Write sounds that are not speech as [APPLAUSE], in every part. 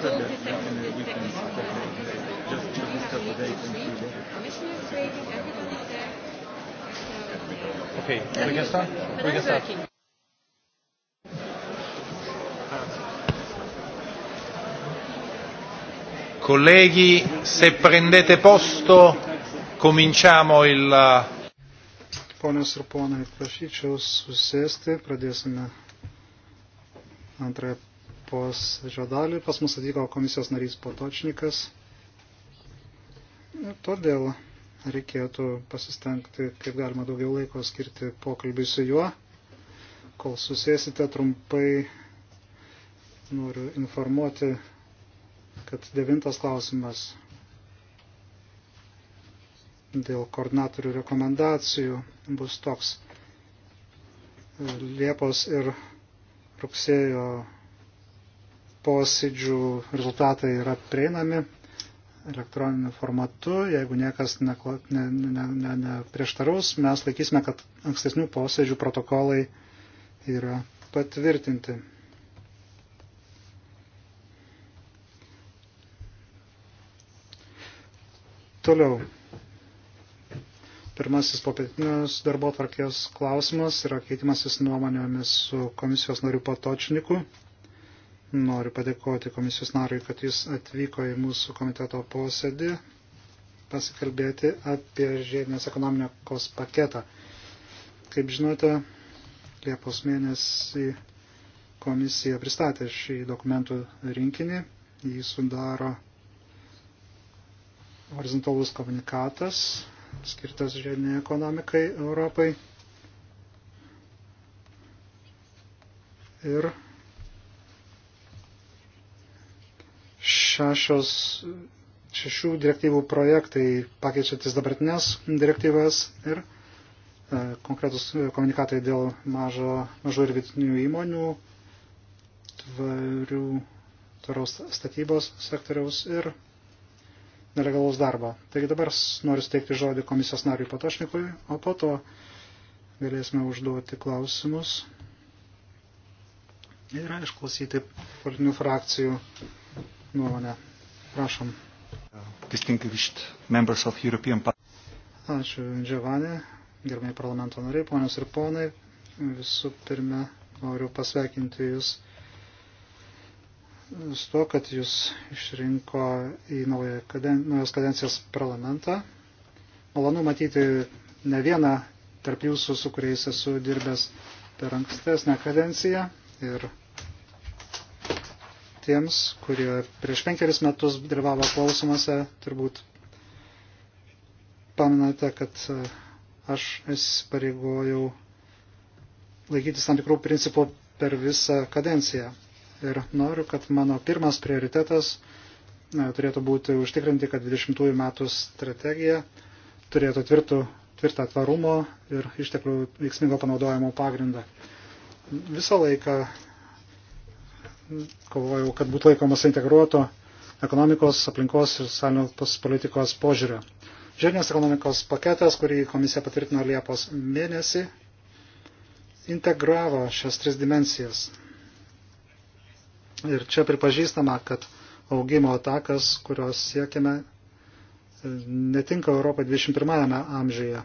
Saturday, Saturday we can just, just discuss the date and see what. Okay, we can start. We can start. Colleghi, se prendete posto, cominciamo il. Uh, Ponios ir ponai, prašyčiau susėsti, pradėsime antrąją posėdžio dalį. Pas mus atvyko komisijos narys Potočnikas. Ir todėl reikėtų pasistengti, kaip galima daugiau laiko skirti pokalbį su juo. Kol susėsite trumpai, noriu informuoti, kad devintas klausimas dėl koordinatorių rekomendacijų bus toks. Liepos ir rugsėjo posėdžių rezultatai yra prieinami elektroniniu formatu. Jeigu niekas neprieštaraus, ne, ne, ne, ne mes laikysime, kad ankstesnių posėdžių protokolai yra patvirtinti. Toliau. Pirmasis popietinis darbo tvarkės klausimas yra keitimasis nuomonėmis su komisijos nariu Patočniku. Noriu padėkoti komisijos nariui, kad jis atvyko į mūsų komiteto posėdį pasikalbėti apie žiedinės ekonomikos paketą. Kaip žinote, Liepos mėnesį komisija pristatė šį dokumentų rinkinį. Jį sudaro horizontalus komunikatas skirtas žiediniai ekonomikai Europai. Ir šešios, šešių direktyvų projektai pakeičiantis dabartinės direktyvas ir e, konkretus komunikatai dėl mažo, mažų ir vidutinių įmonių, tvarių, tvaraus statybos sektoriaus ir nelegalaus darbo. Taigi dabar noriu steigti žodį komisijos nariui Patošnikui, o po to galėsime užduoti klausimus ir išklausyti politinių frakcijų nuomonę. Prašom. Distinguished members of European Ačiū, Giovanni, gerbėjai parlamento nariai, ponios ir ponai. Visų pirma, noriu pasveikinti Jūs su to, kad Jūs išrinko į naują kaden, naujos kadencijos parlamentą. Malonu matyti ne vieną tarp Jūsų, su kuriais esu dirbęs per ankstesnę kadenciją ir tiems, kurie prieš penkeris metus dalyvavo klausimuose, turbūt paminate, kad e, aš įsipareigojau laikytis tam tikrų principų per visą kadenciją. Ir noriu, kad mano pirmas prioritetas e, turėtų būti užtikrinti, kad 20 metų strategija turėtų tvirtų, tvirtą tvarumo ir išteklių veiksmingo panaudojimo pagrindą. Visą laiką kovojau, kad būtų laikomas integruoto ekonomikos, aplinkos ir socialinės politikos požiūrio. Žiedinės ekonomikos paketas, kurį komisija patvirtino Liepos mėnesį, integravo šias tris dimensijas. Ir čia pripažįstama, kad augimo atakas, kurios siekime, netinka Europai 21 amžiuje.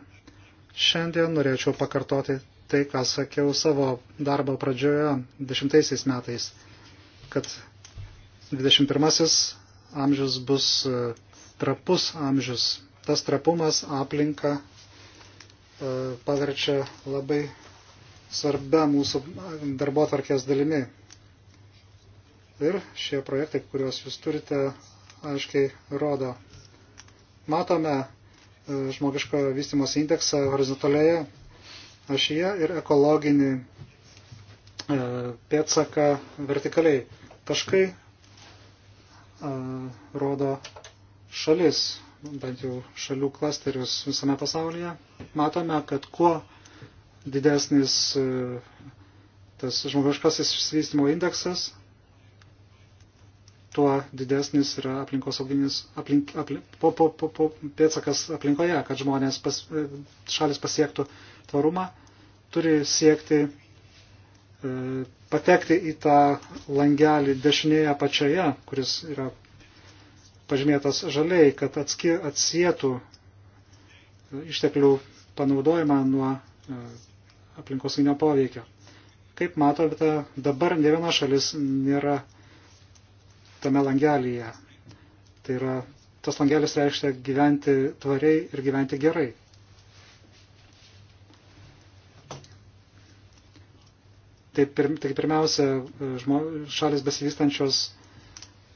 Šiandien norėčiau pakartoti tai, ką sakiau savo darbo pradžioje 10 metais kad 21 amžius bus e, trapus amžius. Tas trapumas aplinka e, paverčia labai svarbia mūsų darbo tvarkės dalimi. Ir šie projektai, kuriuos jūs turite, aiškiai rodo. Matome e, žmogiško vystimos indeksą horizontalioje ašyje ir ekologinį pėtsaką vertikaliai. Taškai rodo šalis, bent jau šalių klasterius visame pasaulyje. Matome, kad kuo didesnis e, tas žmogiškasis išsivystymo indeksas, tuo didesnis yra aplinkos auginis aplink, aplink, po, po, po, po pėtsakas aplinkoje, kad žmonės pas, e, šalis pasiektų tvarumą, turi siekti e, patekti į tą langelį dešinėje apačioje, kuris yra pažymėtas žaliai, kad atski, atsietų e, išteklių panaudojimą nuo e, aplinkosvinio poveikio. Kaip matote, dabar ne viena šalis nėra tame langelyje. Tai yra, tas langelis reiškia gyventi tvariai ir gyventi gerai. Tai, pir, tai pirmiausia, e, žmo, šalis besivystančios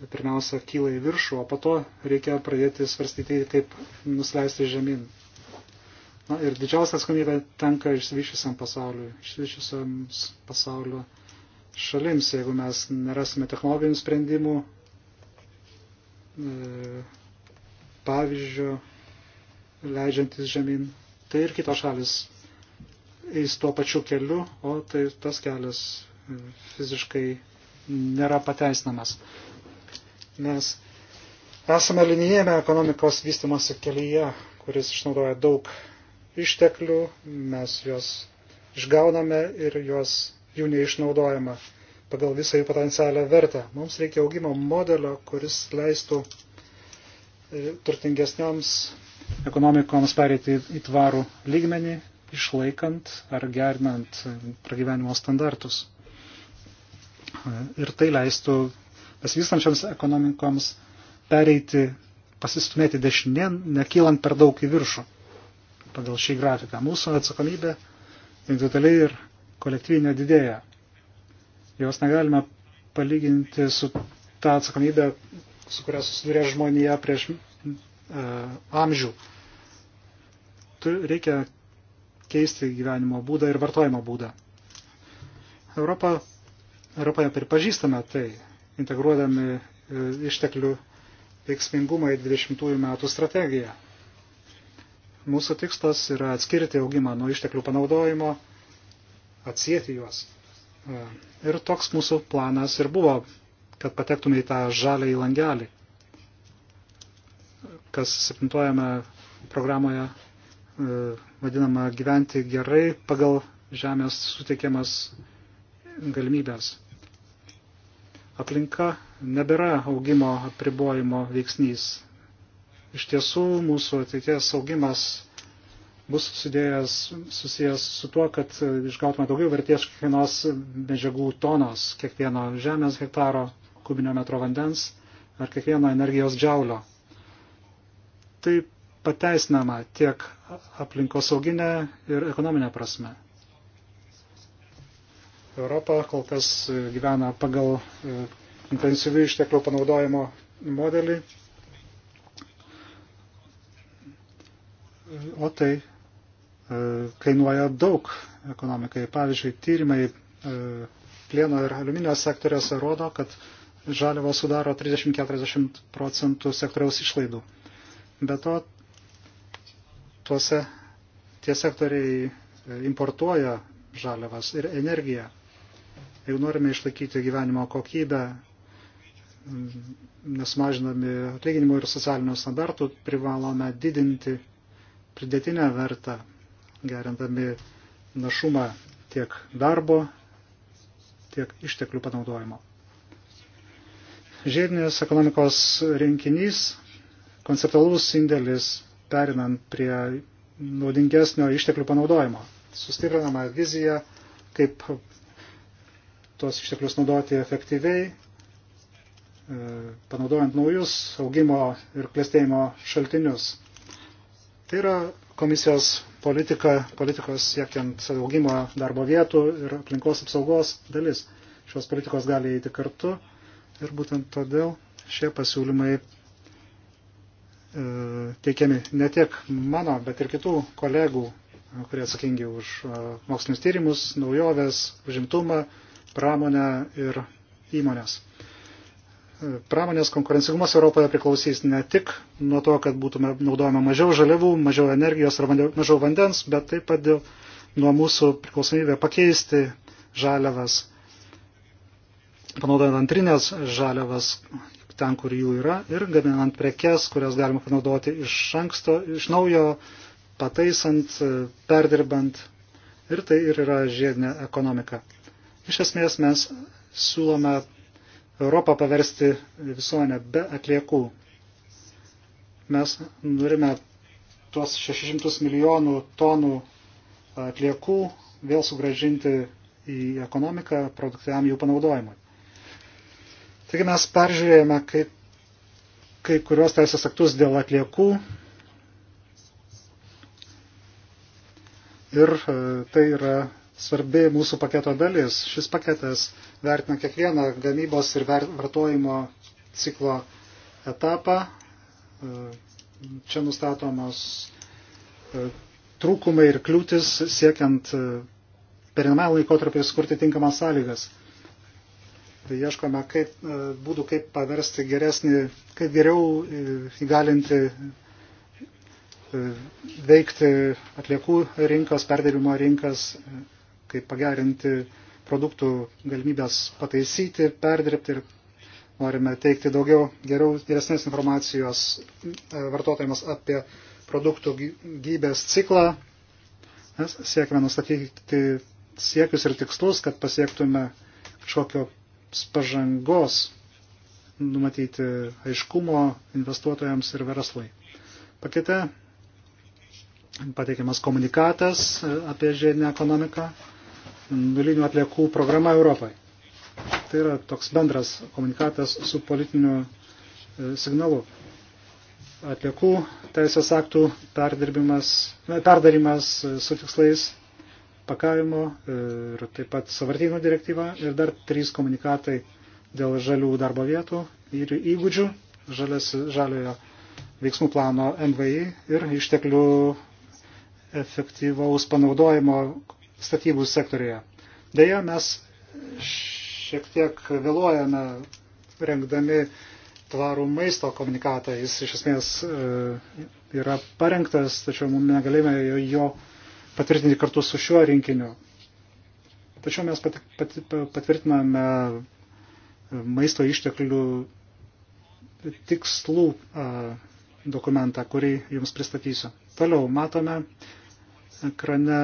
pirmiausia kyla į viršų, o po to reikia pradėti svarstyti, kaip nusileisti žemyn. Na, ir didžiausia atsakomybė tenka išsivyšusiam pasauliu, išsivyšusiams pasaulio šalims, jeigu mes nerasime technologinių sprendimų, e, pavyzdžio, leidžiantis žemyn. Tai ir kitos šalis eis tuo pačiu keliu, o tai tas kelias e, fiziškai nėra pateisinamas. Mes esame linijėme ekonomikos vystimosi kelyje, kuris išnaudoja daug išteklių, mes juos išgauname ir juos jų neišnaudojama pagal visą jų potencialią vertę. Mums reikia augimo modelio, kuris leistų e, turtingesnioms ekonomikoms pereiti į tvarų lygmenį išlaikant ar gerinant pragyvenimo standartus. Ir tai leistų pasivystančiams ekonomikoms pereiti, pasistumėti dešinien, nekylant per daug į viršų pagal šį grafiką. Mūsų atsakomybė individualiai ir kolektyvinė didėja. Jos negalime palyginti su tą atsakomybę, su kuria susidurė žmonija prieš uh, amžių. Tu reikia keisti gyvenimo būdą ir vartojimo būdą. Europą, Europoje pripažįstame tai, integruodami e, išteklių veiksmingumą į 20 metų strategiją. Mūsų tikslas yra atskirti augimą nuo išteklių panaudojimo, atsijėti juos. E, ir toks mūsų planas ir buvo, kad patektume į tą žalę į langelį, kas septintojame programoje E, vadinama gyventi gerai pagal žemės suteikiamas galimybės. Aplinka nebėra augimo apribojimo veiksnys. Iš tiesų mūsų ateities augimas bus sudėjęs, susijęs su tuo, kad išgautume daugiau vertės kiekvienos medžiagų tonos, kiekvieno žemės hektaro, kubinio metro vandens ar kiekvieno energijos džiaulio. Taip pateisinama tiek aplinkosauginė ir ekonominė prasme. Europa kol kas e, gyvena pagal e, intensyvių išteklių panaudojimo modelį, o tai e, kainuoja daug ekonomikai. Pavyzdžiui, tyrimai plieno ir aliuminio sektoriuose rodo, kad žaliavos sudaro 30-40 procentų sektoriaus išlaidų. Be to, tuose tie sektoriai e, importuoja žaliavas ir energiją. Jeigu norime išlaikyti gyvenimo kokybę, nesmažinami mm, atlyginimų ir socialinių standartų, privalome didinti pridėtinę vertą, gerintami našumą tiek darbo, tiek išteklių panaudojimo. Žiedinės ekonomikos rinkinys, konceptualus indėlis perinant prie naudingesnio išteklių panaudojimo. Sustiprinama vizija, kaip tuos išteklius naudoti efektyviai, e, panaudojant naujus augimo ir klėstėjimo šaltinius. Tai yra komisijos politika, politikos siekiant augimo darbo vietų ir aplinkos apsaugos dalis. Šios politikos gali eiti kartu ir būtent todėl šie pasiūlymai E, teikiami ne tiek mano, bet ir kitų kolegų, e, kurie atsakingi už e, mokslinius tyrimus, naujoves, užimtumą, pramonę ir įmonės. Pramonės konkurencingumas Europoje priklausys ne tik nuo to, kad būtume naudojama mažiau žaliavų, mažiau energijos ar mažiau vandens, bet taip pat nuo mūsų priklausomybė pakeisti žaliavas, panaudojant antrinės žaliavas, ten, kur jų yra, ir gaminant prekes, kurias galima panaudoti iš anksto, iš naujo, pataisant, perdirbant. Ir tai ir yra žiedinė ekonomika. Iš esmės mes siūlome Europą paversti visuomenę be atliekų. Mes norime tuos 600 milijonų tonų atliekų vėl sugražinti į ekonomiką produktyviam jų panaudojimui. Taigi mes peržiūrėjome kai, kai kurios teisės aktus dėl atliekų ir e, tai yra svarbi mūsų paketo dalis. Šis paketas vertina kiekvieną gamybos ir vartojimo ciklo etapą. E, čia nustatomos e, trūkumai ir kliūtis siekiant perinamąjį laikotarpį skurti tinkamas sąlygas. Tai ieškome kaip, e, būdų, kaip paversti geresnį, kaip geriau e, įgalinti e, veikti atliekų rinkas, perdėlimo rinkas, kaip pagerinti produktų galimybės pataisyti, perdirbti ir norime teikti daugiau geriau, geresnės informacijos vartotojams apie produktų gybės ciklą. Mes siekime nustatyti siekius ir tikslus, kad pasiektume kažkokio pažangos numatyti aiškumo investuotojams ir verslui. Pakete pateikiamas komunikatas e, apie žiedinę ekonomiką, nulinių atliekų programa Europai. Tai yra toks bendras komunikatas su politiniu e, signalu. Atliekų teisės aktų e, perdarimas su tikslais pakavimo ir taip pat savartynų direktyva ir dar trys komunikatai dėl žalių darbo vietų ir įgūdžių, žalės, žaliojo veiksmų plano MVI ir išteklių efektyvaus panaudojimo statybų sektorėje. Deja, mes šiek tiek vėluojame rengdami tvarų maisto komunikatą. Jis iš esmės e, yra parengtas, tačiau negalime jo patvirtinti kartu su šiuo rinkiniu. Tačiau mes pat, pat, patvirtiname e, maisto išteklių tikslų a, e, dokumentą, kurį jums pristatysiu. Toliau matome ekrane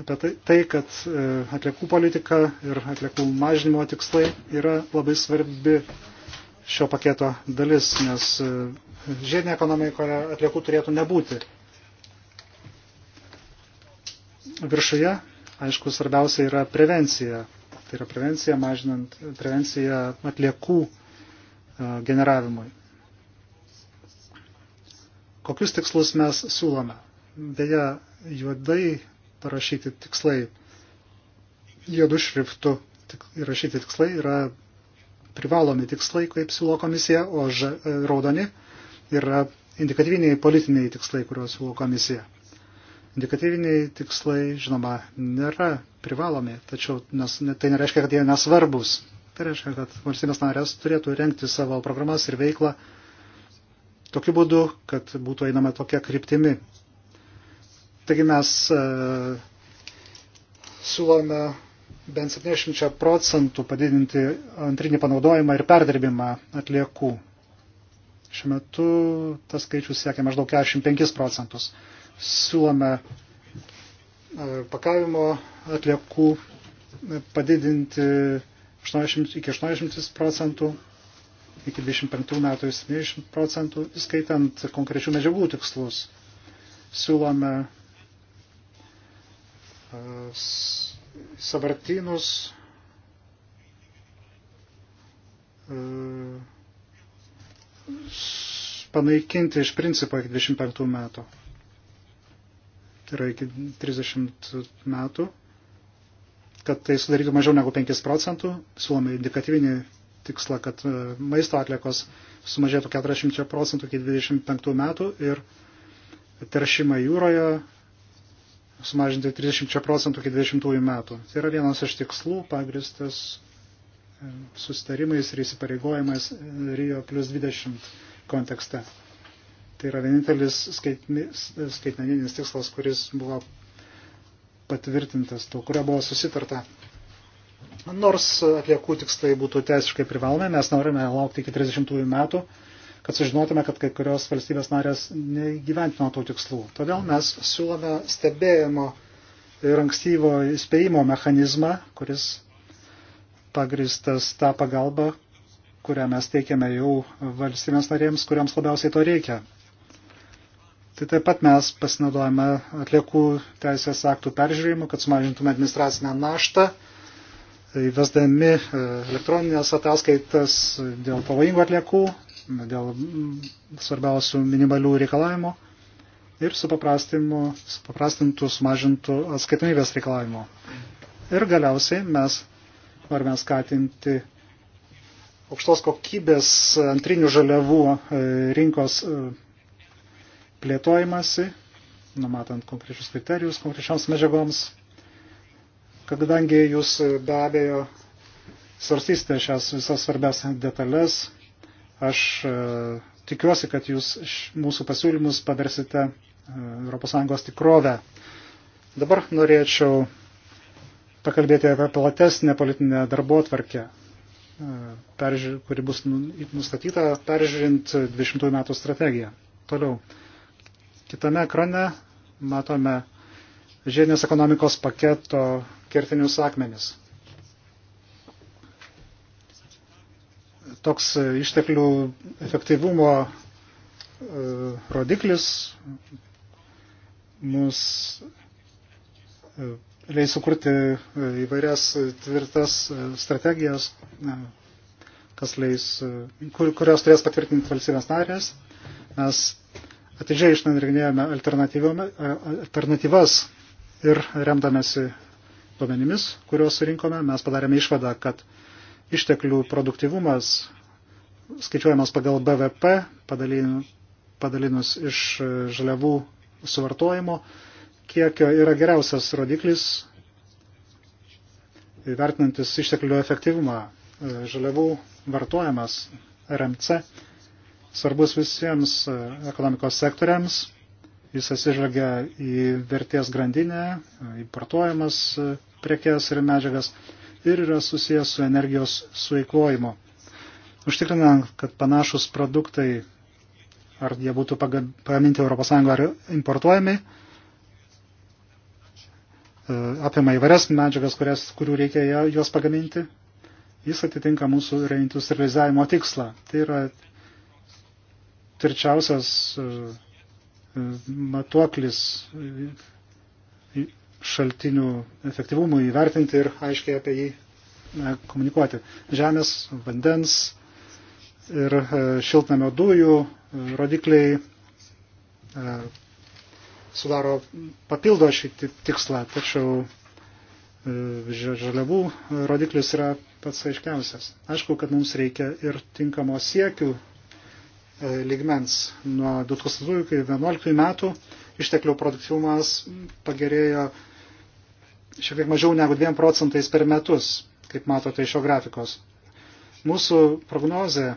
apie tai, tai kad e, atliekų politika ir atliekų mažinimo tikslai yra labai svarbi šio paketo dalis, nes žiedinė ekonomikoje atliekų turėtų nebūti viršuje, aišku, svarbiausia yra prevencija. Tai yra prevencija mažinant, prevencija atliekų e, generavimui. Kokius tikslus mes siūlome? Deja, juodai parašyti tikslai, juodu šriftu tik, įrašyti tikslai yra privalomi tikslai, kaip siūlo komisija, o ž, e, raudoni yra indikatyviniai politiniai tikslai, kuriuos siūlo komisija. Indikatyviniai tikslai, žinoma, nėra privalomi, tačiau nes, tai nereiškia, kad jie nesvarbus. Tai reiškia, kad valstybės narės turėtų renkti savo programas ir veiklą tokiu būdu, kad būtų einama tokia kryptimi. Taigi mes e, siūlome bent 70 procentų padidinti antrinį panaudojimą ir perdirbimą atliekų. Šiuo metu tas skaičius siekia maždaug 45 procentus siūlome e, pakavimo atliekų padidinti 80, iki 80 procentų, iki 25 metų 70 procentų, įskaitant konkrečių medžiagų tikslus. Siūlome e, savartynus e, panaikinti iš principo iki 25 metų tai yra iki 30 metų, kad tai sudarytų mažiau negu 5 procentų, siūlome indikatyvinį tikslą, kad e, maisto atliekos sumažėtų 40 procentų iki 25 metų ir teršimą jūroje sumažinti 30 procentų iki 20 metų. Tai yra vienas iš tikslų pagristas e, sustarimais ir įsipareigojimais e, Rio plus 20 kontekste. Tai yra vienintelis skaitmeninis tikslas, kuris buvo patvirtintas, to, kurio buvo susitarta. Nors atliekų tikslai būtų teisiškai privalomi, mes norime laukti iki 30 metų, kad sužinotume, kad kai kurios valstybės narės neįgyventino tų tikslų. Todėl mes siūlome stebėjimo ir ankstyvo įspėjimo mechanizmą, kuris pagristas tą pagalbą, kurią mes teikiame jau valstybės narėms, kuriams labiausiai to reikia. Tai taip pat mes pasinaudojame atliekų teisės aktų peržiūrėjimu, kad sumažintume administracinę naštą, įvesdami e, elektroninės ataskaitas dėl pavojingų atliekų, dėl mm, svarbiausių minimalių reikalavimų ir supaprastintų, sumažintų atskaitomybės reikalavimų. Ir galiausiai mes norime skatinti aukštos kokybės antrinių žaliavų e, rinkos e, plėtojimasi, numatant konkrečius kriterijus konkrečioms medžiagoms, kadangi jūs e, be abejo svarstysite šias visas svarbias detalės. Aš e, tikiuosi, kad jūs mūsų pasiūlymus paversite ES tikrovę. Dabar norėčiau pakalbėti apie platesnę politinę darbo tvarkę, e, kuri bus nu-, nustatyta peržiūrint 20 metų strategiją. Toliau. Kitame ekrane matome žiedinės ekonomikos paketo kertinius akmenis. Toks išteklių efektyvumo e, rodiklis mus e, leis sukurti e, įvairias tvirtas strategijas, kas leis, kur, kurios turės patvirtinti valstybės narės. Mes atidžiai išnagrinėjome e, alternatyvas ir remdamėsi duomenimis, kuriuos rinkome, mes padarėme išvadą, kad išteklių produktivumas skaičiuojamas pagal BVP, padalinus iš e, žaliavų suvartojimo, kiekio yra geriausias rodiklis vertinantis išteklių efektyvumą. E, žaliavų vartojimas RMC svarbus visiems e, ekonomikos sektoriams. Jis atsižvelgia į vertės grandinę, e, importuojamas e, prekes ir medžiagas ir yra susijęs su energijos sueikvojimu. Užtikrinant, kad panašus produktai, ar jie būtų pagaminti ES ar importuojami, apima įvairias medžiagas, kurias, kurių reikia juos pagaminti, jis atitinka mūsų reindustrializavimo tikslą. Tai yra tvirčiausias e, e, matuoklis šaltinių efektyvumui įvertinti ir aiškiai apie jį e, komunikuoti. Žemės, vandens ir šiltnamio dujų rodikliai sudaro papildo šį tikslą, tačiau žaliavų rodiklis yra pats aiškiausias. Aišku, kad mums reikia ir tinkamo siekių E, lygmens. Nuo 2011 metų išteklių produktyvumas pagerėjo šiek tiek mažiau negu 2 procentais per metus, kaip matote iš šio grafikos. Mūsų prognozė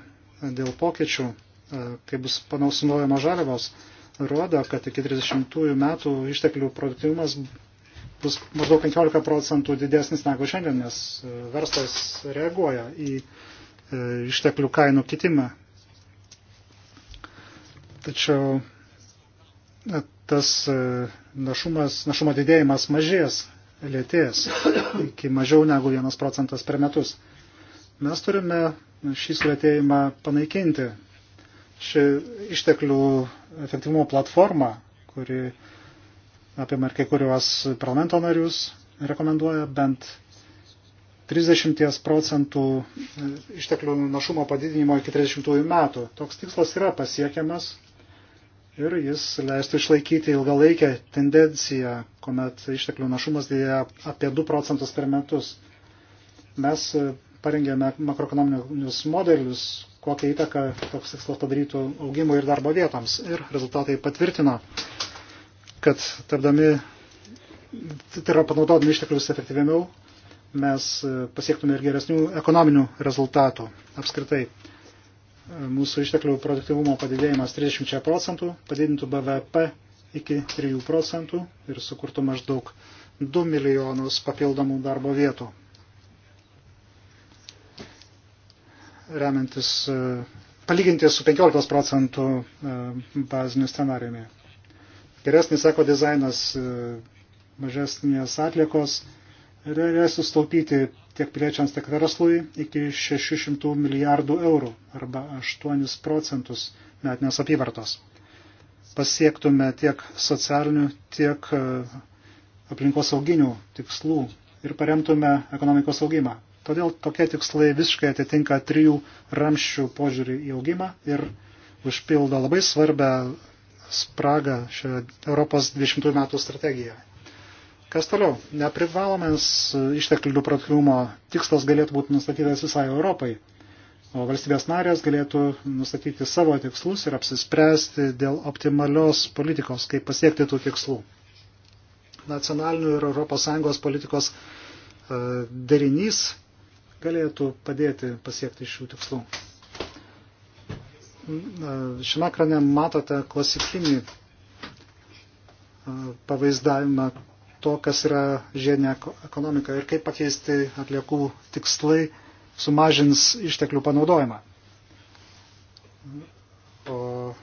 dėl pokyčių, e, kai bus panausinojama žaliavos, rodo, kad iki 30 metų išteklių produktyvumas bus maždaug 15 procentų didesnis negu šiandien, nes e, verslas reaguoja į išteklių kainų kitimą. Tačiau tas e, našumas, našumo didėjimas mažės, lėtės iki mažiau negu 1 procentas per metus. Mes turime šį sulėtėjimą panaikinti. Ši išteklių efektyvumo platforma, kuri apima ir kai kuriuos parlamento narius, rekomenduoja bent 30 procentų išteklių našumo padidinimo iki 30 metų. Toks tikslas yra pasiekiamas ir jis leistų išlaikyti ilgalaikę tendenciją, kuomet išteklių našumas didėja apie 2 procentus per metus. Mes e, parengėme makroekonominius modelius, kokią įtaką toks tikslas padarytų augimui ir darbo vietoms. Ir rezultatai patvirtino, kad tapdami, tai yra panaudodami išteklius efektyviau, mes e, pasiektume ir geresnių ekonominių rezultatų apskritai mūsų išteklių produktivumo padidėjimas 30 procentų, padidintų BVP iki 3 procentų ir sukurtų maždaug 2 milijonus papildomų darbo vietų. Remiantis, e, palyginti su 15 procentų e, baziniu scenariumi. Geresnis eko dizainas, e, mažesnės atliekos leis sustaupyti tiek piliečiams, tiek verslui iki 600 milijardų eurų arba 8 procentus metinės apyvartos. Pasiektume tiek socialinių, tiek e, aplinkos sauginių tikslų ir paremtume ekonomikos augimą. Todėl tokie tikslai visiškai atitinka trijų ramščių požiūrį į augimą ir užpildo labai svarbę spragą šioje Europos 20 metų strategijoje. Kas toliau? Neprivalomas išteklių produktyvumo tikslas galėtų būti nustatytas visai Europai, o valstybės narės galėtų nustatyti savo tikslus ir apsispręsti dėl optimalios politikos, kaip pasiekti tų tikslų. Nacionalinių ir ES politikos e, derinys galėtų padėti pasiekti šių tikslų. Šiame ekrane matote klasikinį e, pavaizdavimą, to, kas yra žiedinė ekonomika ir kaip pakeisti atliekų tikslai sumažins išteklių panaudojimą. O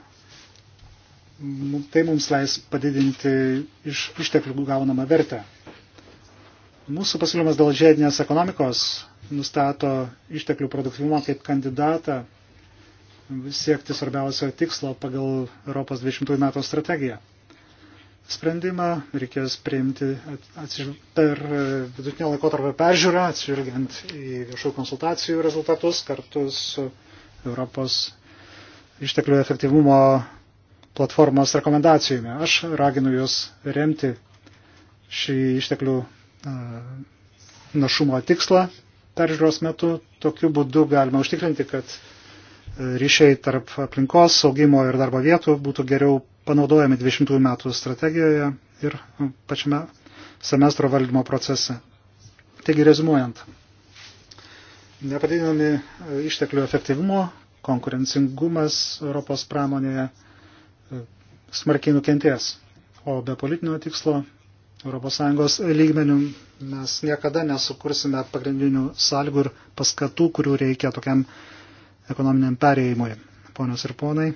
tai mums leis padidinti iš išteklių gaunamą vertę. Mūsų pasiūlymas dėl žiedinės ekonomikos nustato išteklių produktyvumą kaip kandidatą siekti svarbiausio tikslo pagal Europos 20 metų strategiją sprendimą reikės priimti atsiž... per e, vidutinio laikotarpio peržiūrą, atsižvelgiant į viešų konsultacijų rezultatus kartu su Europos išteklių efektyvumo platformos rekomendacijomis. Aš raginu jūs remti šį išteklių e, našumo tikslą peržiūros metu. Tokiu būdu galima užtikrinti, kad e, ryšiai tarp aplinkos, saugimo ir darbo vietų būtų geriau panaudojami 20 metų strategijoje ir pačiame semestro valdymo procese. Taigi rezumuojant, nepadidinami e, išteklių efektyvumo, konkurencingumas Europos pramonėje e, smarkiai nukentės, o be politinio tikslo ES lygmenių mes niekada nesukursime pagrindinių sąlygų ir paskatų, kurių reikia tokiam ekonominiam perėjimui. Ponios ir ponai,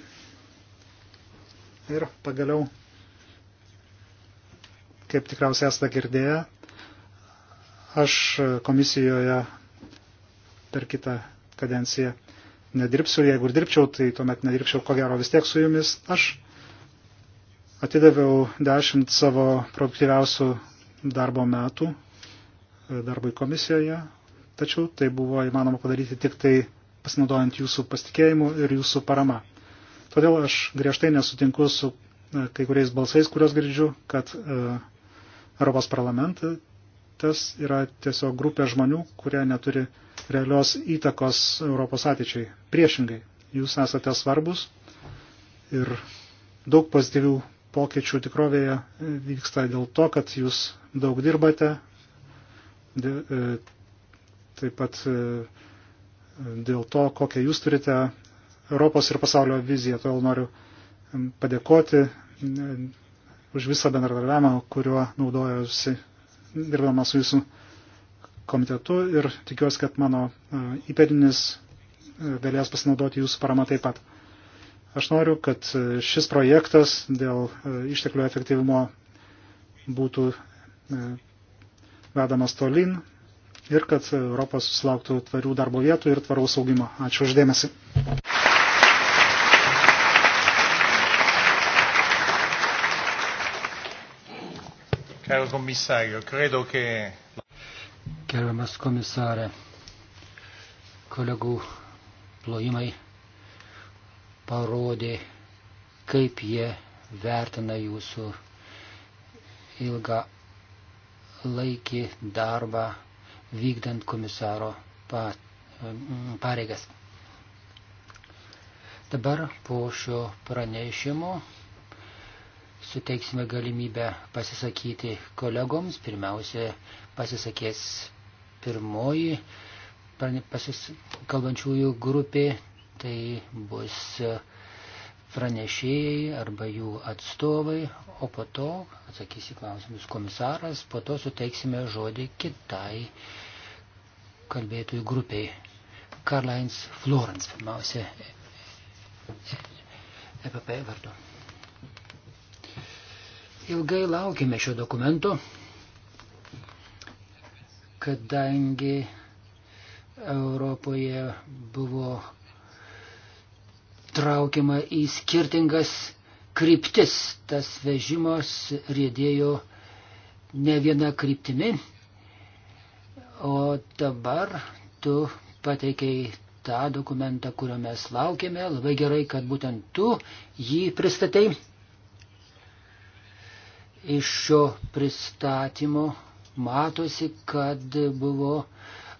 Ir pagaliau, kaip tikriausiai esate girdėję, aš komisijoje per kitą kadenciją nedirbsiu. Jeigu ir dirbčiau, tai tuomet nedirbčiau ko gero vis tiek su jumis. Aš atidaviau dešimt savo produktyviausių darbo metų darbui komisijoje, tačiau tai buvo įmanoma padaryti tik tai pasinaudojant jūsų pasitikėjimu ir jūsų parama. Todėl aš griežtai nesutinku su e, kai kuriais balsais, kuriuos girdžiu, kad e, Europos parlamentas yra tiesiog grupė žmonių, kurie neturi realios įtakos Europos ateičiai. Priešingai, jūs esate svarbus ir daug pozityvių pokyčių tikrovėje e, vyksta dėl to, kad jūs daug dirbate, taip pat dėl to, kokią jūs turite Europos ir pasaulio viziją. Todėl noriu padėkoti už visą bendradarbiavimą, kuriuo naudojusi dirbdama su jūsų komitetu ir tikiuosi, kad mano e, įpėdinis e, galės pasinaudoti jūsų parama taip pat. Aš noriu, kad e, šis projektas dėl išteklių efektyvumo būtų vedamas tolin ir kad Europos susilauktų tvarių darbo vietų ir tvaraus augimo. Ačiū uždėmesi. Caro commissario, credo che. Gerbiamas komisarė, kolegų plojimai parodė, kaip jie vertina jūsų ilgą laikį darbą vykdant komisaro pareigas. Dabar po šio pranešimo suteiksime galimybę pasisakyti kolegoms. Pirmiausia, pasisakės pirmoji pasis, kalbančiųjų grupė, tai bus pranešėjai arba jų atstovai, o po to atsakysi klausimus komisaras, po to suteiksime žodį kitai kalbėtojų grupiai. Karlains Florence, pirmiausia, EPP vardu. Ilgai laukime šio dokumento, kadangi Europoje buvo traukiama į skirtingas kryptis. Tas vežimas rėdėjo ne viena kryptimi, o dabar tu pateikiai tą dokumentą, kurio mes laukėme. Labai gerai, kad būtent tu jį pristatai. Iš šio pristatymo matosi, kad buvo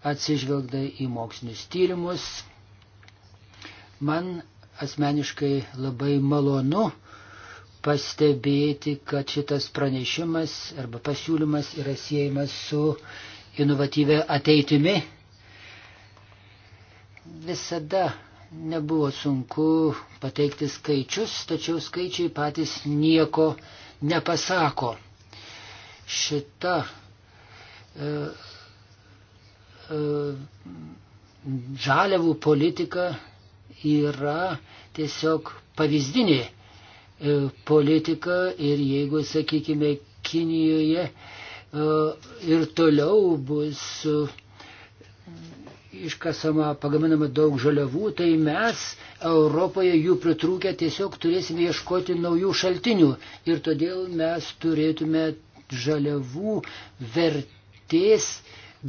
atsižvelgta į mokslinius tyrimus. Man asmeniškai labai malonu pastebėti, kad šitas pranešimas arba pasiūlymas yra siejamas su inovatyvia ateitimi. Visada nebuvo sunku pateikti skaičius, tačiau skaičiai patys nieko nepasako. Šita e, e, žaliavų politika yra tiesiog pavyzdinė e, politika ir jeigu, sakykime, Kinijoje e, ir toliau bus e, iškasama, pagaminama daug žaliavų, tai mes Europoje jų pritrūkę tiesiog turėsime ieškoti naujų šaltinių. Ir todėl mes turėtume žaliavų vertės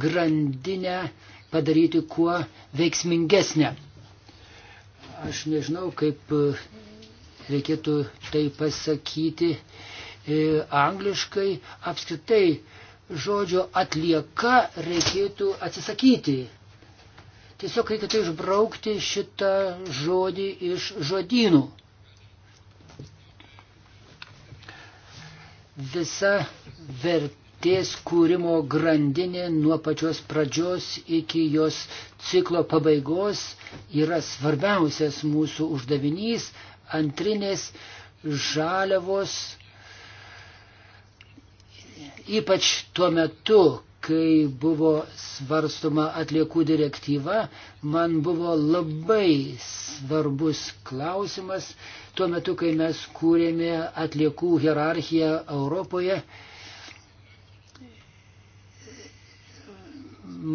grandinę padaryti kuo veiksmingesnę. Aš nežinau, kaip e, reikėtų tai pasakyti e, angliškai. Apskritai žodžio atlieka reikėtų atsisakyti Tiesiog reikėtų tai išbraukti šitą žodį iš žodynų. Visa vertės kūrimo grandinė nuo pačios pradžios iki jos ciklo pabaigos yra svarbiausias mūsų uždavinys, antrinės žaliavos, ypač tuo metu, kai buvo svarstoma atliekų direktyva, man buvo labai svarbus klausimas tuo metu, kai mes kūrėme atliekų hierarchiją Europoje.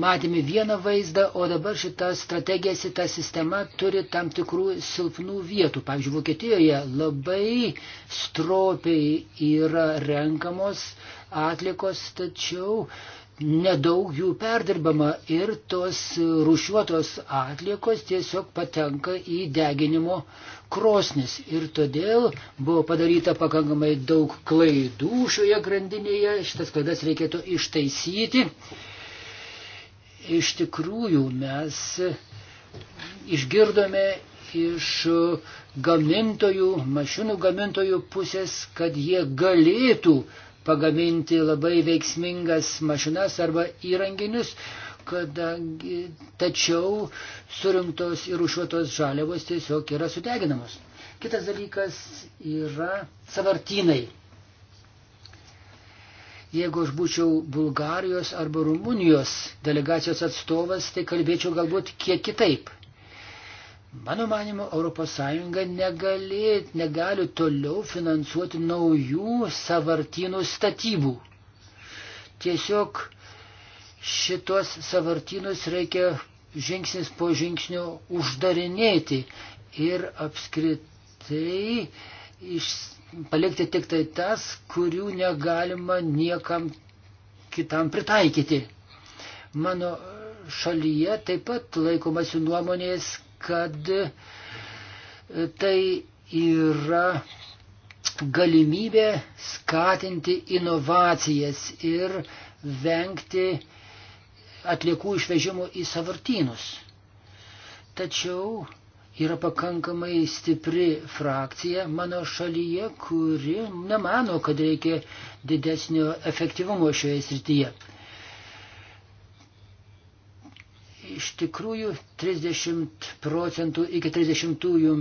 Matėme vieną vaizdą, o dabar šita strategija, šita sistema turi tam tikrų silpnų vietų. Pavyzdžiui, Vokietijoje labai stropiai yra renkamos atlikos, tačiau uh, nedaug jų perdirbama ir tos rušiuotos atliekos tiesiog patenka į deginimo krosnis. Ir todėl buvo padaryta pakankamai daug klaidų šioje grandinėje, šitas klaidas reikėtų ištaisyti. Iš tikrųjų mes išgirdome iš gamintojų, mašinų gamintojų pusės, kad jie galėtų uh, pagaminti labai veiksmingas mašinas arba įranginius, kadangi tačiau surinktos ir užuotos žaliavos tiesiog yra sudeginamos. Kitas dalykas yra savartinai. Jeigu aš būčiau Bulgarijos arba Rumunijos delegacijos atstovas, tai kalbėčiau galbūt kiek kitaip. Mano manimo, ES negali, negali toliau finansuoti naujų savartynų statybų. Tiesiog šitos savartynus reikia žingsnis po žingsnio uždarinėti ir apskritai iš, palikti tik tai tas, kurių negalima niekam kitam pritaikyti. Mano šalyje taip pat laikomasi nuomonės, kad e, tai yra galimybė skatinti inovacijas ir vengti atliekų išvežimo į savartynus. Tačiau yra pakankamai stipri frakcija mano šalyje, kuri nemano, kad reikia didesnio efektyvumo šioje srityje. Iš tikrųjų, 30 procentų iki 30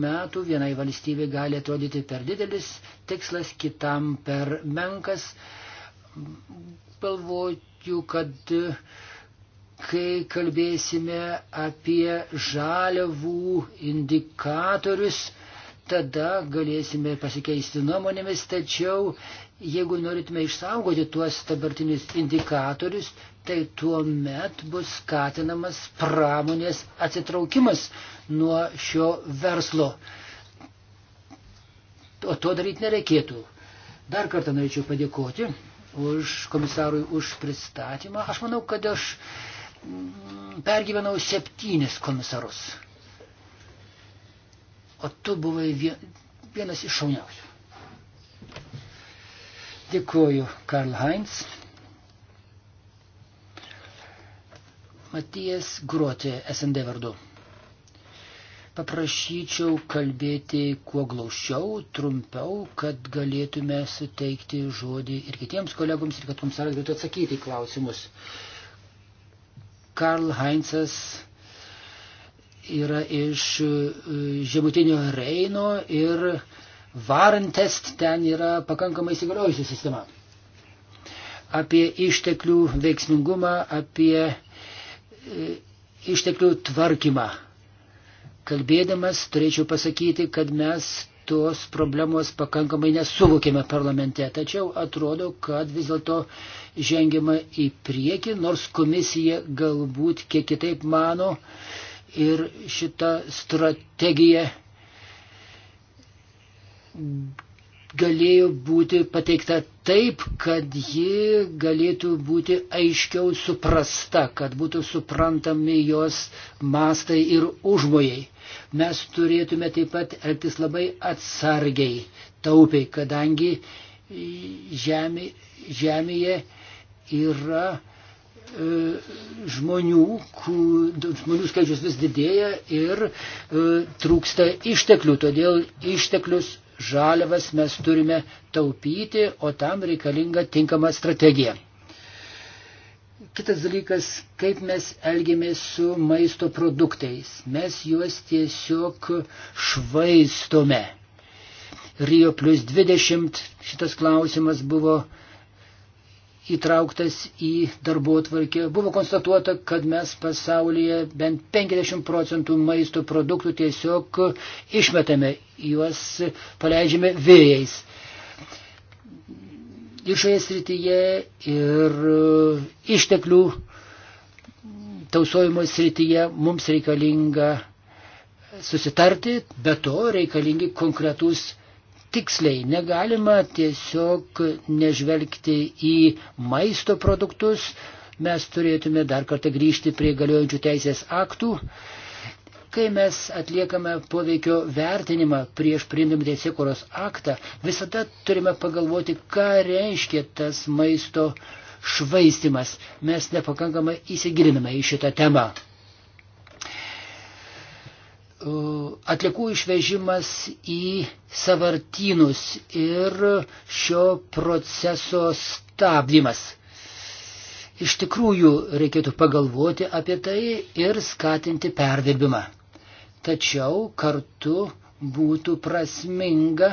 metų vienai valstybei gali atrodyti per didelis tikslas, kitam per menkas. Galvoju, kad kai kalbėsime apie žaliavų indikatorius, tada galėsime pasikeisti nuomonėmis, tačiau jeigu norėtume išsaugoti tuos dabartinius indikatorius, tai tuo met bus skatinamas pramonės atsitraukimas nuo šio verslo. O to daryti nereikėtų. Dar kartą norėčiau padėkoti už komisarui už pristatymą. Aš manau, kad aš mm, pergyvenau septynis komisarus. O tu buvai vienas iš šauniausių. Dėkuoju, Karl Heinz. Matijas Gruotė, SND vardu. Paprašyčiau kalbėti kuo glaušiau, trumpiau, kad galėtume suteikti žodį ir kitiems kolegoms ir kad komisaras galėtų atsakyti į klausimus. Karl Heinzas yra iš e, žemutinio Reino ir Varantest ten yra pakankamai įsigaliojusi sistema. Apie išteklių veiksmingumą, apie išteklių tvarkymą. Kalbėdamas turėčiau pasakyti, kad mes tos problemos pakankamai nesuvokėme parlamente, tačiau atrodo, kad vis dėlto žengiama į priekį, nors komisija galbūt kiek kitaip mano ir šita strategija galėjo būti pateikta taip, kad ji galėtų būti aiškiau suprasta, kad būtų suprantami jos mastai ir užmojai. Mes turėtume taip pat elgtis labai atsargiai, taupiai, kadangi žemė, žemėje yra e, žmonių, kur, žmonių skaičius vis didėja ir e, trūksta išteklių, todėl išteklius žaliavas mes turime taupyti, o tam reikalinga tinkama strategija. Kitas dalykas, kaip mes elgiamės su maisto produktais. Mes juos tiesiog švaistome. Rio plus 20 šitas klausimas buvo įtrauktas į darbo tvarkę. Buvo konstatuota, kad mes pasaulyje bent 50 procentų maisto produktų tiesiog išmetame, juos paleidžiame vėjais. Ir šioje srityje, ir išteklių tausojimo srityje mums reikalinga susitarti, be to reikalingi konkretūs tiksliai. Negalima tiesiog nežvelgti į maisto produktus. Mes turėtume dar kartą grįžti prie galiojančių teisės aktų. Kai mes atliekame poveikio vertinimą prieš priimdami teisėkuros aktą, visada turime pagalvoti, ką reiškia tas maisto švaistimas. Mes nepakankamai įsigiliname į šitą temą atliekų išvežimas į savartynus ir šio proceso stabdymas. Iš tikrųjų reikėtų pagalvoti apie tai ir skatinti perdirbimą. Tačiau kartu būtų prasminga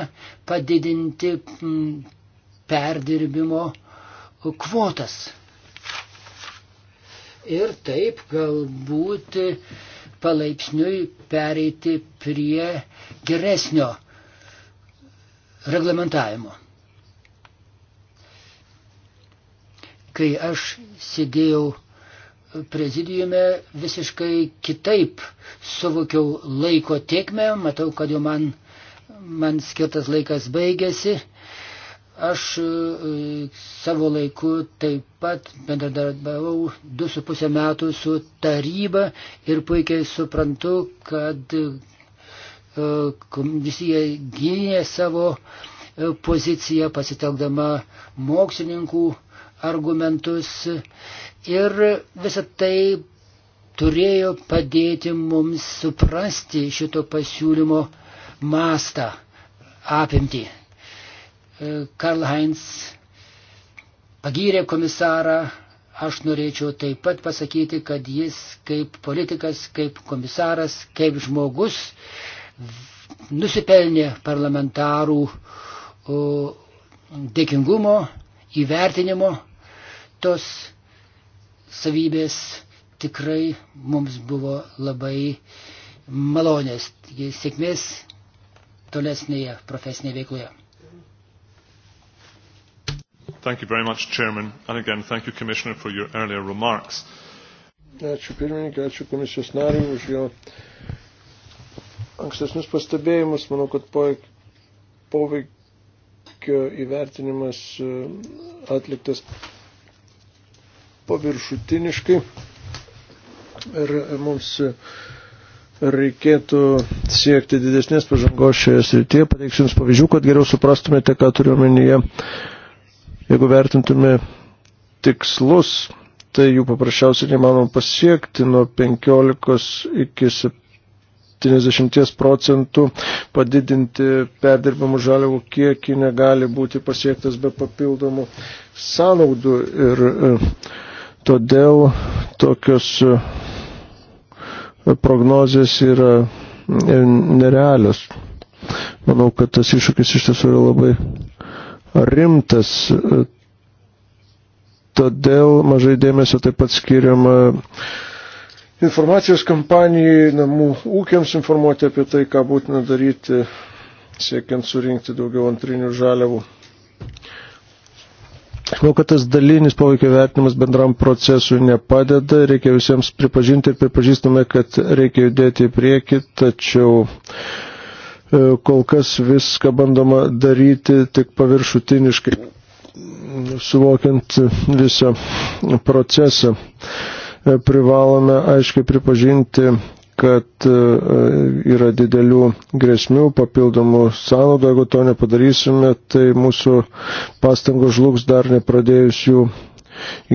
padidinti perdirbimo kvotas. Ir taip galbūt palaipsniui pereiti prie geresnio reglamentavimo. Kai aš sėdėjau prezidijume, visiškai kitaip suvokiau laiko tiekmę, matau, kad jau man, man skirtas laikas baigėsi Aš e, savo laiku taip pat bendradarbiavau 2,5 metų su taryba ir puikiai suprantu, kad e, komisija gynė savo e, poziciją pasitelkdama mokslininkų argumentus ir visą tai turėjo padėti mums suprasti šito pasiūlymo mastą, apimtį. Karl Heinz pagyrė komisarą, aš norėčiau taip pat pasakyti, kad jis kaip politikas, kaip komisaras, kaip žmogus nusipelnė parlamentarų dėkingumo, įvertinimo. Tos savybės tikrai mums buvo labai malonės, sėkmės tolesnėje profesinėje veikloje. Thank you very much, Chairman, and again, thank you, Commissioner, for your earlier remarks. Ačiū pirmininkai, ačiū komisijos nariui už jo ankstesnius pastebėjimus. Manau, kad poveikio įvertinimas e, atliktas paviršutiniškai ir mums reikėtų siekti didesnės pažangos šioje srityje. Pateiksiu Jums pavyzdžių, kad geriau suprastumėte, ką turiu omenyje Jeigu vertintume tikslus, tai jų paprasčiausiai neįmanoma pasiekti nuo 15 iki 70 procentų padidinti perdirbamų žaliavų kiekį negali būti pasiektas be papildomų sąnaudų ir e, todėl tokios e, prognozijas yra e, nerealios. Manau, kad tas iššūkis iš tiesų yra labai rimtas. Todėl mažai dėmesio taip pat skiriama informacijos kampanijai, namų ūkiams informuoti apie tai, ką būtina daryti, siekiant surinkti daugiau antrinių žaliavų. Manau, kad tas dalinis poveikio vertinimas bendram procesui nepadeda, reikia visiems pripažinti ir pripažįstame, kad reikia judėti į priekį, tačiau uh, E, kol kas viską bandoma daryti tik paviršutiniškai, suvokiant visą procesą. E, privalome aiškiai pripažinti, kad e, yra didelių grėsmių, papildomų sąnaudų, jeigu to nepadarysime, tai mūsų pastangų žlugs dar nepradėjus jų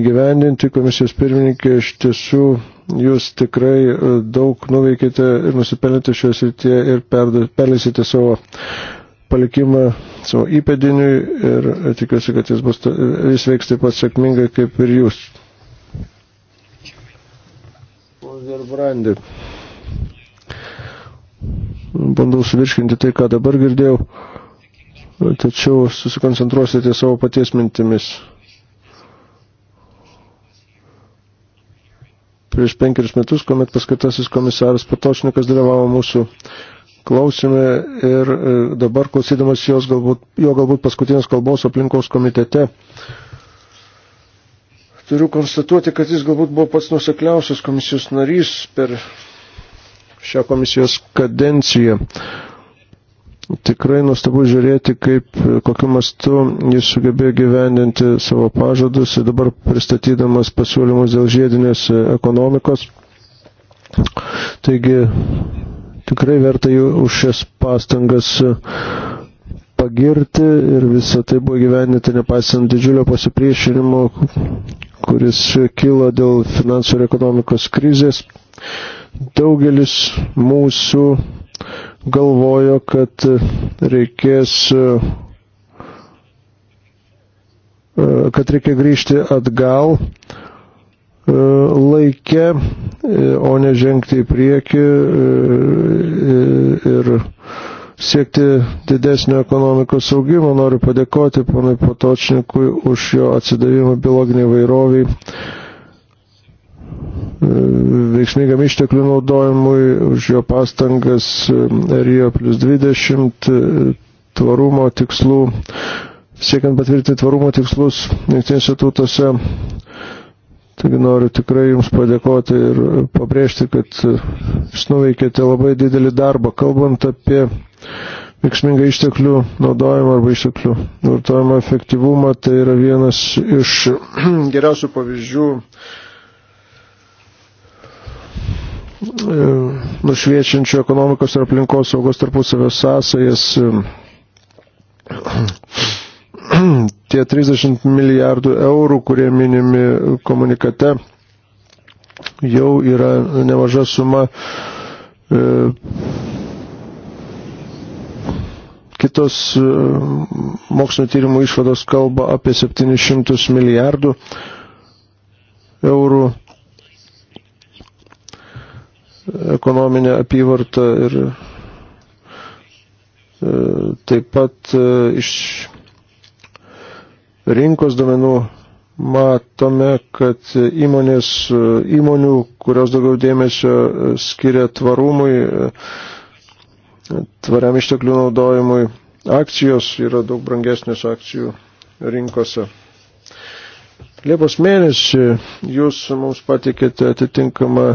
įgyvendinti. Komisijos pirmininkė iš tiesų Jūs tikrai e, daug nuveikite ir nusipelnėte šioje srityje ir perleisite savo palikimą savo įpėdiniui ir e, tikiuosi, kad jis, bus, jis veiks taip pat sėkmingai kaip ir jūs. Gerbrandi. Bandau suvirškinti tai, ką dabar girdėjau, tačiau susikoncentruosite savo paties mintimis. prieš penkerius metus, kuomet paskatasis komisaras Patočnikas dalyvavo mūsų klausime ir e, dabar klausydamas jos galbūt, jo galbūt paskutinės kalbos aplinkos komitete. Turiu konstatuoti, kad jis galbūt buvo pats nusekliausias komisijos narys per šią komisijos kadenciją. Tikrai nustabu žiūrėti, kaip, kokiu mastu jis sugebėjo gyvendinti savo pažadus ir dabar pristatydamas pasiūlymus dėl žiedinės ekonomikos. Taigi tikrai verta jų už šias pastangas pagirti ir visą tai buvo gyvendinti nepaisant didžiulio pasipriešinimo, kuris kilo dėl finansų ir ekonomikos krizės. Daugelis mūsų galvojo, kad e, reikės e, e, kad reikia grįžti atgal laike, o ne žengti į priekį ir siekti didesnio ekonomikos augimo. Noriu padėkoti ponui Patočnikui už jo atsidavimą biologiniai vairoviai veiksmingam išteklių naudojimui, už jo pastangas e, Rio plus 20 e, tvarumo tikslų, siekiant patvirtinti tvarumo tikslus jungtinėse tautose. Taigi noriu tikrai Jums padėkoti ir pabrėžti, kad e, Jūs nuveikėte labai didelį darbą, kalbant apie veiksmingą išteklių naudojimą arba išteklių vartojimo efektyvumą. Tai yra vienas iš [CLEARS THROAT] geriausių pavyzdžių E, nušviečiančių ekonomikos ir aplinkos saugos tarpusavio sąsajas. E, [CLEARS THROAT] tie 30 milijardų eurų, kurie minimi komunikate, jau yra nemaža suma. E, kitos mokslinio tyrimų išvados kalba apie 700 milijardų eurų ekonominę apyvartą ir e, taip pat e, iš rinkos domenų matome, kad įmonės, e, įmonių, kurios daugiau dėmesio skiria tvarumui, tvariam išteklių naudojimui, akcijos yra daug brangesnės akcijų rinkose. Liepos mėnesį jūs mums patikėte atitinkamą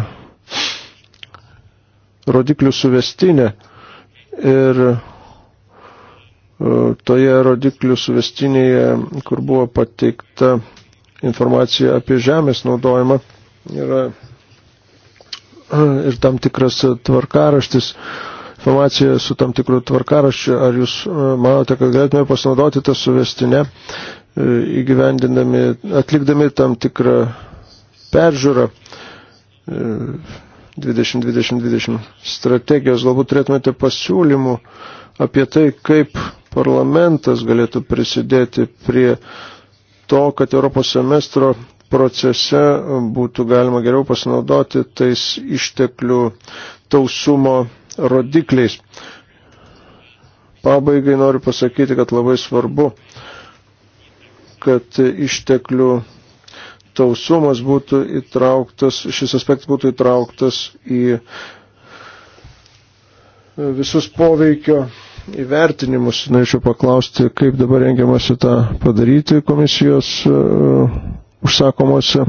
rodiklių suvestinę ir e, toje rodiklių suvestinėje, kur buvo pateikta informacija apie žemės naudojimą, yra e, ir tam tikras tvarkaraštis, informacija su tam tikru tvarkaraščiu. Ar jūs e, manote, kad galėtume pasinaudoti tą suvestinę, įgyvendindami, atlikdami tam tikrą peržiūrą? 2020-2020 strategijos. Galbūt turėtumėte pasiūlymų apie tai, kaip parlamentas galėtų prisidėti prie to, kad Europos semestro procese būtų galima geriau pasinaudoti tais išteklių tausumo rodikliais. Pabaigai noriu pasakyti, kad labai svarbu, kad išteklių tausumas būtų įtrauktas, šis aspektas būtų įtrauktas į visus poveikio įvertinimus. Norėčiau paklausti, kaip dabar rengiamasi tą padaryti komisijos uh, užsakomose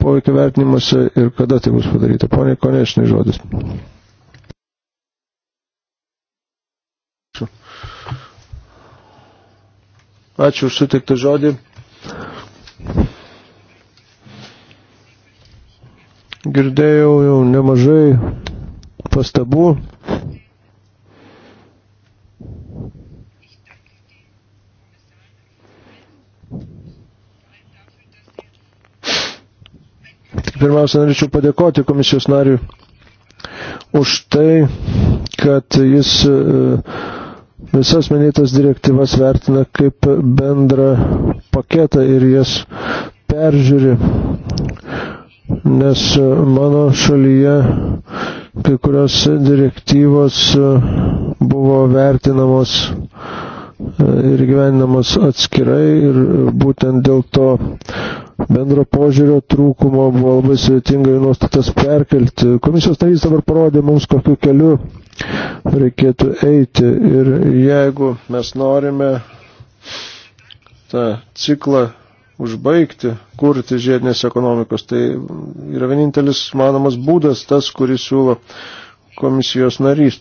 poveikio vertinimuose ir kada tai bus padaryta. Pone Konečnai žodis. Ačiū už sutiktą žodį. Girdėjau jau nemažai pastabų. Tik pirmiausia, norėčiau padėkoti komisijos nariui už tai, kad jis e, visas minėtas direktyvas vertina kaip bendrą paketą ir jas peržiūri nes e, mano šalyje kai kurios direktyvos e, buvo vertinamos e, ir gyvenamos atskirai ir būtent dėl to bendro požiūrio trūkumo buvo labai sudėtinga į nuostatas perkelti. Komisijos narys dabar parodė mums, kokiu keliu reikėtų eiti ir jeigu mes norime tą ciklą užbaigti kurti žiedinės ekonomikos. Tai yra vienintelis manomas būdas, tas, kurį siūlo komisijos narys.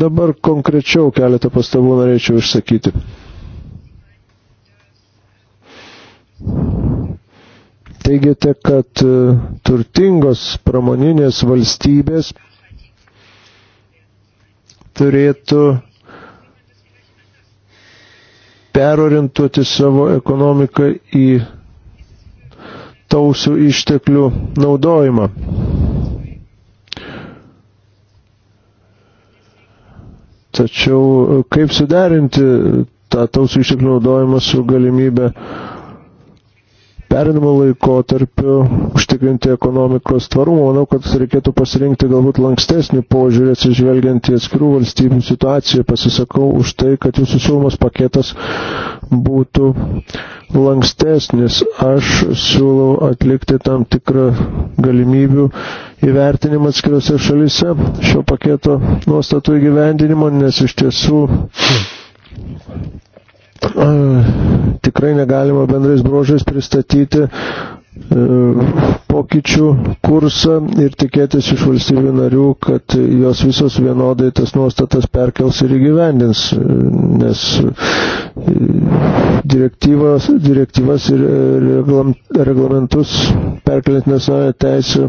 Dabar konkrečiau keletą pastabų norėčiau išsakyti. Teigiate, kad e, turtingos pramoninės valstybės turėtų perorientuoti savo ekonomiką į tausų išteklių naudojimą. Tačiau kaip suderinti tą tausų išteklių naudojimą su galimybę uh, perinimo laikotarpiu užtikrinti ekonomikos tvarumą. Manau, kad reikėtų pasirinkti galbūt lankstesnį požiūrį atsižvelgiant į atskirų valstybių situaciją. Pasisakau už tai, kad jūsų siūlomas paketas būtų lankstesnis. Aš siūlau atlikti tam tikrą galimybių įvertinimą atskiriuose šalise šio paketo nuostatų įgyvendinimo, nes iš tiesų. Hmm tikrai negalima bendrais brožais pristatyti e, pokyčių kursą ir tikėtis iš valstybių narių, kad jos visos vienodai tas nuostatas perkels ir įgyvendins, e, nes e, direktyvas, direktyvas ir reglam, reglamentus perkeliant nesanę teisę,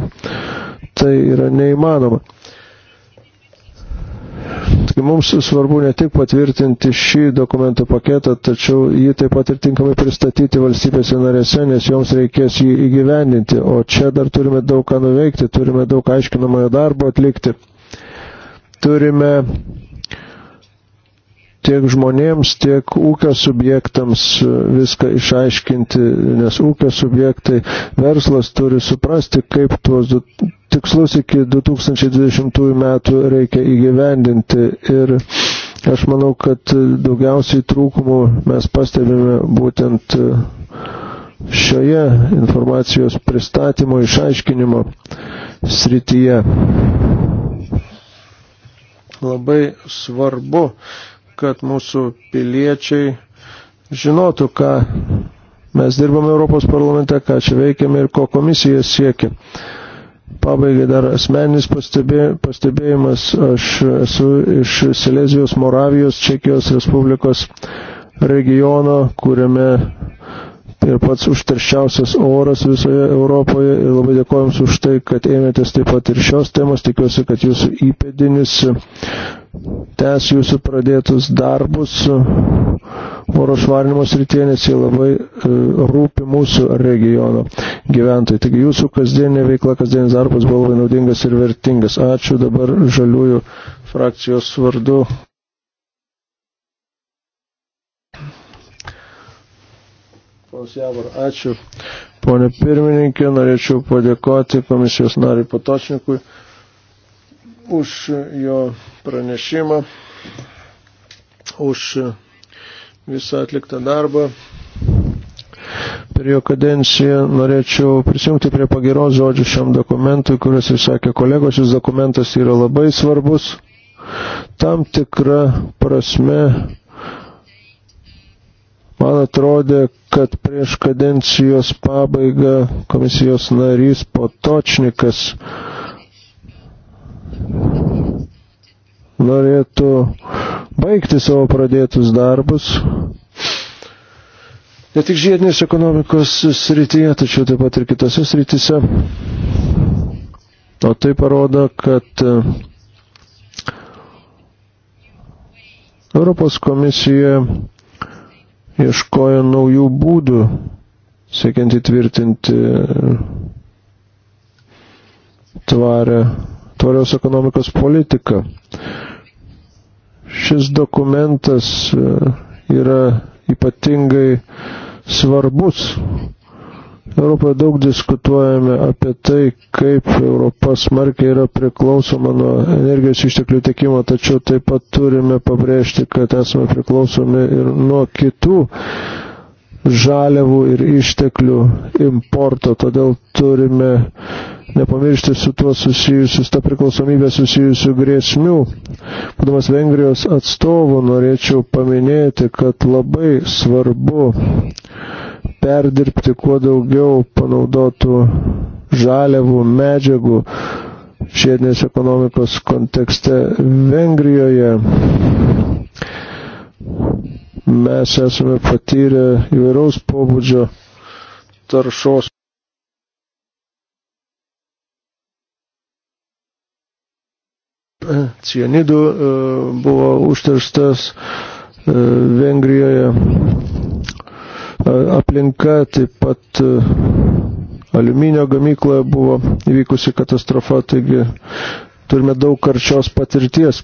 tai yra neįmanoma. Taigi mums svarbu ne tik patvirtinti šį dokumentų paketą, tačiau jį taip pat ir tinkamai pristatyti valstybėse narėse, nes joms reikės jį įgyvendinti. O čia dar turime daug ką nuveikti, turime daug aiškinamojo darbo atlikti. Turime tiek žmonėms, tiek ūkio subjektams viską išaiškinti, nes ūkio subjektai, verslas turi suprasti, kaip tuos tikslus iki 2020 metų reikia įgyvendinti ir aš manau, kad daugiausiai trūkumų mes pastebime būtent šioje informacijos pristatymo išaiškinimo srityje. Labai svarbu, kad mūsų piliečiai žinotų, ką mes dirbame Europos parlamente, ką čia veikiame ir ko komisija siekia. Pabaigai dar asmeninis pastebė, pastebėjimas. Aš esu iš Silezijos, Moravijos, Čekijos Respublikos regiono, kuriame ir tai pats užterščiausias oras visoje Europoje ir labai dėkojams už tai, kad ėmėtės taip pat ir šios temos. Tikiuosi, kad jūsų įpėdinis tęs jūsų pradėtus darbus e, oro švarinimo srityje, nes jie labai e, rūpi mūsų regiono gyventojai. Taigi jūsų kasdieninė veikla, kasdienis darbas buvo labai naudingas ir vertingas. Ačiū dabar žaliųjų frakcijos vardu. Ačiū. Pone pirmininkė, norėčiau padėkoti komisijos nariui Patočnikui už jo pranešimą, už visą atliktą darbą. Per jo kadenciją norėčiau prisijungti prie pagiros žodžių šiam dokumentui, kuris išsakė kolegos, šis dokumentas yra labai svarbus. Tam tikra prasme Man atrodė, kad prieš kadencijos pabaigą komisijos narys Potočnikas norėtų baigti savo pradėtus darbus. Ne tik žiedinės ekonomikos srityje, tačiau taip pat ir kitose srityse. O tai parodo, kad e, Europos komisija ieškojo naujų būdų siekiant įtvirtinti e, tvarę, tvarios ekonomikos politiką. Šis dokumentas e, yra ypatingai svarbus. Europoje daug diskutuojame apie tai, kaip Europa smarkiai yra priklausoma nuo energijos išteklių tiekimo, tačiau taip pat turime pabrėžti, kad esame priklausomi ir nuo kitų žaliavų ir išteklių importo. Todėl turime nepamiršti su tuo susijusius, tą priklausomybę susijusių grėsmių. Būdamas Vengrijos atstovų norėčiau paminėti, kad labai svarbu perdirbti kuo daugiau panaudotų žaliavų, medžiagų žiedinės ekonomikos kontekste Vengrijoje mes esame patyrę įvairaus pobūdžio taršos. Cienidų e, buvo užterštas e, Vengrijoje aplinka, taip pat e, aliuminio gamykloje buvo įvykusi katastrofa, taigi turime daug karčios patirties.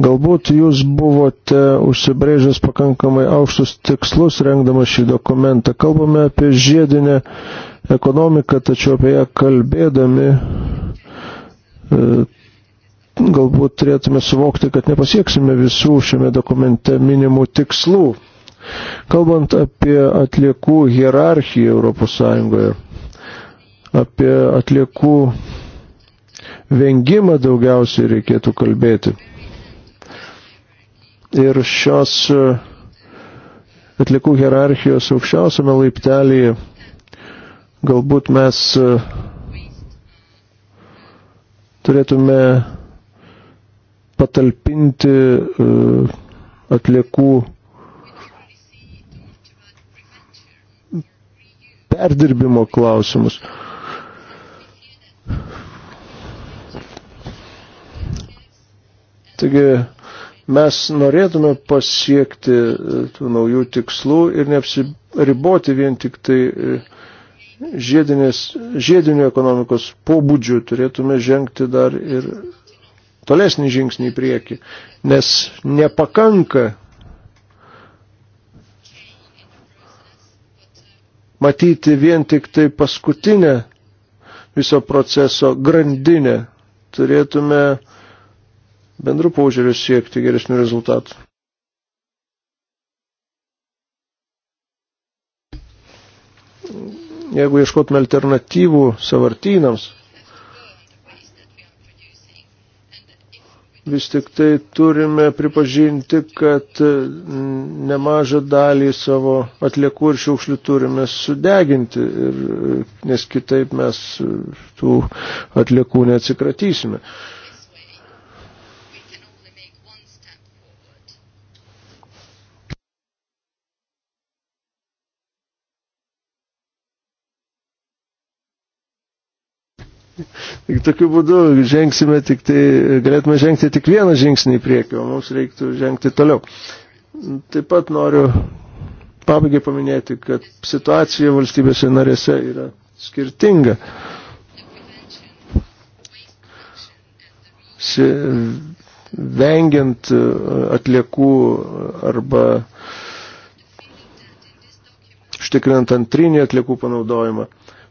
Galbūt jūs buvote užsibrėžęs pakankamai aukštus tikslus rengdamas šį dokumentą. Kalbame apie žiedinę ekonomiką, tačiau apie ją kalbėdami e, galbūt turėtume suvokti, kad nepasieksime visų šiame dokumente minimų tikslų. Kalbant apie atliekų hierarchiją Europos Sąjungoje, apie atliekų vengimą daugiausiai reikėtų kalbėti ir šios e, atlikų hierarchijos aukščiausiame laiptelėje galbūt mes e, turėtume patalpinti e, atliekų perdirbimo klausimus. Taigi, mes norėtume pasiekti e, tų naujų tikslų ir neapsiriboti vien tik tai e, žiedinės, žiedinių ekonomikos pobūdžių, turėtume žengti dar ir tolesnį žingsnį į priekį, nes nepakanka matyti vien tik tai paskutinę viso proceso grandinę. Turėtume bendrų paužiūrių siekti geresnių rezultatų. Jeigu ieškotume alternatyvų savartynams, vis tik tai turime pripažinti, kad mm, nemažą dalį savo atliekų ir šiukšlių turime sudeginti, ir, nes kitaip mes tų atliekų neatsikratysime. Tik tokiu būdu žengsime tik tai, galėtume žengti tik vieną žingsnį į priekį, o mums reiktų žengti toliau. Taip pat noriu pabaigai paminėti, kad situacija valstybėse narėse yra skirtinga. Si vengiant e, atliekų arba užtikrinant antrinį atliekų panaudojimą.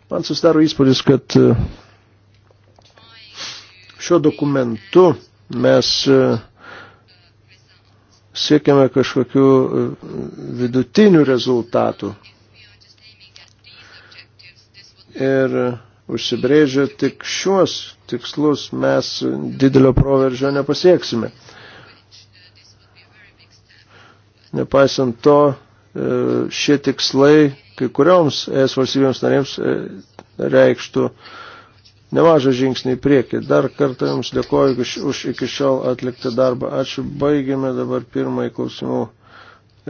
Man susidaro įspūdis, kad e, Šiuo dokumentu mes e, siekiame kažkokių e, vidutinių rezultatų. Ir užsibrėžę tik šiuos tikslus mes didelio proveržio nepasieksime. Nepaisant to, e, šie tikslai kai kurioms es valstybėms narėms reikštų uh, nemažą žingsnį į priekį. Dar kartą Jums dėkoju už iki šiol atliktą darbą. Ačiū. Baigėme dabar pirmąjį klausimų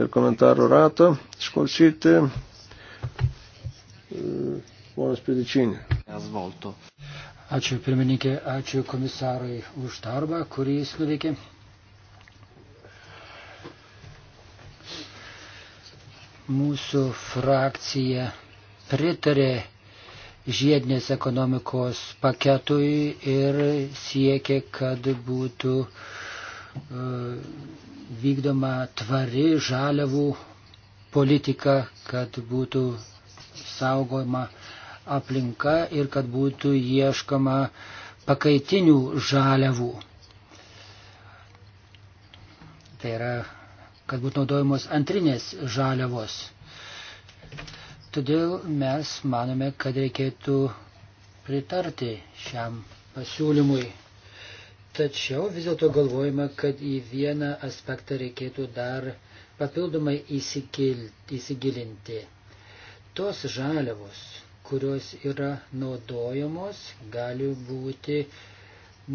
ir komentarų ratą. Išklausyti. Ponas Pidičinė. Ačiū pirmininkė, ačiū komisarai už darbą, kurį jis nuveikė. Mūsų frakcija pritarė žiedinės ekonomikos paketui ir siekė, kad būtų e, vykdoma tvari žaliavų politika, kad būtų saugojama aplinka ir kad būtų ieškama pakaitinių žaliavų. Tai yra, kad būtų naudojamos antrinės žaliavos. Todėl mes manome, kad reikėtų pritarti šiam pasiūlymui. Tačiau vis dėlto galvojame, kad į vieną aspektą reikėtų dar papildomai įsikil, įsigilinti. Tos žaliavos, kurios yra naudojamos, gali būti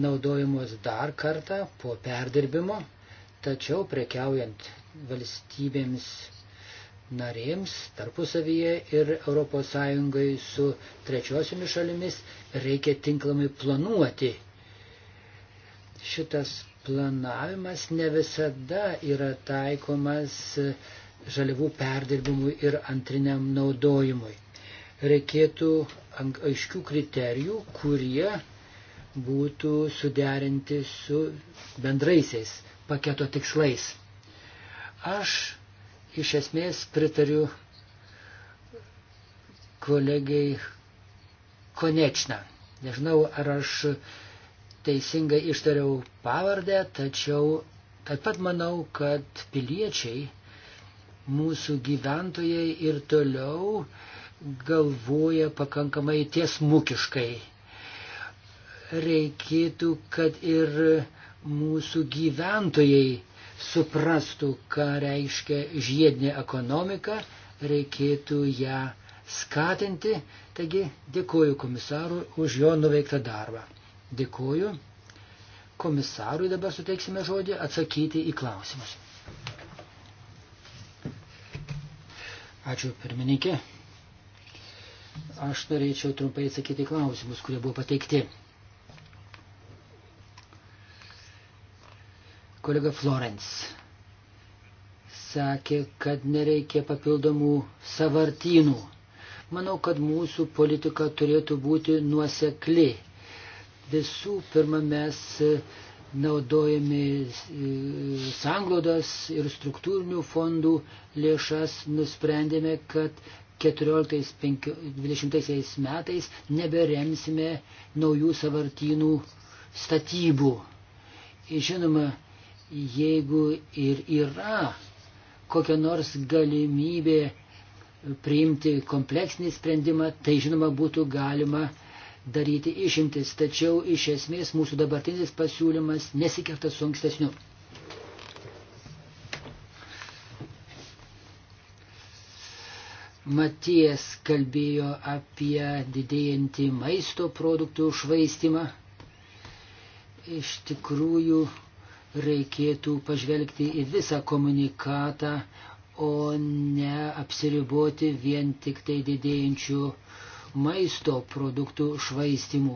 naudojamos dar kartą po perdirbimo, tačiau prekiaujant valstybėms narėms tarpusavyje ir ES su trečiosiomis šalimis reikia tinkamai planuoti. Šitas planavimas ne visada yra taikomas žaliavų perdirbimui ir antriniam naudojimui. Reikėtų aiškių kriterijų, kurie būtų suderinti su bendraisiais paketo tikslais. Aš Iš esmės pritariu kolegiai Konečna. Nežinau, ar aš teisingai ištariau pavardę, tačiau taip pat manau, kad piliečiai, mūsų gyventojai ir toliau galvoja pakankamai tiesmukiškai. Reikėtų, kad ir mūsų gyventojai suprastų, ką reiškia žiedinė ekonomika, reikėtų ją skatinti. Taigi dėkoju komisarui už jo nuveiktą darbą. Dėkoju. Komisarui dabar suteiksime žodį atsakyti į klausimus. Ačiū pirmininkė. Aš norėčiau trumpai atsakyti klausimus, kurie buvo pateikti. Kolega Florence sakė, kad nereikia papildomų savartynų. Manau, kad mūsų politika turėtų būti nuosekli. Visų pirma, mes e, naudojami e, sanglodas ir struktūrinių fondų lėšas, nusprendėme, kad 14-20 metais neberemsime naujų savartynų statybų. Žinoma, jeigu ir yra kokia nors galimybė priimti kompleksinį sprendimą, tai žinoma būtų galima daryti išimtis, tačiau iš esmės mūsų dabartinis pasiūlymas nesikerta su ankstesniu. Matijas kalbėjo apie didėjantį maisto produktų švaistimą. Iš tikrųjų, reikėtų pažvelgti į visą komunikatą, o ne apsiriboti vien tik tai didėjančių maisto produktų švaistimų.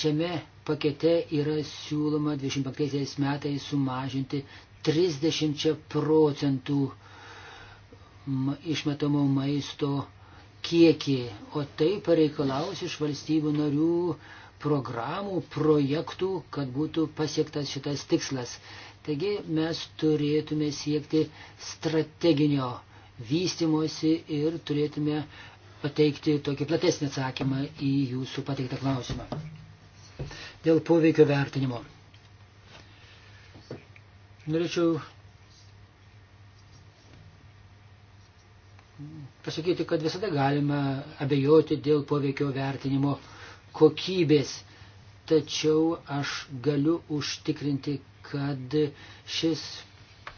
Šiame pakete yra siūloma 25 metais sumažinti 30 procentų išmetamo maisto kiekį, o tai pareikalaus iš valstybių narių programų, projektų, kad būtų pasiektas šitas tikslas. Taigi mes turėtume siekti strateginio vystimosi ir turėtume pateikti tokį platesnį atsakymą į jūsų pateiktą klausimą. Dėl poveikio vertinimo. Norėčiau pasakyti, kad visada galima abejoti dėl poveikio vertinimo kokybės. Tačiau aš galiu užtikrinti, kad šis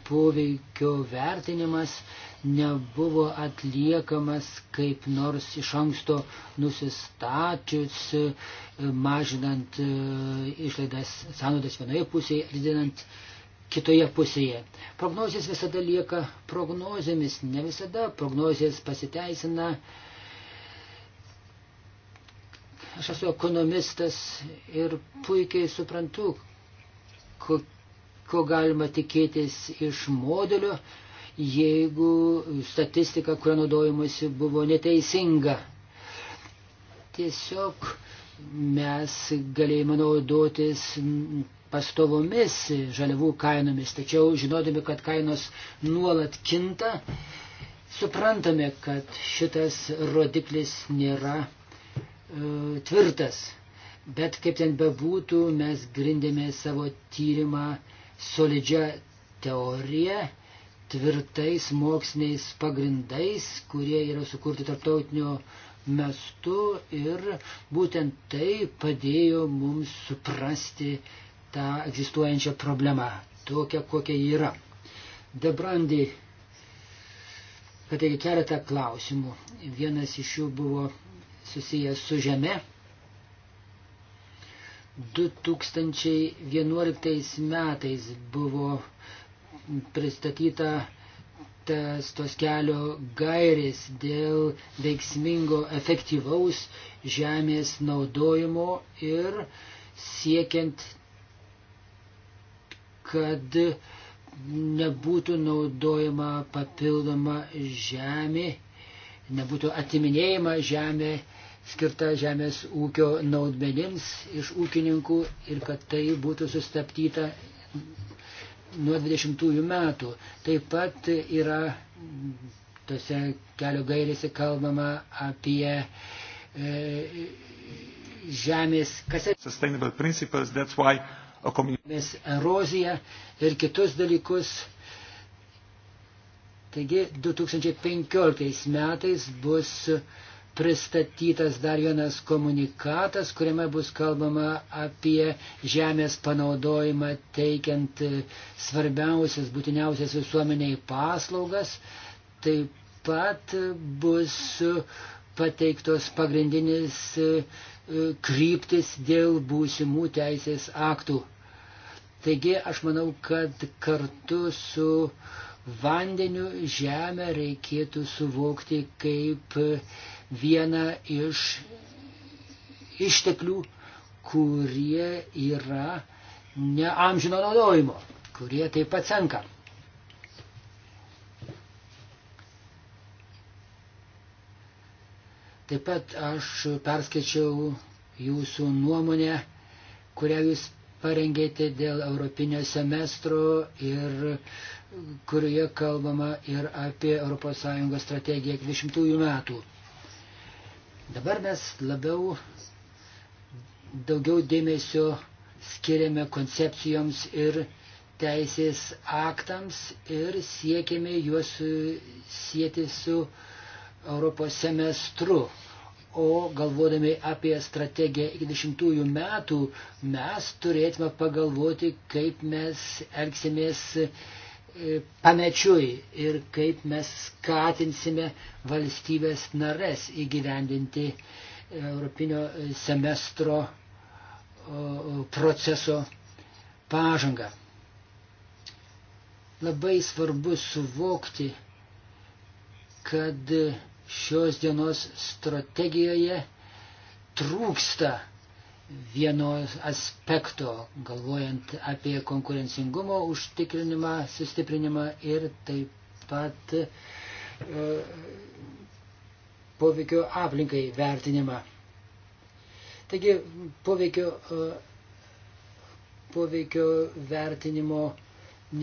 poveikio vertinimas nebuvo atliekamas kaip nors iš anksto nusistačius, mažinant e, išlaidas sąnaudas vienoje pusėje, didinant kitoje pusėje. Prognozijas visada lieka prognozėmis, ne visada prognozijas pasiteisina, Aš esu ekonomistas ir puikiai suprantu, ko, ko galima tikėtis iš modelio, jeigu statistika, kuria naudojimasi, buvo neteisinga. Tiesiog mes galėjome naudotis pastovomis žaliavų kainomis, tačiau žinodami, kad kainos nuolat kinta, suprantame, kad šitas rodiklis nėra E, tvirtas. Bet kaip ten bebūtų, mes grindėme savo tyrimą solidžią teoriją, tvirtais moksliniais pagrindais, kurie yra sukurti tarptautinio mestu ir būtent tai padėjo mums suprasti tą egzistuojančią problemą, tokią kokia ji yra. Debrandi pateikė keletą klausimų. Vienas iš jų buvo susijęs su žeme. 2011 metais buvo pristatyta tas tos kelio gairės dėl veiksmingo, efektyvaus žemės naudojimo ir siekiant, kad nebūtų naudojama papildoma žemė, nebūtų atiminėjama žemė skirta žemės ūkio naudmenims iš ūkininkų ir kad tai būtų sustabdyta nuo 20 metų. Taip pat yra tose kelio gairėse kalbama apie e, žemės kasetės eroziją ir kitus dalykus. Taigi 2015 metais bus uh, pristatytas dar vienas komunikatas, kuriame bus kalbama apie žemės panaudojimą teikiant svarbiausias, būtiniausias visuomeniai paslaugas. Taip pat bus pateiktos pagrindinis e, kryptis dėl būsimų teisės aktų. Taigi aš manau, kad kartu su vandeniu žemę reikėtų suvokti kaip vieną iš išteklių, kurie yra neamžino naudojimo, kurie taip pat senka. Taip pat aš perskaičiau jūsų nuomonę, kurią jūs parengėte dėl Europinio semestro ir kurioje kalbama ir apie ES strategiją 20 metų. Dabar mes labiau daugiau dėmesio skiriame koncepcijoms ir teisės aktams ir siekime juos sieti su Europos semestru. O galvodami apie strategiją iki dešimtųjų metų, mes turėtume pagalvoti, kaip mes elgsimės pamečiui ir kaip mes skatinsime valstybės nares įgyvendinti Europinio semestro proceso pažangą. Labai svarbu suvokti, kad šios dienos strategijoje trūksta vienos aspekto, galvojant apie konkurencingumo užtikrinimą, sustiprinimą ir taip pat e, poveikio aplinkai vertinimą. Taigi poveikio, e, poveikio vertinimo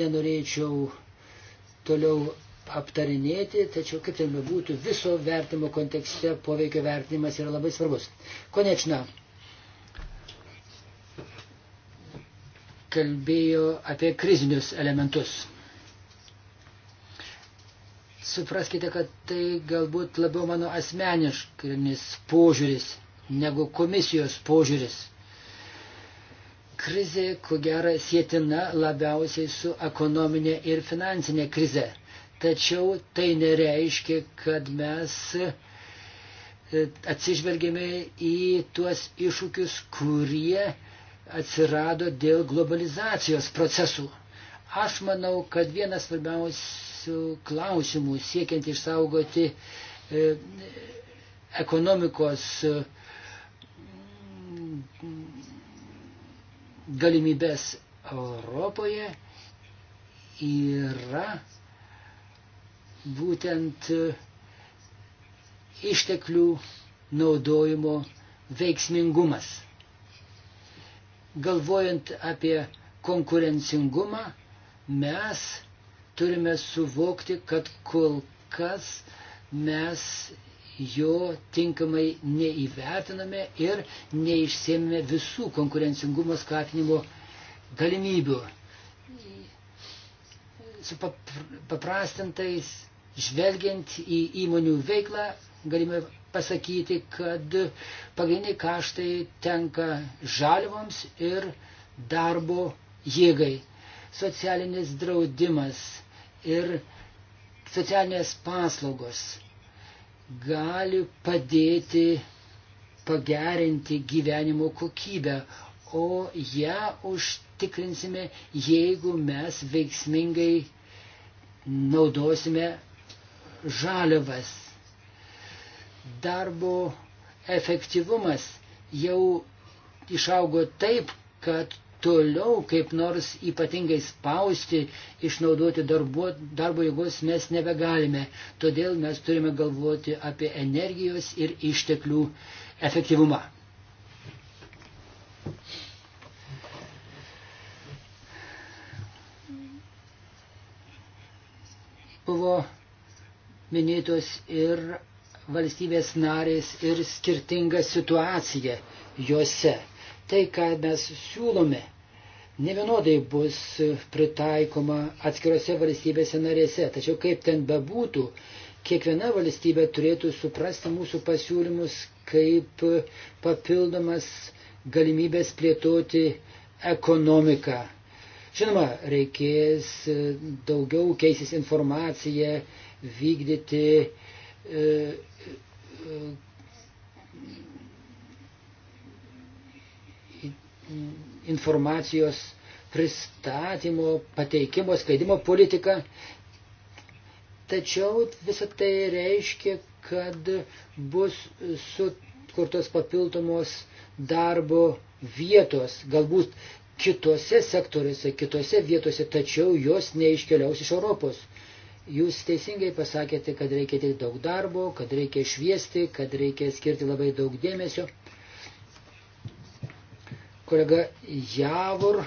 nenorėčiau toliau aptarinėti, tačiau kaip ten bebūtų, viso vertimo kontekste poveikio vertinimas yra labai svarbus. Konečna, kalbėjo apie krizinius elementus. Supraskite, kad tai galbūt labiau mano asmeniškinis požiūris negu komisijos požiūris. Krizė, ko gera, sėtina labiausiai su ekonominė ir finansinė krize. Tačiau tai nereiškia, kad mes e, atsižvelgėme į tuos iššūkius, kurie atsirado dėl globalizacijos procesų. Aš manau, kad vienas svarbiausių klausimų siekiant išsaugoti e, ekonomikos e, galimybės Europoje yra būtent e, išteklių naudojimo veiksmingumas galvojant apie konkurencingumą, mes turime suvokti, kad kol kas mes jo tinkamai neįvertiname ir neišsėmėme visų konkurencingumo skatinimo galimybių. Su paprastintais, žvelgiant į įmonių veiklą, galime pasakyti, kad pagrindiniai kaštai tenka žalvoms ir darbo jėgai. Socialinis draudimas ir socialinės paslaugos gali padėti pagerinti gyvenimo kokybę, o ją užtikrinsime, jeigu mes veiksmingai naudosime žaliavas darbo efektyvumas jau išaugo taip, kad toliau kaip nors ypatingai spausti, išnaudoti darbo, darbo jėgos mes nebegalime. Todėl mes turime galvoti apie energijos ir išteklių efektyvumą. Buvo minėtos ir valstybės narės ir skirtinga situacija juose. Tai, ką mes siūlome, ne vienodai bus pritaikoma atskirose valstybėse narėse. Tačiau kaip ten bebūtų, kiekviena valstybė turėtų suprasti mūsų pasiūlymus kaip papildomas galimybės plėtoti ekonomiką. Žinoma, reikės daugiau keisis informaciją, vykdyti E, e, informacijos pristatymo, pateikimo, skaidimo politika. Tačiau visą tai reiškia, kad bus sukurtos papildomos darbo vietos, galbūt kitose sektoriuose, kitose vietose, tačiau jos neiškeliaus iš Europos. Jūs teisingai pasakėte, kad reikia tik daug darbo, kad reikia šviesti, kad reikia skirti labai daug dėmesio. Kolega Javor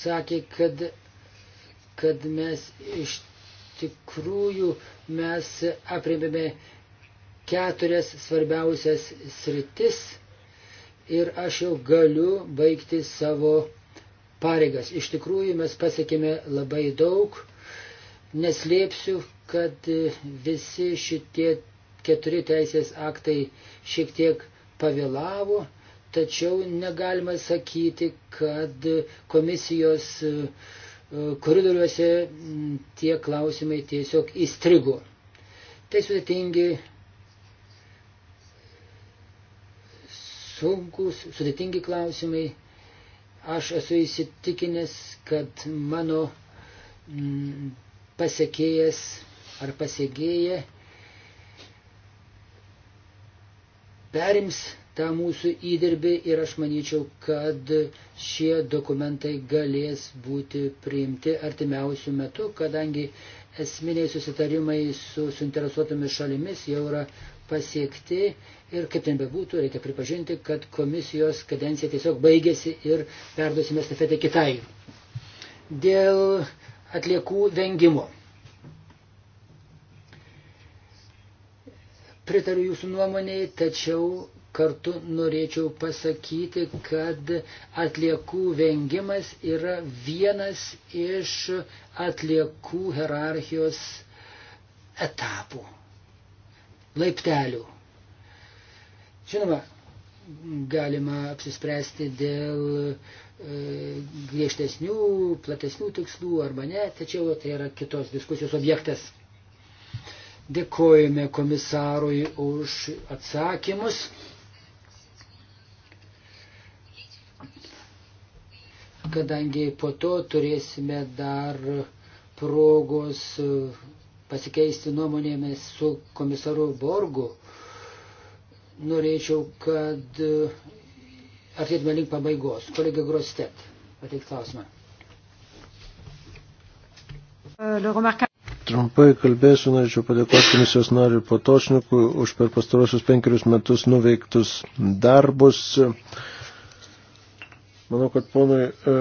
sakė, kad, kad mes iš tikrųjų mes aprėmėme keturias svarbiausias sritis ir aš jau galiu baigti savo pareigas. Iš tikrųjų mes pasiekėme labai daug. Neslėpsiu, kad e, visi šitie keturi teisės aktai šiek tiek pavėlavo, tačiau negalima sakyti, kad komisijos e, e, koridoriuose tie klausimai tiesiog įstrigo. Tai sudėtingi sunkus, sudėtingi klausimai, Aš esu įsitikinęs, kad mano mm, pasiekėjas ar pasiekėja perims tą mūsų įdirbį ir aš manyčiau, kad šie dokumentai galės būti priimti artimiausių metų, kadangi esminiai susitarimai su suinteresuotomis šalimis jau yra pasiekti ir kaip ten bebūtų, reikia pripažinti, kad komisijos kadencija tiesiog baigėsi ir perduosime stafetę kitai. Dėl atliekų vengimo. Pritariu jūsų nuomonėje, tačiau kartu norėčiau pasakyti, kad atliekų vengimas yra vienas iš atliekų hierarchijos etapų laiptelių. Žinoma, galima apsispręsti dėl e, griežtesnių, platesnių tikslų arba ne, tačiau tai yra kitos diskusijos objektas. Dėkojame komisarui už atsakymus. Kadangi po to turėsime dar progos pasikeisti nuomonėmis su komisaru Borgu. Norėčiau, kad e, artėtume link pabaigos. Kolegė Grostet, pateik klausimą. E, Trumpai kalbėsiu, norėčiau padėkoti komisijos nariui Patošnikui už per pastarosius penkerius metus nuveiktus darbus. Manau, kad ponui e,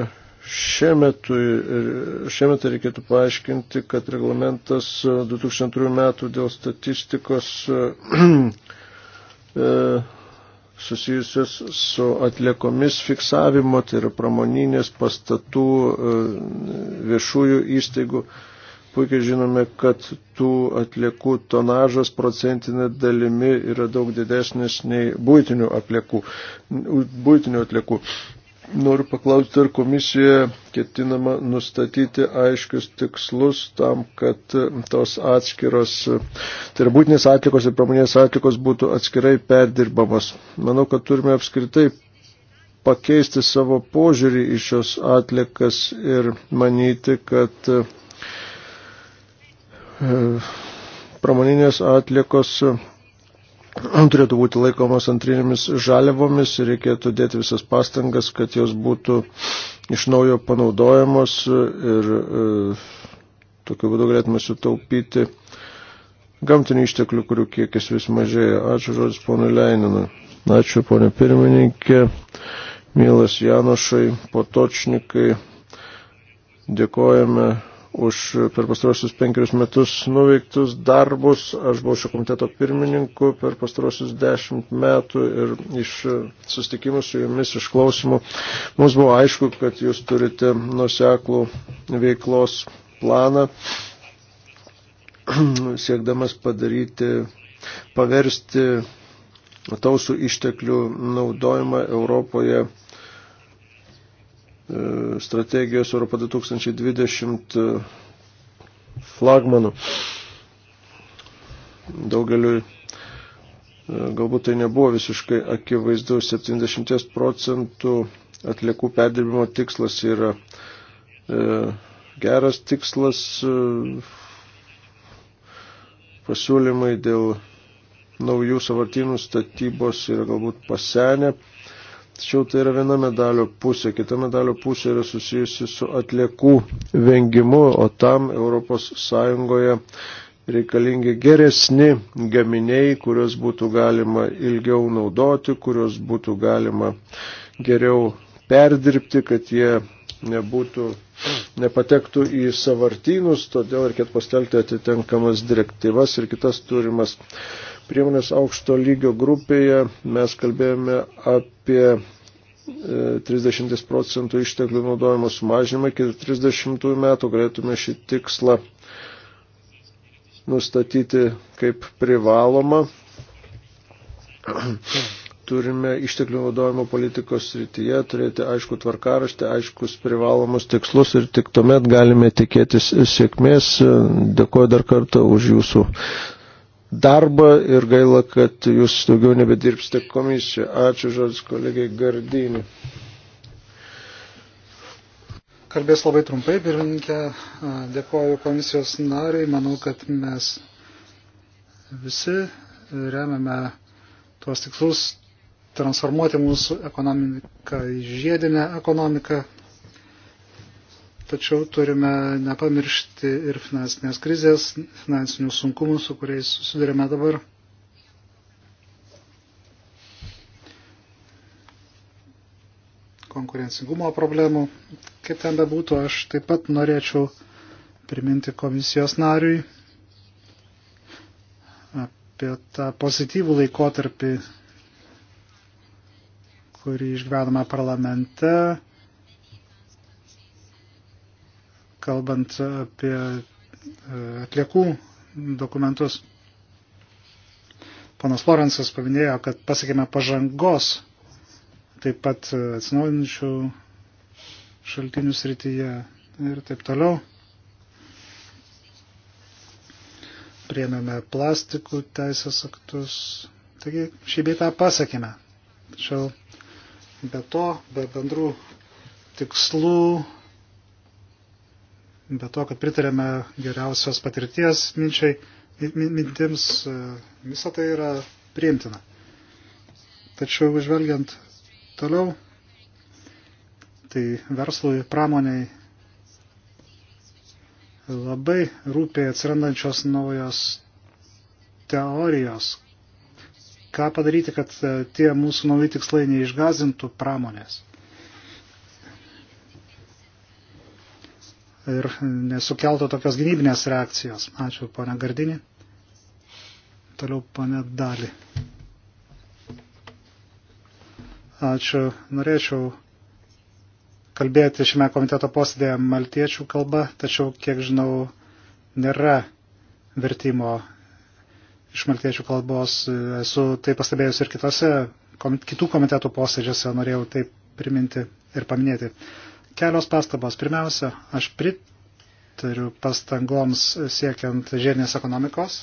Šiemet, e, šiemet reikėtų paaiškinti, kad reglamentas 2002 e, metų dėl statistikos e, [CLEARS THROAT] susijusios su atliekomis fiksavimo, tai yra pramoninės pastatų viešųjų įstaigų. Puikiai žinome, kad tų atliekų tonažas procentinė dalimi yra daug didesnis nei būtinių atliekų. Būtinių atliekų. Noriu paklausti, ar komisija ketinama nustatyti aiškius tikslus tam, kad tos atskiros, tai yra būtinės atlikos ir pramonės atlikos būtų atskirai perdirbamos. Manau, kad turime apskritai pakeisti savo požiūrį į šios atlikas ir manyti, kad e, pramoninės atlikos turėtų būti laikomos antrinėmis žaliavomis ir reikėtų dėti visas pastangas, kad jos būtų iš naujo panaudojamos ir e, tokiu būdu galėtume sutaupyti gamtinių išteklių, kurių kiekis vis mažėja. Ačiū žodis ponui Leininui. Ačiū ponė pirmininkė, mielas Janošai, potočnikai. Dėkojame už per pastarosius penkerius metus nuveiktus darbus. Aš buvau šio komiteto pirmininku per pastarosius dešimt metų ir iš susitikimų su jumis išklausimų mums buvo aišku, kad jūs turite nuseklų veiklos planą, siekdamas padaryti, paversti tausų išteklių naudojimą Europoje E, strategijos Europa 2020 e, flagmanų. Daugeliu e, galbūt tai nebuvo visiškai akivaizdu, 70 procentų atliekų perdirbimo tikslas yra e, geras tikslas, e, pasiūlymai dėl naujų savartynų statybos yra galbūt pasenę. E, Tačiau tai yra viena medalio pusė. Kita medalio pusė yra susijusi su atliekų vengimu, o tam ES reikalingi geresni gaminiai, kuriuos būtų galima ilgiau naudoti, kuriuos būtų galima geriau perdirbti, kad jie nebūtų, nepatektų į savartynus, todėl reikėtų pastelti atitinkamas direktyvas ir kitas turimas priemonės aukšto lygio grupėje mes kalbėjome apie 30 e, procentų išteklių naudojimo sumažinimą iki 30 metų galėtume šį tikslą nustatyti kaip privalomą. [CLEARS THROAT] Turime išteklių naudojimo politikos srityje turėti aišku tvarkaraštį, aiškus privalomus tikslus ir tik tuomet galime tikėtis sėkmės. Dėkuoju dar kartą už jūsų darbą ir gaila, kad jūs daugiau nebedirbsite komisijoje. Ačiū žodis kolegiai Gardinį. Kalbės labai trumpai, pirmininkė, dėkoju komisijos nariai, manau, kad mes visi remiame tuos tikslus transformuoti mūsų ekonomiką į žiedinę ekonomiką, tačiau turime nepamiršti ir finansinės krizės, finansinių sunkumų, su kuriais susidurime dabar. konkurencingumo problemų. Kaip ten bebūtų, aš taip pat norėčiau priminti komisijos nariui apie tą pozityvų laikotarpį, kurį išgyvename parlamente kalbant apie e, atliekų dokumentus. Panas Lorenzas paminėjo, kad pasiekėme pažangos taip pat e, atsinaujinčių šaltinių srityje ir taip toliau. Priemėme plastikų teisės aktus. Taigi šį beitą pasiekėme. Tačiau be to, be bendrų tikslų be to, kad pritarėme geriausios patirties minčiai, mintims, e, visą tai yra priimtina. Tačiau žvelgiant toliau, tai verslui, pramoniai labai rūpė atsirandančios naujos teorijos. Ką padaryti, kad e, tie mūsų nauji tikslai neišgazintų pramonės? ir nesukeltų tokios gynybinės reakcijos. Ačiū, ponia Gardinė. Toliau, ponia Dali. Ačiū. Norėčiau kalbėti šiame komiteto posėdėje maltiečių kalba, tačiau, kiek žinau, nėra vertimo iš maltiečių kalbos. Esu tai pastebėjus ir kitose, kitų komitetų posėdžiuose, norėjau tai priminti ir paminėti. Kelios pastabos. Pirmiausia, aš pritariu pastangoms siekiant žiedinės ekonomikos,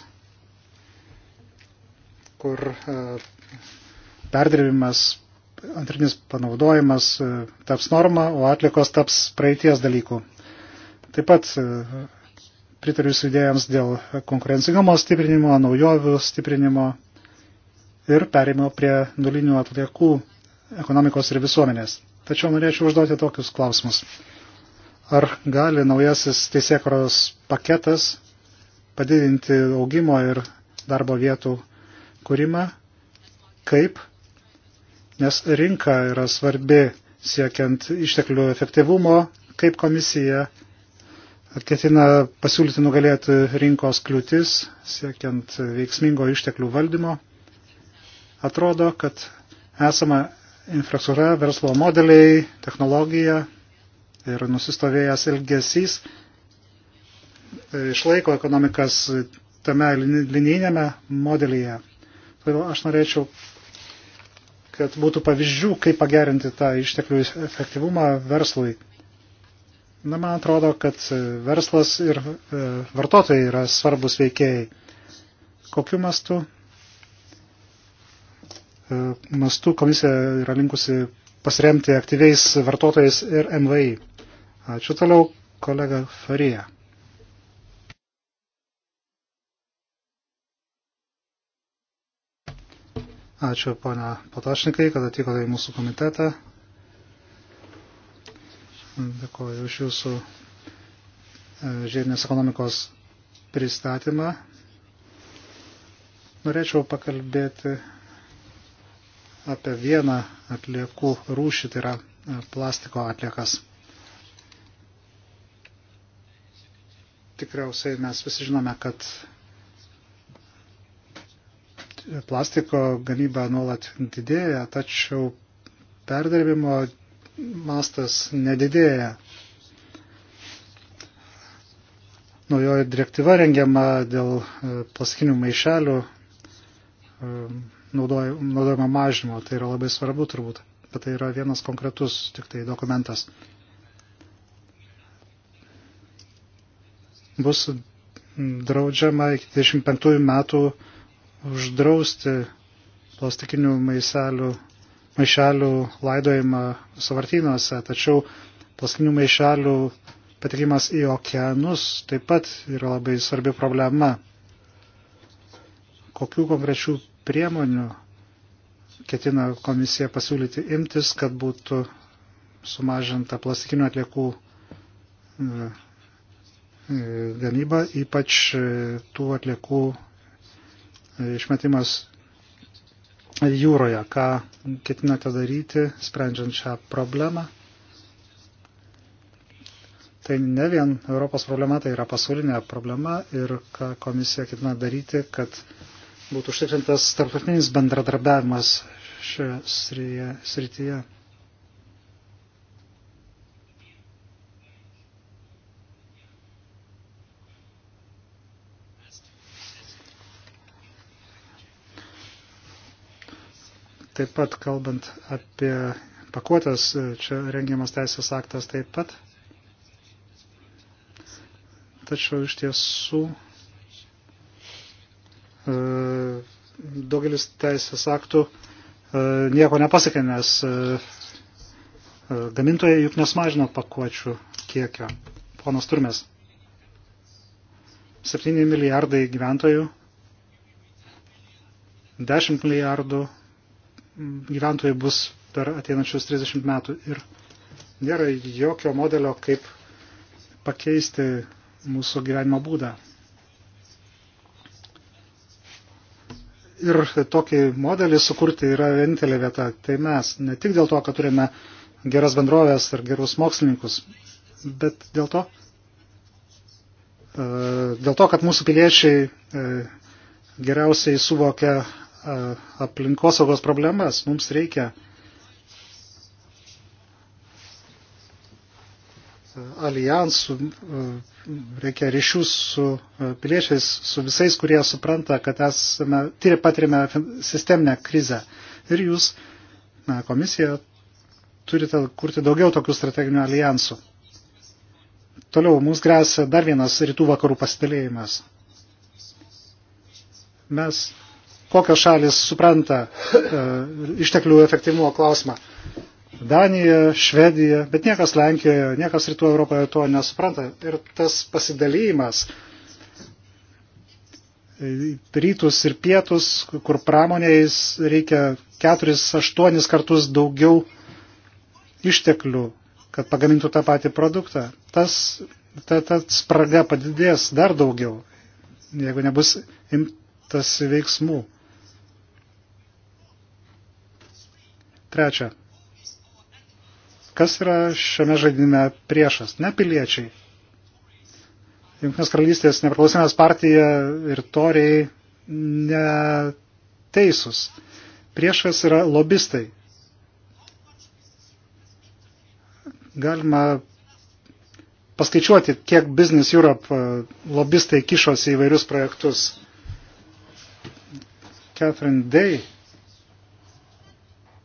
kur e, perdirbimas, antrinis panaudojimas e, taps norma, o atlikos taps praeities dalykų. Taip pat e, pritariu su idėjams dėl konkurencingumo stiprinimo, naujovių stiprinimo ir perėmimo prie nulinių atliekų ekonomikos ir visuomenės. Tačiau norėčiau užduoti tokius klausimus. Ar gali naujasis teisėkros paketas padidinti augimo ir darbo vietų kūrimą? Kaip? Nes rinka yra svarbi siekiant išteklių efektyvumo, kaip komisija ketina pasiūlyti nugalėti rinkos kliūtis, siekiant veiksmingo išteklių valdymo. Atrodo, kad esama infrastruktūra, verslo modeliai, technologija ir nusistovėjęs elgesys e, išlaiko ekonomikas tame linijinėme modelyje. Todėl aš norėčiau, kad būtų pavyzdžių, kaip pagerinti tą išteklių efektyvumą verslui. Na, man atrodo, kad verslas ir e, vartotojai yra svarbus veikėjai. Kokiu mastu E, mastu komisija yra linkusi pasiremti aktyviais vartotojais ir MVI. Ačiū toliau, kolega Farija. Ačiū, ponia Patašnikai, kad atvykote į mūsų komitetą. Dėkuoju už jūsų e, žiedinės ekonomikos pristatymą. Norėčiau pakalbėti apie vieną atliekų rūšį, tai yra e, plastiko atliekas. Tikriausiai mes visi žinome, kad plastiko gamyba nuolat didėja, tačiau perdirbimo mastas nedidėja. Naujoji direktyva rengiama dėl e, plastikinių maišelių e, naudojimo mažinimo. Tai yra labai svarbu turbūt, bet tai yra vienas konkretus tik tai dokumentas. Bus draudžiama iki 25 metų uždrausti plastikinių maišelių, maišelių laidojimą savartynuose, tačiau plastikinių maišelių patekimas į okeanus taip pat yra labai svarbi problema. Kokių konkrečių priemonių ketina komisija pasiūlyti imtis, kad būtų sumažinta plastikinių atliekų e, e, gamyba, ypač e, tų atliekų išmetimas jūroje. Ką ketinate daryti, sprendžiant šią problemą? Tai ne vien Europos problema, tai yra pasaulinė problema ir ką komisija ketina daryti, kad būtų užtikrintas tarptautinis bendradarbiavimas šioje srityje. Taip pat kalbant apie pakuotės, čia rengiamas teisės aktas taip pat. Tačiau iš tiesų E, daugelis teisės aktų e, nieko nepasakė, nes e, gamintojai juk nesmažino pakuočių kiekio. Ponas Turmės. 7 milijardai gyventojų, 10 milijardų gyventojų bus per ateinančius 30 metų ir nėra jokio modelio, kaip pakeisti mūsų gyvenimo būdą. ir tokį modelį sukurti yra vienintelė vieta. Tai mes ne tik dėl to, kad turime geras bendrovės ir gerus mokslininkus, bet dėl to, e, dėl to kad mūsų piliečiai e, geriausiai suvokia e, aplinkosaugos problemas, mums reikia alijansų, e, reikia ryšių su e, piliečiais, su visais, kurie supranta, kad esame, patirime sisteminę krizę. Ir jūs, na, komisija, turite kurti daugiau tokių strateginių alijansų. Toliau mums grėsia dar vienas rytų vakarų pasidalėjimas. Mes, kokios šalis supranta e, išteklių efektyvumo klausimą. Danija, Švedija, bet niekas Lenkijoje, niekas Rytų Europoje to nesupranta. Ir tas pasidalymas rytus ir pietus, kur pramoniais reikia 4-8 kartus daugiau išteklių, kad pagamintų tą patį produktą. Tas, ta, ta spraga padidės dar daugiau, jeigu nebus imtas veiksmų. Trečia. Kas yra šiame žaidime priešas? Ne piliečiai. Junktinės karalystės nepriklausomės partija ir toriai neteisus. Priešas yra lobistai. Galima paskaičiuoti, kiek Business Europe e, lobistai kišosi į vairius projektus. Catherine Day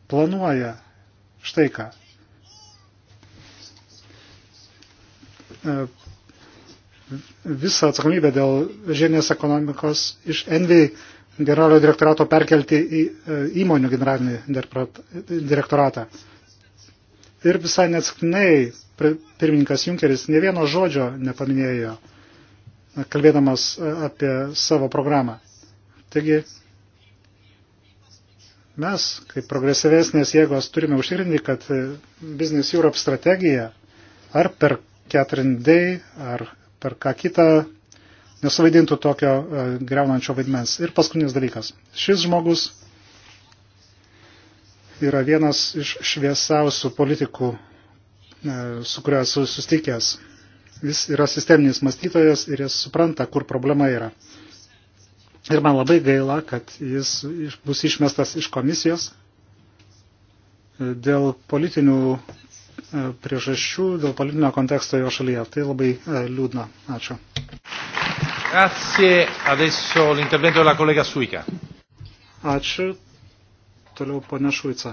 planuoja štai ką. E, visą atsakomybę dėl žiedinės ekonomikos iš Envy generalinio direktorato perkelti į e, įmonių generalinį direktoratą. Ir visai neatsakinai pirmininkas Junkeris ne vieno žodžio nepaminėjo, e, kalbėdamas apie savo programą. Taigi, mes, kaip progresyvesnės jėgos, turime užtikrinti, kad Business Europe strategija ar per Catherine Day ar per ką kitą nesuvaidintų tokio e, greunančio vaidmens. Ir paskutinis dalykas. Šis žmogus yra vienas iš šviesiausių politikų, e, su kuria esu sustikęs. Jis yra sisteminis mąstytojas ir jis supranta, kur problema yra. Ir man labai gaila, kad jis bus išmestas iš komisijos e, dėl politinių E, priežasčių, dėl politinio konteksto jo šalyje. Tai labai e, liūdna. Ačiū. Grazie. Adesso l'intervento della collega Suica. Ačiū. Toliau ponia Šuica.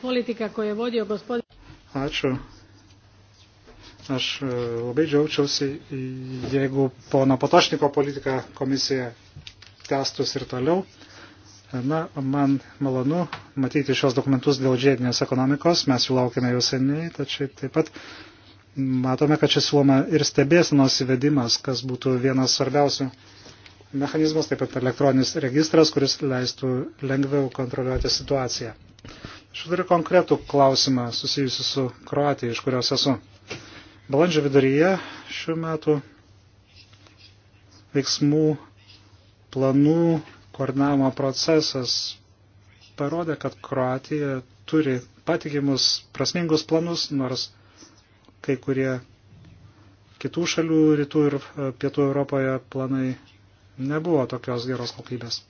Politika, koju je vodio gospodin... Ačiū. Aš e, labai džiaugčiausi, jeigu pono Patošniko politika komisija testus ir toliau. Na, man malonu matyti šios dokumentus dėl žiedinės ekonomikos, mes jų laukiame jau seniai, tačiau taip pat matome, kad čia siūloma ir stebėsinos įvedimas, kas būtų vienas svarbiausių mechanizmas, taip pat elektroninis registras, kuris leistų lengviau kontroliuoti situaciją. Aš turiu konkretų klausimą susijusiu su Kroatija, iš kurios esu. Balandžio viduryje šių metų veiksmų planų koordinavimo procesas parodė, kad Kroatija turi patikimus prasmingus planus, nors kai kurie kitų šalių rytų ir e, pietų Europoje planai nebuvo tokios geros kokybės.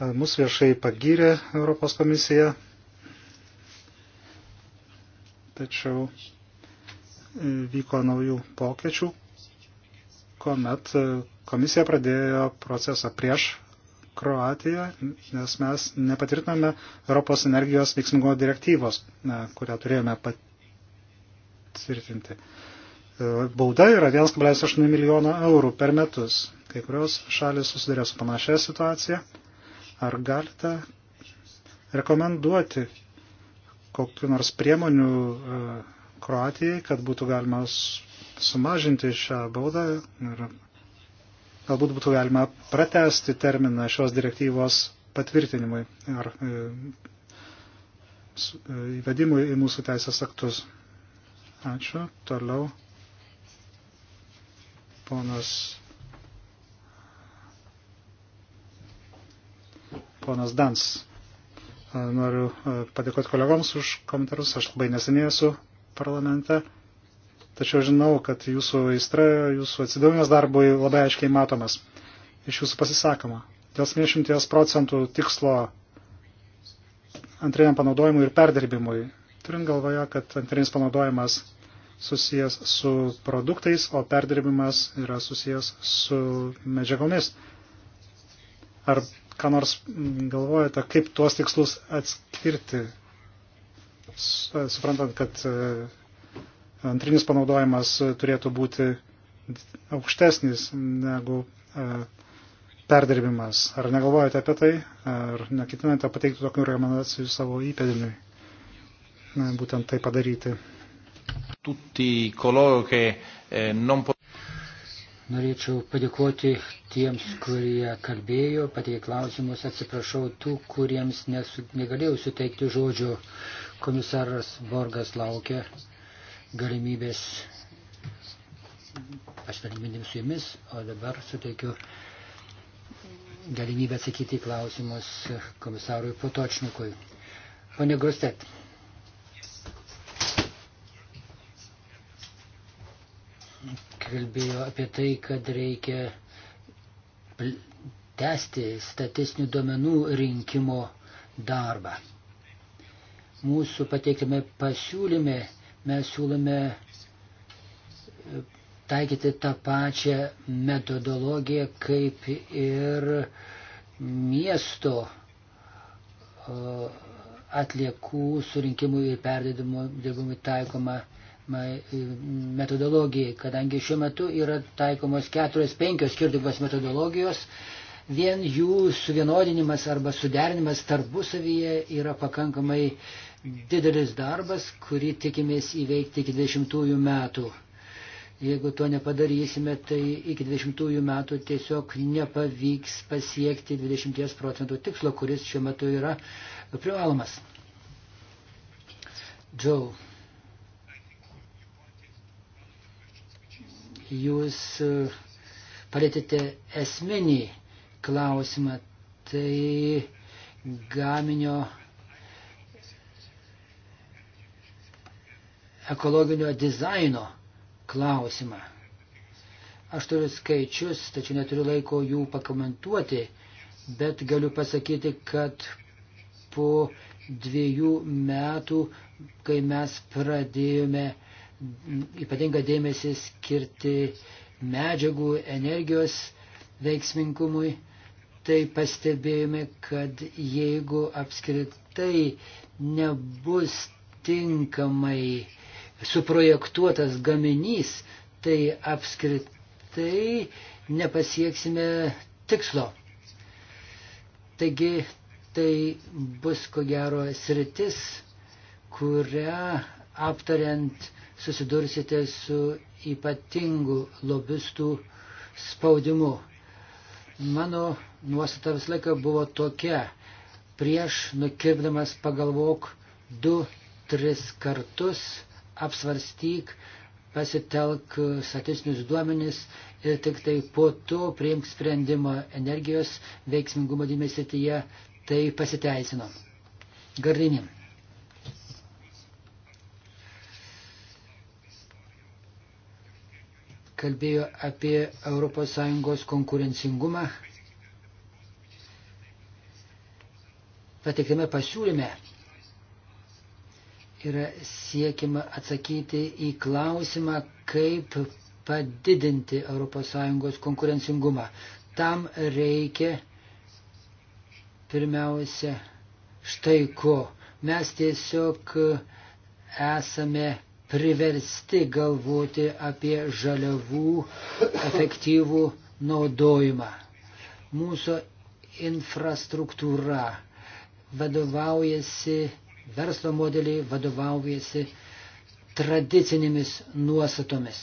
E, Mūsų viešai pagyrė Europos komisija, tačiau e, vyko naujų pokėčių, kuomet Komisija pradėjo procesą prieš Kroatiją, nes mes nepatvirtiname Europos energijos veiksmingumo direktyvos, kurią turėjome patvirtinti. Bauda yra 1,8 milijono eurų per metus. Kai kurios šalis susidarė su panašia situacija. Ar galite rekomenduoti kokiu nors priemonių e, Kroatijai, kad būtų galima sumažinti šią baudą ir galbūt būtų galima pratesti terminą šios direktyvos patvirtinimui ar e, e, įvedimui į mūsų teisės aktus. Ačiū. Toliau ponas, ponas Dans. Noriu e, padėkoti kolegoms už komentarus. Aš labai neseniai esu parlamente tačiau žinau, kad jūsų aistra, jūsų atsidavimas darbui labai aiškiai matomas iš jūsų pasisakoma. Dėl 70 procentų tikslo antriniam panaudojimui ir perdirbimui, turint galvoje, kad antrinis panaudojimas susijęs su produktais, o perdirbimas yra susijęs su medžiagomis. Ar ką nors galvojate, kaip tuos tikslus atskirti, suprantant, kad antrinis panaudojimas turėtų būti aukštesnis negu e, perdirbimas. Ar negalvojate apie tai, ar neketinate pateikti tokių rekomendacijų savo įpėdiniui, būtent tai padaryti? Tutti coloro che eh, non Norėčiau padėkoti tiems, kurie kalbėjo, pateikė klausimus, atsiprašau tų, kuriems nesu, negalėjau suteikti žodžio. Komisaras Borgas laukia galimybės pasidalinimėms su jumis, o dabar suteikiu galimybę atsakyti į klausimus komisarui Potočnikui. Pane Grustet. Kalbėjo apie tai, kad reikia tęsti statistinių duomenų rinkimo darbą. Mūsų pateikiame pasiūlyme mes siūlome e, taikyti tą pačią metodologiją kaip ir miesto e, atliekų surinkimui ir perdėdimui taikoma e, metodologijai, kadangi šiuo metu yra taikomos keturios, penkios skirtingos metodologijos, vien jų suvienodinimas arba suderinimas tarpusavyje yra pakankamai didelis darbas, kurį tikimės įveikti iki 20 metų. Jeigu to nepadarysime, tai iki 20 metų tiesiog nepavyks pasiekti 20 procentų tikslo, kuris šiuo metu yra privalomas. Joe. Jūs e, palėtėte esminį klausimą. Tai gaminio ekologinio dizaino klausimą. Aš turiu skaičius, tačiau neturiu laiko jų pakomentuoti, bet galiu pasakyti, kad po dviejų metų, kai mes pradėjome ypatingą dėmesį skirti medžiagų energijos veiksmingumui, tai pastebėjome, kad jeigu apskritai nebus tinkamai suprojektuotas gaminys, tai apskritai nepasieksime tikslo. Taigi tai bus ko gero sritis, kurią aptariant susidursite su ypatingu lobistų spaudimu. Mano nuostata visą laiką buvo tokia. Prieš nukirpdamas pagalvok du, tris kartus, apsvarstyk, pasitelk statistinius duomenis ir tik tai po to priimk sprendimą energijos veiksmingumo dėmesytyje. Tai pasiteisino. Gardinim. kalbėjo apie ES konkurencingumą. Pateiktame pasiūlyme yra siekiama atsakyti į klausimą, kaip padidinti ES konkurencingumą. Tam reikia pirmiausia štai ko. Mes tiesiog esame priversti galvoti apie žaliavų efektyvų naudojimą. Mūsų infrastruktūra vadovaujasi, verslo modeliai vadovaujasi tradicinėmis nuostatomis.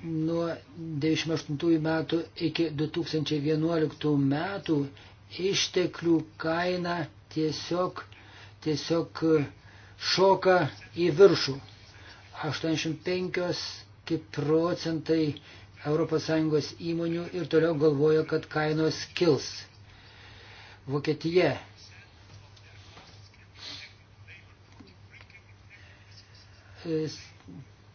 Nuo 1998 metų iki 2011 metų išteklių kaina tiesiog, tiesiog e, šoka į viršų. 85 procentai ES įmonių ir toliau galvoja, kad kainos kils. Vokietija. E,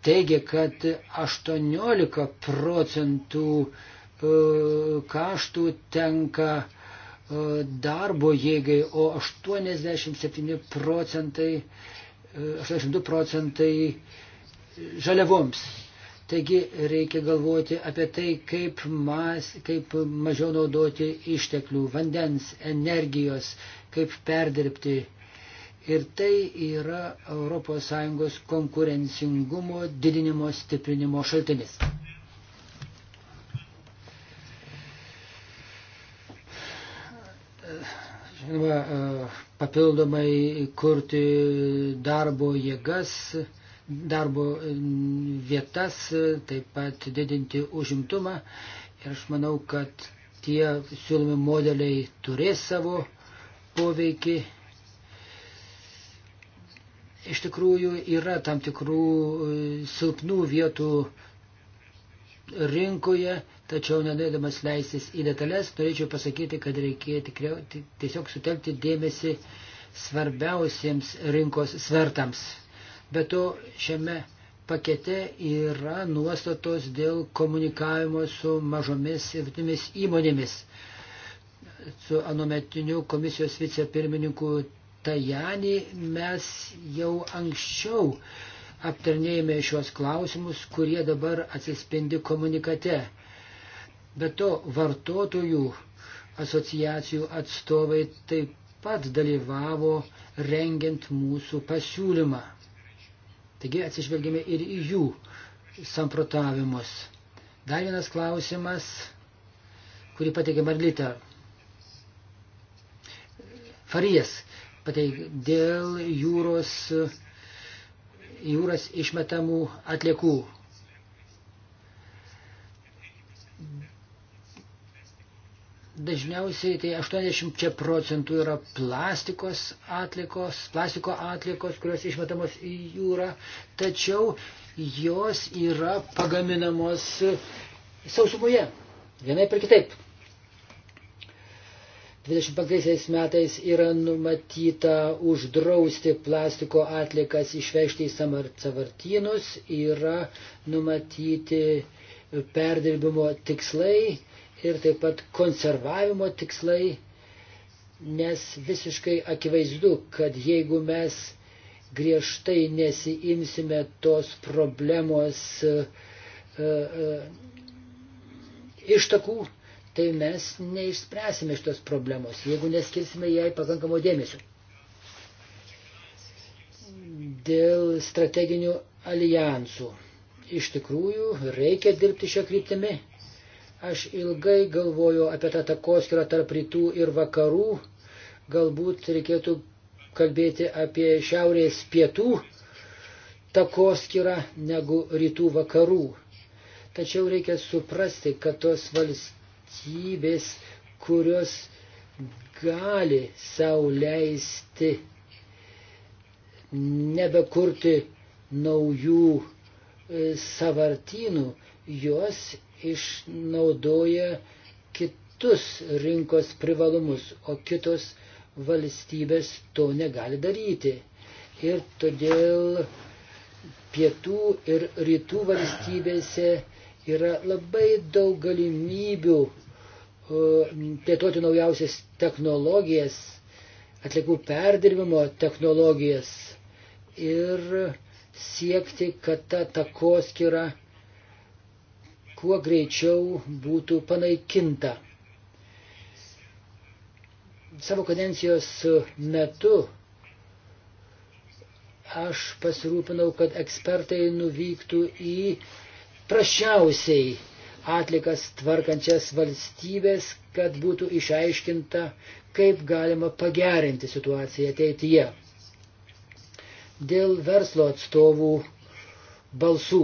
teigia, kad 18 procentų e, kaštų tenka uh, E, darbo jėgai, o 87 procentai, 82 e, procentai žaliavoms. Taigi reikia galvoti apie tai, kaip, mas, kaip mažiau naudoti išteklių, vandens, energijos, kaip perdirbti. Ir tai yra ES konkurencingumo didinimo stiprinimo šaltinis. žinoma, e, papildomai kurti darbo jėgas, darbo e, vietas, taip pat didinti užimtumą. Ir aš manau, kad tie siūlomi modeliai turės savo poveikį. Iš tikrųjų yra tam tikrų e, silpnų vietų rinkoje, tačiau nenorėdamas leistis į detalės, norėčiau pasakyti, kad reikėjo tikriau tiesiog sutelkti dėmesį svarbiausiems rinkos svertams. Be to, šiame pakete yra nuostatos dėl komunikavimo su mažomis ir vidutinėmis įmonėmis. Su anometiniu komisijos vicepirmininku Tajani mes jau anksčiau uh, aptarnėjame šios klausimus, kurie dabar atsispindi komunikate. Be to, vartotojų asociacijų atstovai taip pat dalyvavo rengiant mūsų pasiūlymą. Taigi atsižvelgėme ir į jų samprotavimus. Dar vienas klausimas, kurį pateikė Marlita. Farijas pateikė dėl jūros jūras išmetamų atliekų. Dažniausiai tai 80 procentų yra plastikos atlikos, plastiko atlikos, kurios išmetamos į jūrą, tačiau jos yra pagaminamos sausumoje, vienai per kitaip. 25 metais yra numatyta uždrausti plastiko atlikas išvežti į savartynus, yra numatyti perdirbimo tikslai ir taip pat konservavimo tikslai, nes visiškai akivaizdu, kad jeigu mes griežtai nesiimsime tos problemos e, e, ištakų, tai mes neišspręsime šitos problemos, jeigu neskirsime jai pakankamo dėmesio. Dėl strateginių alijansų. Iš tikrųjų, reikia dirbti šią kryptimį. Aš ilgai galvoju apie tą takoskirą tarp rytų ir vakarų. Galbūt reikėtų kalbėti apie šiaurės pietų takoskirą negu rytų vakarų. Tačiau reikia suprasti, kad tos valstybės valstybės, kurios gali sauliaisti nebekurti naujų e, savartynų, jos išnaudoja kitus rinkos privalumus, o kitos valstybės to negali daryti. Ir todėl pietų ir rytų valstybėse yra labai daug galimybių plėtoti naujausias technologijas, atlikų perdirbimo technologijas ir siekti, kad ta takoskira kuo greičiau būtų panaikinta. Savo kadencijos metu aš pasirūpinau, kad ekspertai nuvyktų į prašiausiai atlikas tvarkančias valstybės, kad būtų išaiškinta, kaip galima pagerinti situaciją ateityje. Dėl verslo atstovų balsų.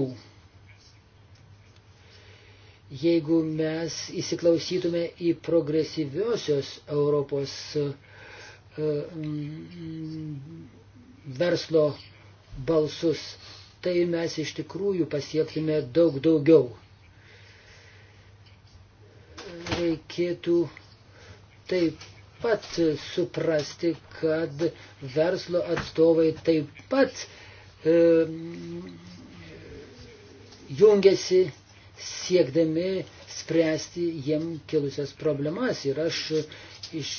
Jeigu mes įsiklausytume į progresyviosios Europos e, mm, verslo balsus, tai mes iš tikrųjų pasiektume daug daugiau. reikėtų taip pat suprasti, kad verslo atstovai taip pat e, jungiasi siekdami spręsti jiem kilusias problemas. Ir aš iš,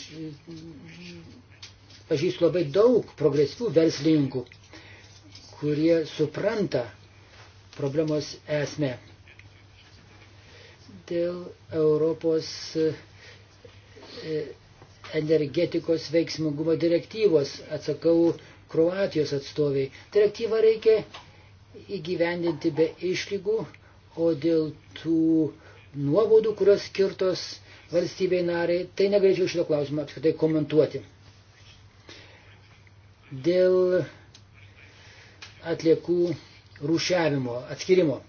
pažįstu labai daug progresyvių verslininkų, kurie supranta problemos esmę dėl Europos e, energetikos veiksmingumo direktyvos, atsakau Kroatijos atstoviai. Direktyvą reikia įgyvendinti be išlygų, o dėl tų nuobaudų, kurios skirtos valstybei nariai, tai negalėčiau šito klausimo apskritai komentuoti. Dėl atliekų rūšiavimo, atskirimo.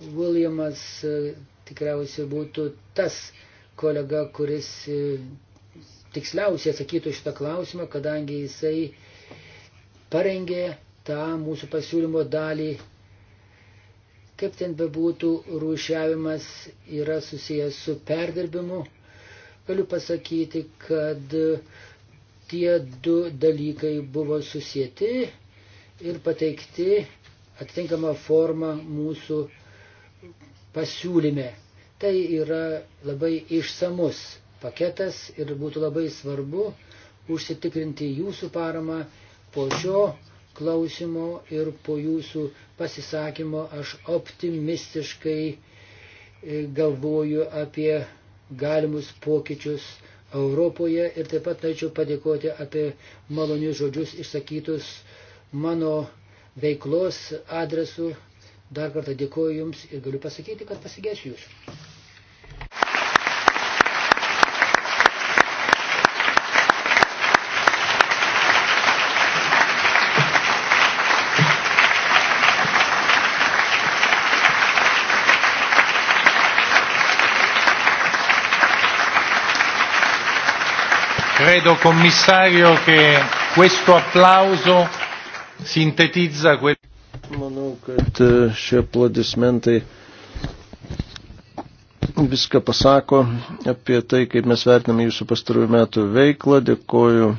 Williamas e, tikriausiai būtų tas kolega, kuris e, tiksliausiai atsakytų šitą klausimą, kadangi jisai parengė tą mūsų pasiūlymo dalį. Kaip ten bebūtų, rūšiavimas yra susijęs su perdirbimu. Galiu pasakyti, kad tie du dalykai buvo susijęti ir pateikti atitinkama forma mūsų pasiūlyme. Tai yra labai išsamus paketas ir būtų labai svarbu užsitikrinti jūsų paramą po šio klausimo ir po jūsų pasisakymo aš optimistiškai e, galvoju apie galimus pokyčius Europoje ir taip pat norėčiau padėkoti apie malonius žodžius išsakytus mano veiklos adresu Dar kartą dėkuoju Jums ir galiu pasakyti, kad pasigėsiu Jūsų. Credo, commissario, che questo applauso sintetizza quel kad e, šie aplodismentai viską pasako apie tai, kaip mes vertiname jūsų pastarųjų metų veiklą. Dėkoju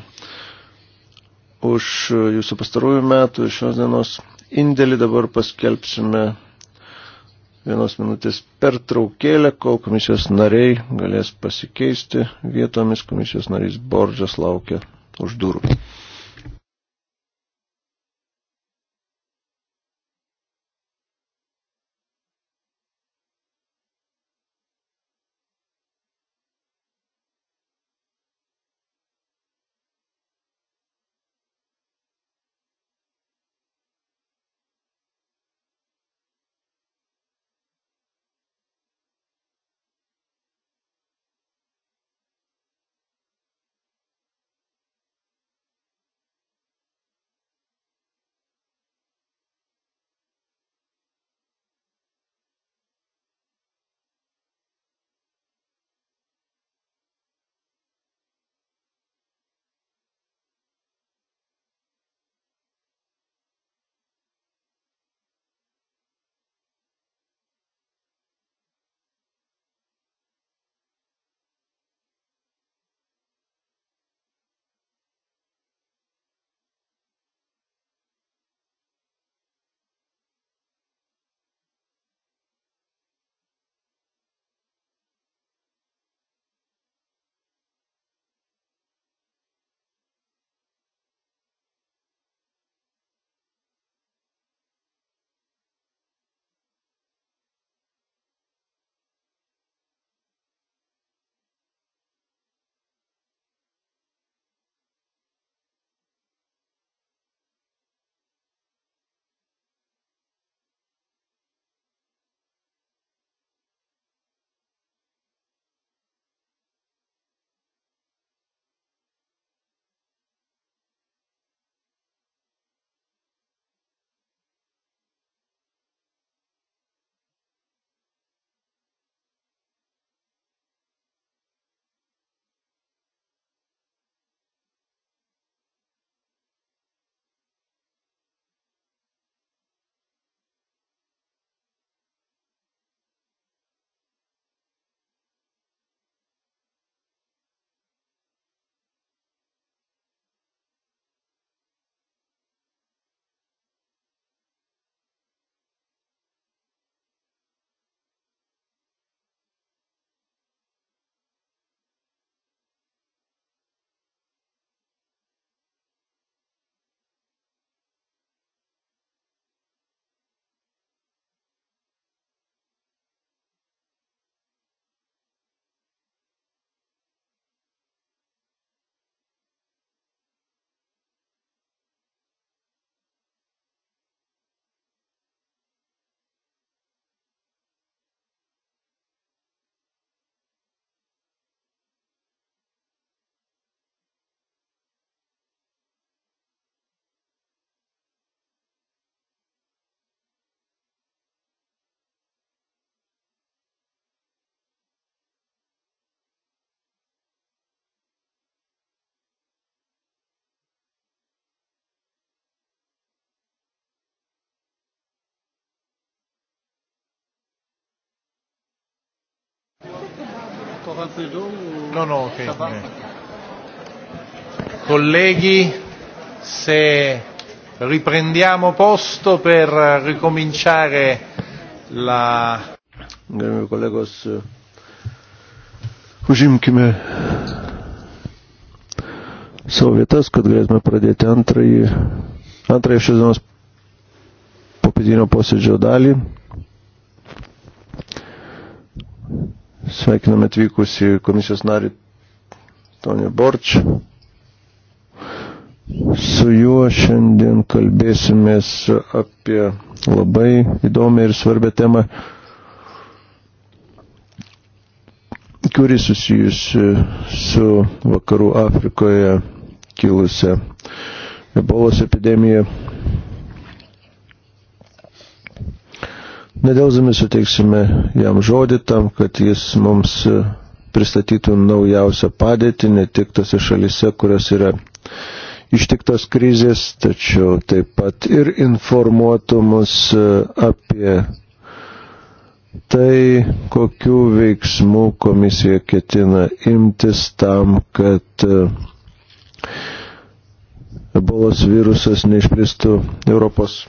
už jūsų pastarųjų metų ir šios dienos indėlį. Dabar paskelbsime vienos minutės pertraukėlę, kol komisijos nariai galės pasikeisti vietomis. Komisijos narys Bordžas laukia už durų. Encore un peu d'eau ou... Non, non, ok. okay. Colleghi, se riprendiamo posto per ricominciare la. Gerbiami kolegos, užimkime savo vietas, kad galėtume pradėti antrąjį, antrąjį šios dienos popietinio posėdžio dalį. Sveikiname atvykusi komisijos narį Tonį Borč. Su juo šiandien kalbėsimės apie labai įdomią ir svarbę temą, kuri susijusi su vakarų Afrikoje kilusią ebolos epidemiją. Nedėlzami suteiksime jam žodį tam, kad jis mums e, pristatytų naujausią padėtį, ne tik tose šalise, kurios yra ištiktos krizės, tačiau taip pat ir informuotų mus e, apie tai, kokiu veiksmu komisija ketina imtis tam, kad e, ebolos virusas neišplistų Europos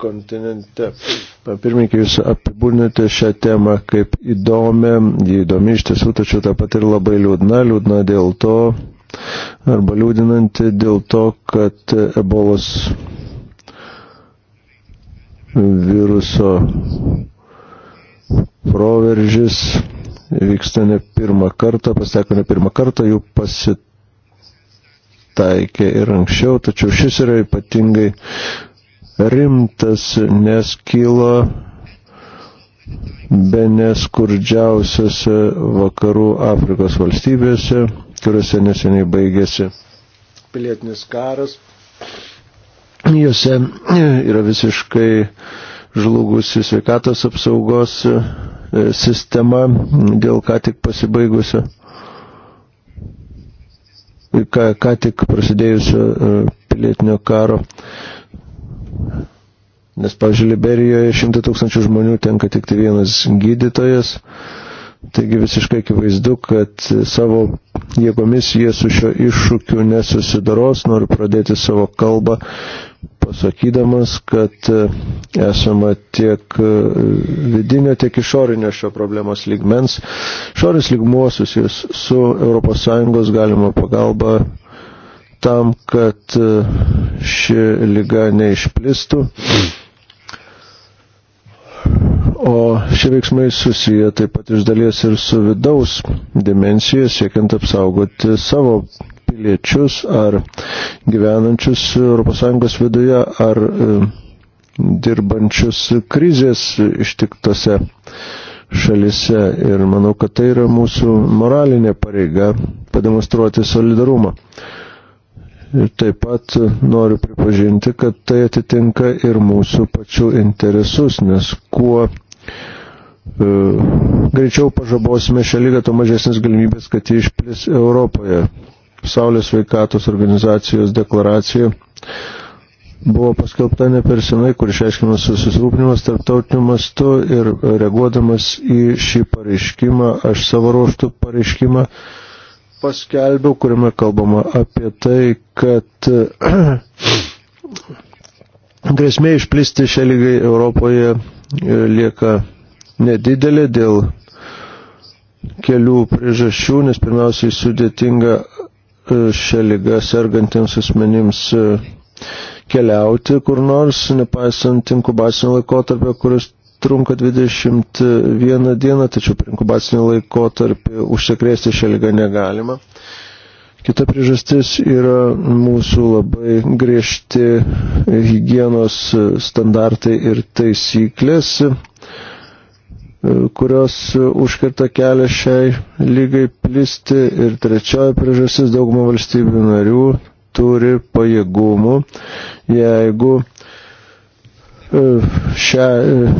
kontinente. Pirmininkai, jūs apibūdinate šią temą kaip įdomią, jį įdomi iš tiesų, tačiau taip pat ir labai liūdna, liūdna dėl to, arba liūdinanti dėl to, kad ebolos viruso proveržis vyksta ne pirmą kartą, pasiteko ne pirmą kartą, jų pasitaikė ir anksčiau, tačiau šis yra ypatingai rimtas, nes kilo be neskurdžiausiose vakarų Afrikos valstybėse, kuriuose neseniai baigėsi pilietinis karas. Juose yra visiškai žlugusi sveikatos apsaugos e, sistema dėl ką tik pasibaigusio, ką, ką tik prasidėjusio e, pilietinio karo. Nes, pavyzdžiui, Liberijoje šimta tūkstančių žmonių tenka tik tai vienas gydytojas. Taigi visiškai akivaizdu, kad savo jėgomis jie su šio iššūkiu nesusidaros. Noriu pradėti savo kalbą pasakydamas, kad e, esama tiek e, vidinio, tiek išorinio šio problemos lygmens. Šoris lygmuo susijęs su ES galima pagalba tam, kad e, ši lyga neišplistų. Mm O šie veiksmai susiję taip pat iš dalies ir su vidaus dimensija, siekiant apsaugoti savo piliečius ar gyvenančius ES viduje ar e, dirbančius krizės ištiktose šalise. Ir manau, kad tai yra mūsų moralinė pareiga pademonstruoti solidarumą. Ir taip pat noriu pripažinti, kad tai atitinka ir mūsų pačių interesus, nes kuo E, greičiau pažabosime šią lygą, to mažesnis galimybės, kad jį išplis Europoje. Saulės sveikatos organizacijos deklaracija buvo paskelbta ne per senai, kur išaiškinamas susirūpinimas tarptautiniu mastu ir reaguodamas į šį pareiškimą, aš savo ruoštų pareiškimą paskelbiau, kuriame kalbama apie tai, kad [CLEARS THROAT] grėsmė išplisti šią lygai Europoje E, lieka nedidelė dėl kelių priežasčių, nes pirmiausiai sudėtinga e, šią lygą sergantiems asmenims e, keliauti kur nors, nepaisant inkubacinio laikotarpio, kuris trunka 21 dieną, tačiau per inkubacinį laikotarpį užsikrėsti šią lygą negalima. Kita priežastis yra mūsų labai griežti hygienos standartai ir taisyklės, kurios užkirta kelią šiai lygai plisti. Ir trečioji priežastis daugumą valstybių narių turi pajėgumų, jeigu e, šią,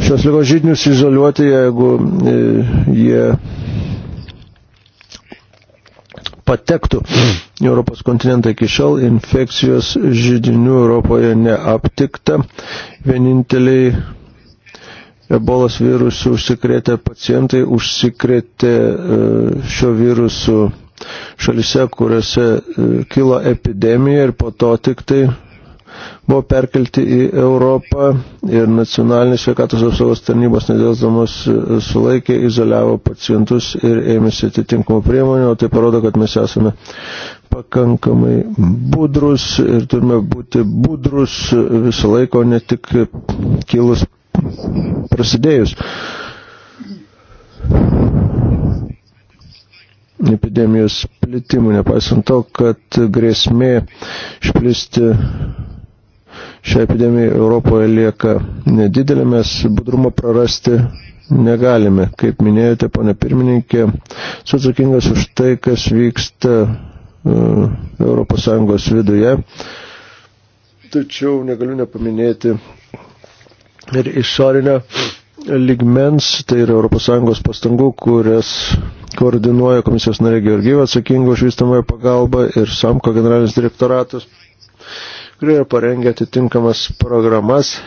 šios lygos žydinius izoliuoti, jeigu e, jie patektų Europos kontinentą. Iki šiol infekcijos žydinių Europoje neaptikta. Vieninteliai ebolos virusų užsikrėtę pacientai užsikrėtė e, šio virusu šalise, kuriuose e, kilo epidemija ir po to tik tai buvo perkelti į Europą ir nacionalinės sveikatos apsaugos tarnybos nedėlsdamos e, sulaikė, izoliavo pacientus ir ėmėsi atitinkamų priemonių, o tai parodo, kad mes esame pakankamai budrus ir turime būti budrus visą laiką, ne tik kilus prasidėjus epidemijos plitimų, nepaisant to, kad grėsmė išplisti šią epidemiją Europoje lieka nedidelė, mes budrumo prarasti negalime. Kaip minėjote, ponė pirmininkė, esu atsakingas už tai, kas vyksta ES viduje, tačiau negaliu nepaminėti ir išorinio ligmens, tai yra ES pastangų, kurias koordinuoja komisijos narė Georgijeva atsakinga už vystamąją pagalbą ir SAMKO generalinis direktoratas tikrai yra parengę atitinkamas programas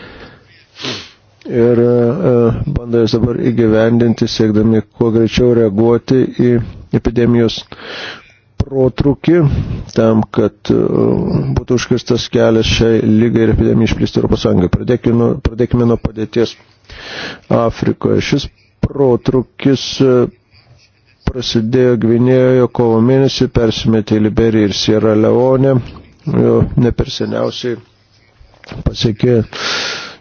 ir e, e, bando jas dabar įgyvendinti, siekdami kuo greičiau reaguoti į epidemijos protrukį, tam, kad e, būtų užkirstas kelias šiai lygai ir epidemijai išplisti Europos Sąjungai. Pradėkime, pradėkime nuo padėties Afrikoje. Šis protrukis prasidėjo Gvinėjoje kovo mėnesį, persimetė į Liberiją ir Sierra Leone neperseniausiai pasiekė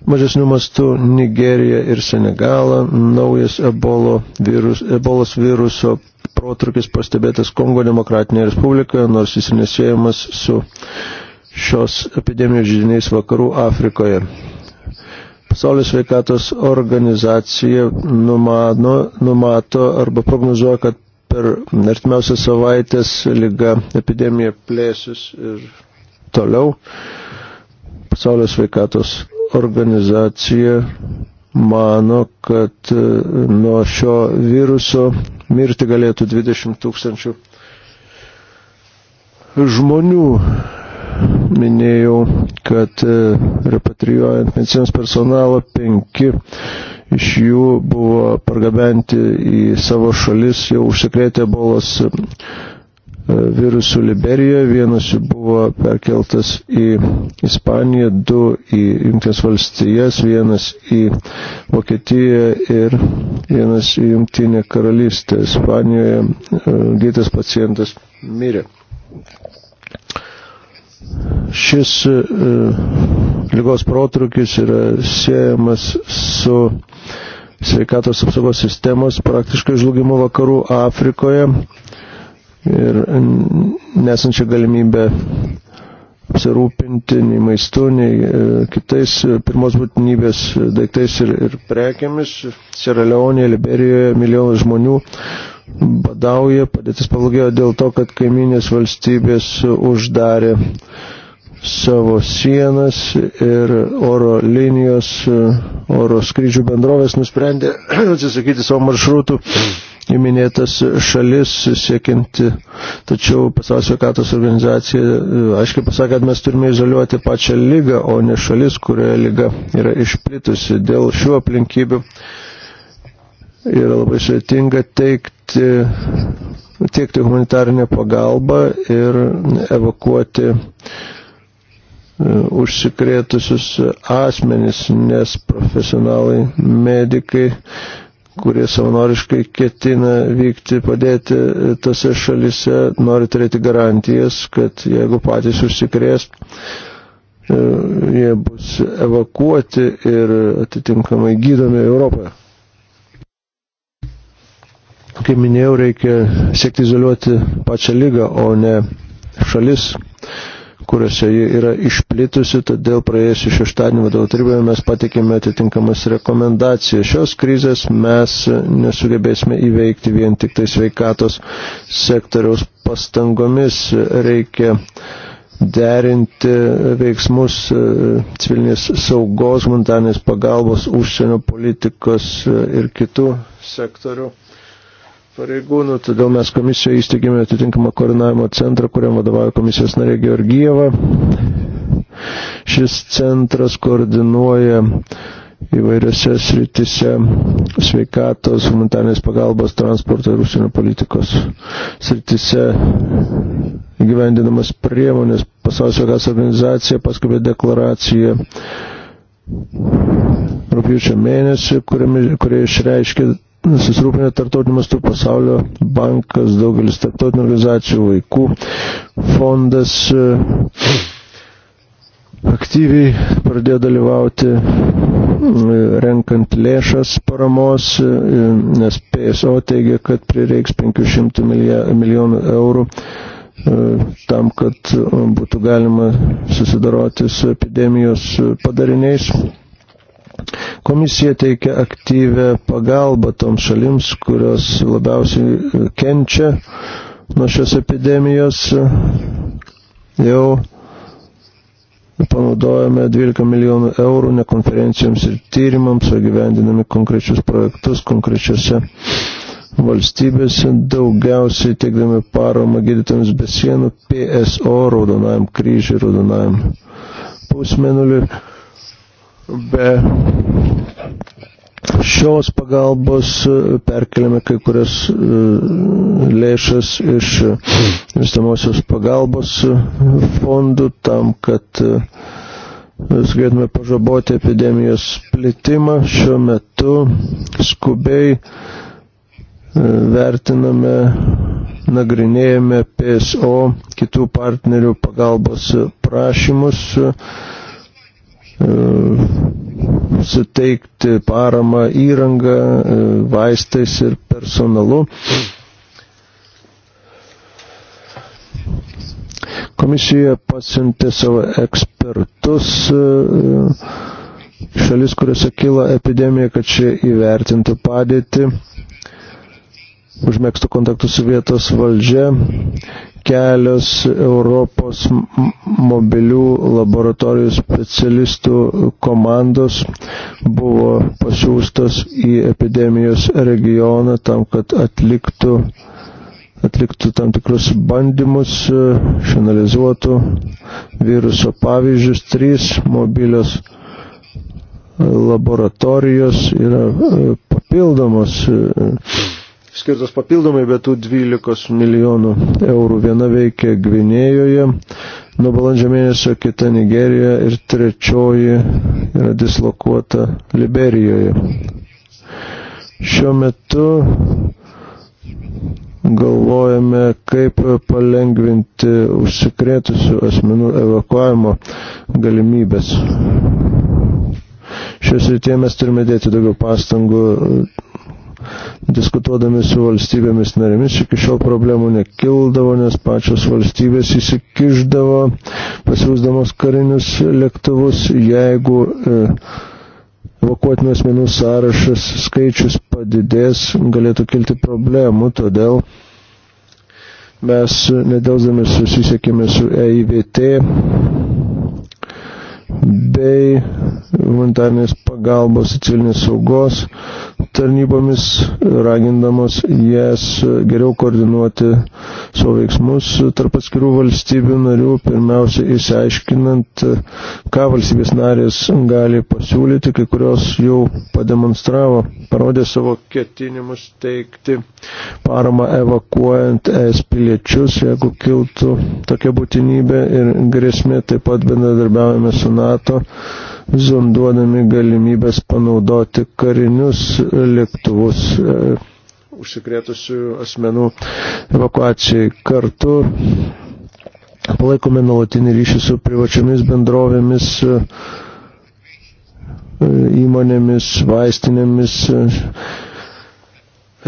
mažesnių mastų Nigeriją ir Senegalą. Naujas ebolo virus, ebolos viruso protrukis pastebėtas Kongo demokratinėje respublikoje, nors jis nesėjamas su šios epidemijos žydiniais vakarų Afrikoje. Pasaulio sveikatos organizacija numano, numato arba prognozuoja, kad per artimiausias savaitės lyga epidemija plėsis ir Toliau pasaulio sveikatos organizacija mano, kad e, nuo šio viruso mirti galėtų 20 tūkstančių žmonių. Minėjau, kad e, repatrijuojant medicinos personalą penki iš jų buvo pargabenti į savo šalis jau užsikrėtę bolos E, virusų Liberijoje, vienas jų buvo perkeltas į Ispaniją, du į Junktinės valstijas, vienas į Vokietiją ir vienas į Junktinę karalystę. Ispanijoje e, gytas pacientas mirė. Šis e, lygos protrukis yra siejamas su sveikatos apsaugos sistemos praktiškai žlugimo vakarų Afrikoje ir nesančią galimybę apsirūpinti nei maistu, nei e, kitais e, pirmos būtinybės e, daiktais ir, ir prekiamis. Sieraleonėje, Liberijoje milijonai žmonių badauja, padėtis pablogėjo dėl to, kad kaiminės valstybės uždarė savo sienas ir oro linijos, oro skrydžių bendrovės nusprendė [CLEARS THROAT] atsisakyti savo maršrutų. Mm į minėtas šalis siekiant, tačiau pasaulio sveikatos organizacija e, aiškiai pasakė, kad mes turime izoliuoti pačią lygą, o ne šalis, kurioje lyga yra išplitusi. Dėl šių aplinkybių yra labai sveitinga teikti tiekti humanitarinę pagalbą ir evakuoti e, užsikrėtusius asmenys, nes profesionalai, medikai kurie savanoriškai ketina vykti padėti e, tose šalise, nori turėti garantijas, kad jeigu patys užsikrės, e, jie bus evakuoti ir atitinkamai gydomi Europoje. Kaip minėjau, reikia siekti izoliuoti pačią lygą, o ne šalis, kuriuose ji yra išplitusi, todėl praėjusiu šeštadienį vadovų taryboje mes patikėme atitinkamas rekomendacijas. Šios krizės mes nesugebėsime įveikti vien tik tai sveikatos sektoriaus pastangomis. Reikia derinti veiksmus civilinės saugos, humanitarnės pagalbos, užsienio politikos ir kitų sektorių pareigūnų, todėl mes komisijoje įsteigėme atitinkamą koordinavimo centrą, kuriam vadovauja komisijos narė Georgijeva. Šis centras koordinuoja įvairiose sritise sveikatos, humanitarnės pagalbos, transporto ir užsienio politikos sritise gyvendinamas priemonės. Pasaulio sveikatos organizacija paskubė deklaraciją rūpjūčio mėnesį, kurioje išreiškė susirūpinę tarptautiniu mastu pasaulio bankas, daugelis tarptautinių organizacijų, vaikų fondas e, aktyviai pradėjo dalyvauti e, renkant lėšas paramos, e, nes PSO teigia, kad prireiks 500 milijonų eurų tam, kad būtų galima susidaroti su epidemijos padariniais Komisija teikia aktyvę pagalbą toms šalims, kurios labiausiai e, kenčia nuo šios epidemijos. Jau panaudojame 12 milijonų eurų ne konferencijoms ir tyrimams, o gyvendinami konkrečius projektus konkrečiose valstybėse, daugiausiai teikdami paramą gydytojams be sienų, PSO, Raudonajam kryžiui, Raudonajam pusmenuliui. Be šios pagalbos e, perkeliame kai kurias e, lėšas iš e, vystamosios pagalbos fondų tam, kad galėtume pažaboti epidemijos plitimą. Šiuo metu skubiai vertiname, nagrinėjame PSO kitų partnerių pagalbos prašymus E, suteikti paramą įrangą, e, vaistais ir personalu. Komisija pasiuntė savo ekspertus e, šalis, kuriuose kyla epidemija, kad čia įvertintų padėtį, užmėgstų kontaktus su vietos valdžia kelios Europos mobilių laboratorijų specialistų komandos buvo pasiūstos į epidemijos regioną tam, kad atliktų, atliktų tam tikrus bandymus, išanalizuotų viruso pavyzdžius. Trys mobilios laboratorijos yra e, papildomos. E, skirtas papildomai, bet tų 12 milijonų eurų. Viena veikia Gvinėjoje, nuo balandžio mėnesio kita Nigerija ir trečioji yra dislokuota Liberijoje. Šiuo metu galvojame, kaip palengvinti užsikrėtusių asmenų evakuavimo galimybės. Šios rytie mes turime dėti daugiau pastangų diskutuodami su valstybėmis narėmis iki šiol problemų nekildavo, nes pačios valstybės įsikiždavo, pasiūsdamos karinius lėktuvus, jeigu e, evakuotinių asmenų sąrašas skaičius padidės, galėtų kilti problemų, todėl mes nedelsdami susisiekėme su EIVT bei humanitarnės pagalbos civilinės saugos tarnybomis, ragindamos jas geriau koordinuoti savo veiksmus tarp atskirų valstybių narių, pirmiausia įsiaiškinant, ką valstybės narės gali pasiūlyti, kai kurios jau pademonstravo, parodė savo ketinimus teikti paramą evakuojant es piliečius, jeigu kiltų tokia būtinybė ir grėsmė, taip pat bendradarbiavame su NATO, zonduodami galimybės panaudoti karinius lėktuvus e, užsikrėtusių asmenų evakuacijai. Kartu palaikome nuolatinį ryšį su privačiomis bendrovėmis, e, įmonėmis, vaistinėmis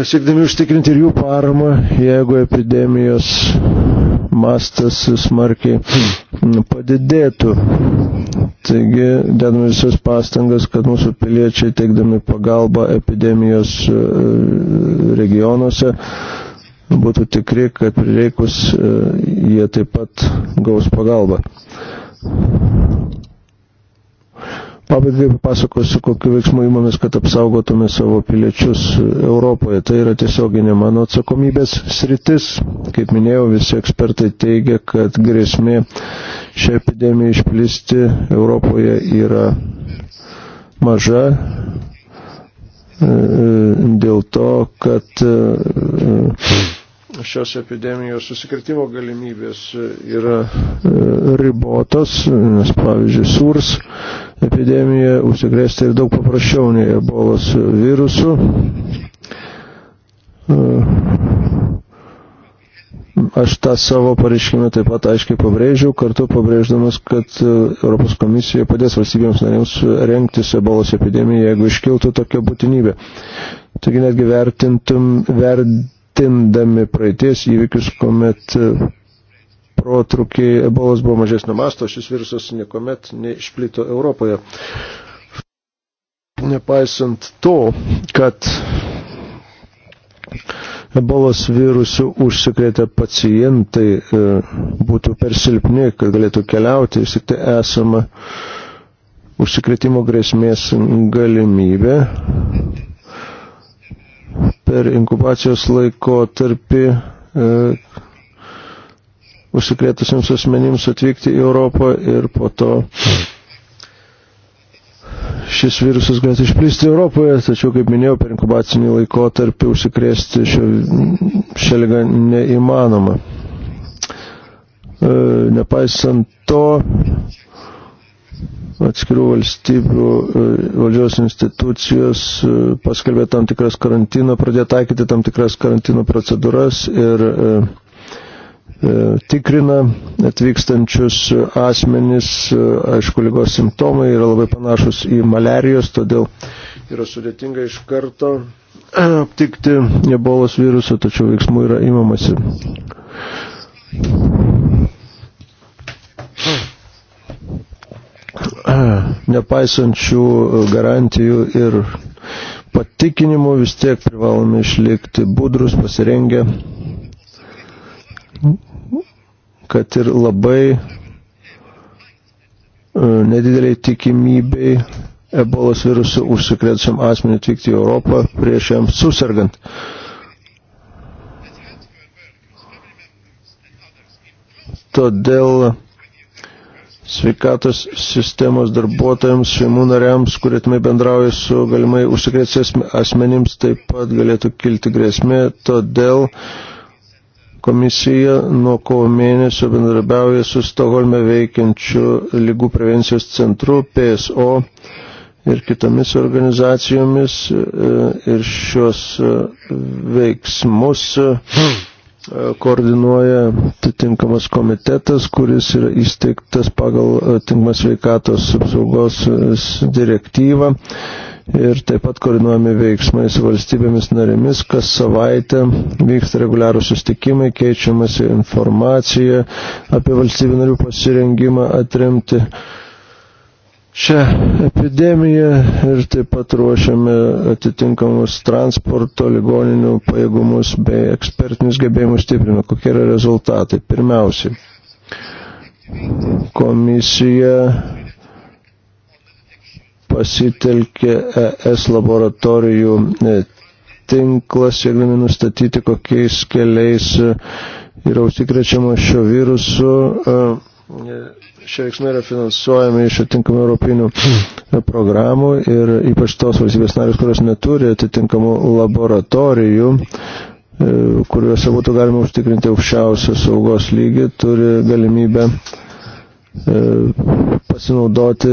siekdami užtikrinti ir jų paramą, jeigu epidemijos mastas smarkiai padidėtų. Taigi dedame visas pastangas, kad mūsų piliečiai teikdami pagalbą epidemijos e, regionuose būtų tikri, kad prireikus e, jie taip pat gaus pagalbą. Pabaigai papasakosiu, kokiu veiksmu įmamės, kad apsaugotume savo piliečius Europoje. Tai yra tiesioginė mano atsakomybės sritis. Kaip minėjau, visi ekspertai teigia, kad grėsmė šią epidemiją išplisti Europoje yra maža e, e, dėl to, kad e, šios epidemijos susikirtimo galimybės yra ribotos, nes pavyzdžiui, SURS epidemija užsikrėsti ir daug paprasčiau nei ebolos virusu. Uh, aš tą savo pareiškimą taip pat aiškiai pabrėžiau, kartu pabrėždamas, kad uh, Europos komisija padės valstybėms narėms rengtis ebolos epidemiją, jeigu iškiltų tokia būtinybė. Taigi netgi vertintum, vertindami praeities įvykius, kuomet uh, protrukiai ebolas buvo mažesnio masto, šis virusas niekuomet neišplito Europoje. Nepaisant to, kad ebolos virusų užsikrėtę pacientai e, būtų per silpni, kad galėtų keliauti, vis tik tai esama užsikrėtimo grėsmės galimybė per inkubacijos laikotarpį e, užsikrėtusiems asmenims atvykti į Europą ir po to šis virusas gali išplisti Europoje, tačiau, kaip minėjau, per inkubacinį laikotarpį užsikrėsti šio, šią ligą neįmanoma. E, nepaisant to, atskirų valstybių e, valdžios institucijos e, paskelbė tam tikras karantino, pradėjo taikyti tam tikras karantino procedūras ir E, tikrina atvykstančius asmenys, e, aišku, lygos simptomai yra labai panašus į malerijos, todėl yra sudėtinga iš karto aptikti ebolos virusą, tačiau veiksmų yra imamasi. Nepaisančių garantijų ir patikinimų vis tiek privalome išlikti budrus, pasirengę kad ir labai e, nedideliai tikimybei ebolos virusu užsikrėtusiam asmeniu atvykti į Europą prieš jam susirgant. Todėl sveikatos sistemos darbuotojams, šeimų nariams, kurie atmai bendrauja su galimai užsikrėtusiais asmenims, taip pat galėtų kilti grėsmė. Todėl uh, Komisija nuo kovo mėnesio bendrabiauja su Stokholme veikiančiu lygų prevencijos centru PSO ir kitomis organizacijomis e, ir šios e, veiksmus e, koordinuoja atitinkamas komitetas, kuris yra įsteigtas pagal atitinkamas veikatos apsaugos direktyvą ir taip pat koordinuojami veiksmai su valstybėmis narėmis. Kas savaitę vyksta reguliarūs sustikimai, keičiamasi informacija apie valstybių narių pasirengimą atremti šią epidemiją ir taip pat ruošiame atitinkamus transporto, ligoninių pajėgumus bei ekspertinius gebėjimus stiprime. Kokie yra rezultatai? Pirmiausiai, komisija pasitelkė ES laboratorijų e, tinklas, siekdami nustatyti, kokiais keliais e, yra užsikrečiama šio virusu. E, šie veiksmai yra finansuojami iš atitinkamų europinių programų ir ypač tos valstybės narės, kurios neturi atitinkamų laboratorijų, kuriuose būtų galima užtikrinti aukščiausią saugos lygį, turi galimybę uh, E, pasinaudoti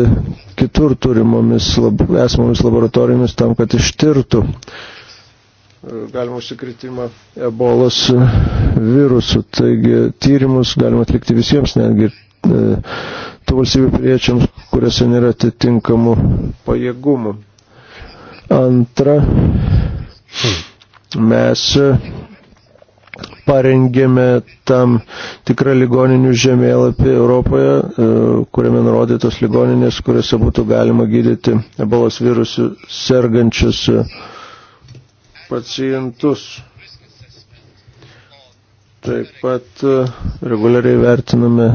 kitur turimomis lab, esamomis laboratorijomis tam, kad ištirtų e, galima užsikritimą ebolos virusu. Taigi tyrimus galima atlikti visiems, netgi e, tų valstybių piliečiams, kuriuose nėra atitinkamų pajėgumų. Antra, mes parengėme tam tikrą ligoninių žemėlapį Europoje, e, kuriame nurodytos ligoninės, kuriuose būtų galima gydyti ebolos virusų sergančius e, pacientus. Taip pat e, reguliariai vertiname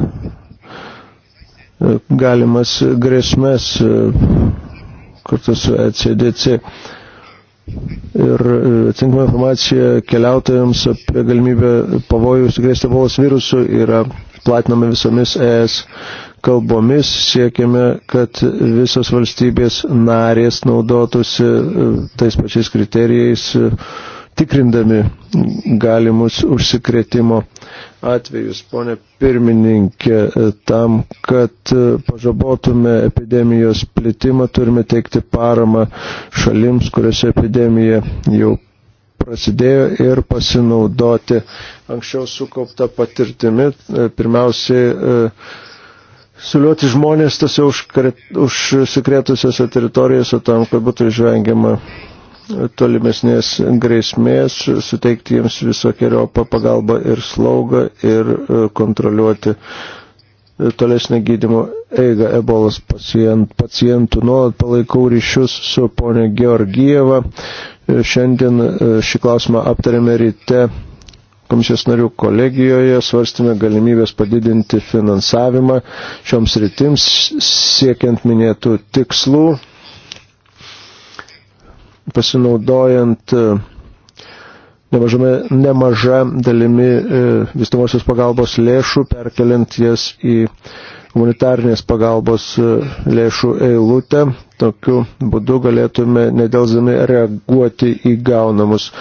galimas grėsmės kartu su ECDC ir e, tinkama informacija keliautojams apie galimybę pavojų užsikrėsti pavojus virusų yra platinama visomis ES kalbomis. Siekiame, kad visos valstybės narės naudotųsi e, tais pačiais kriterijais tikrindami galimus užsikrėtimo atvejus. Pone pirmininkė, tam, kad e, pažabotume epidemijos plitimą, turime teikti paramą šalims, kuriuose epidemija jau prasidėjo ir pasinaudoti anksčiau sukauptą patirtimi. E, pirmiausiai, e, Suliuoti žmonės tose užsikrėtusiose teritorijose tam, kad būtų išvengiama tolimesnės grėsmės, suteikti jiems visokiojopą pagalbą ir slaugą ir e, kontroliuoti e, tolesnę gydimo eigą ebolos pacient, pacientų. Nuolat palaikau ryšius su ponė Georgieva. E, šiandien šį klausimą aptarėme ryte komisijos narių kolegijoje, svarstėme galimybės padidinti finansavimą šioms rytims siekiant minėtų tikslų pasinaudojant e, nemažame, nemaža dalimi e, vystamosios pagalbos lėšų, perkeliant jas į humanitarnės pagalbos e, lėšų eilutę. Tokiu būdu galėtume nedelsdami reaguoti į gaunamus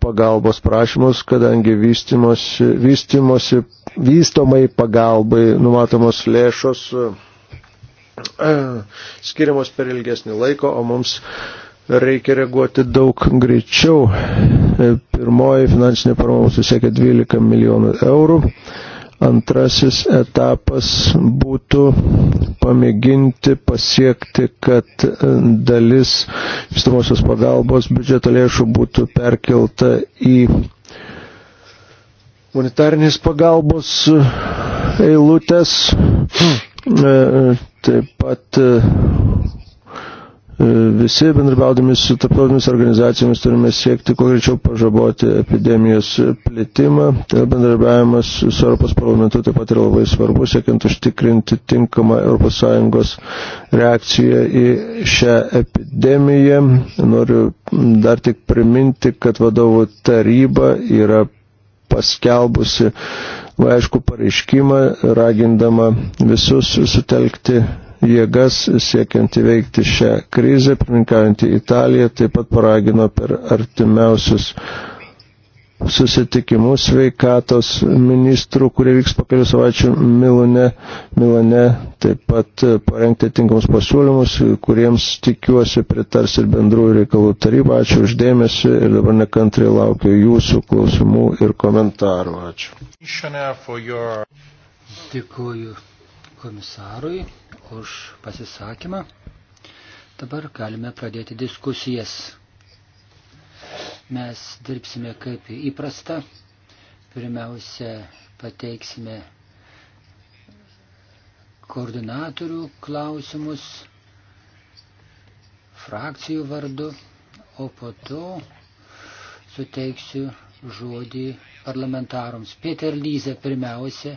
pagalbos prašymus, kadangi vystimosi, vystimosi, vystomai pagalbai numatomos lėšos skiriamos per ilgesnį laiką, o mums reikia reaguoti daug greičiau. E, pirmoji finansinė parama mūsų siekia 12 milijonų eurų. Antrasis etapas būtų pamėginti pasiekti, kad e, dalis vystamosios pagalbos biudžeto lėšų būtų perkelta į humanitarnės pagalbos e, eilutės. Taip pat E, visi bendrabiaudami su tarptautinėmis organizacijomis turime siekti kuo greičiau pažaboti epidemijos plėtimą. Tai bendrabiavimas su Europos parlamentu taip pat yra labai svarbu, siekiant užtikrinti tinkamą ES reakciją į šią epidemiją. Noriu dar tik priminti, kad vadovų taryba yra paskelbusi laišku pareiškimą, ragindama visus sutelkti jėgas siekiant įveikti šią krizę, pirminkaujantį Italiją, taip pat paragino per artimiausius susitikimus sveikatos ministrų, kurie vyks po kelių savaičių Milane, Milane taip pat parengti tinkamus pasiūlymus, kuriems tikiuosi pritars ir bendrųjų reikalų taryba. Ačiū uždėmesi ir dabar nekantrai laukiu jūsų klausimų ir komentarų. Ačiū. Dėkuoju komisarui už pasisakymą. Dabar galime pradėti diskusijas. Mes dirbsime kaip įprasta. Pirmiausia, pateiksime koordinatorių klausimus frakcijų vardu, o po to suteiksiu žodį parlamentarams. Peter Lyze pirmiausia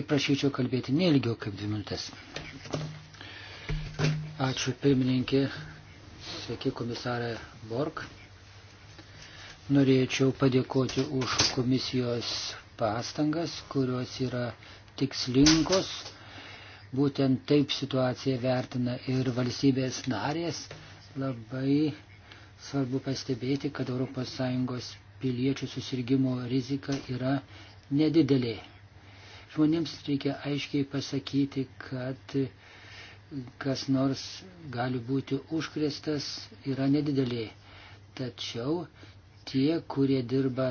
ir prašyčiau kalbėti neilgiau kaip dvi minutės. Ačiū pirmininkė, sveiki komisarė Borg. Norėčiau padėkoti už komisijos pastangas, kurios yra tikslingos. Būtent taip situaciją vertina ir valstybės narės. Labai svarbu pastebėti, kad ES piliečių susirgymo rizika yra nedidelė. Žmonėms reikia aiškiai pasakyti, kad kas nors gali būti užkrėstas yra nedidelė. Tačiau tie, kurie dirba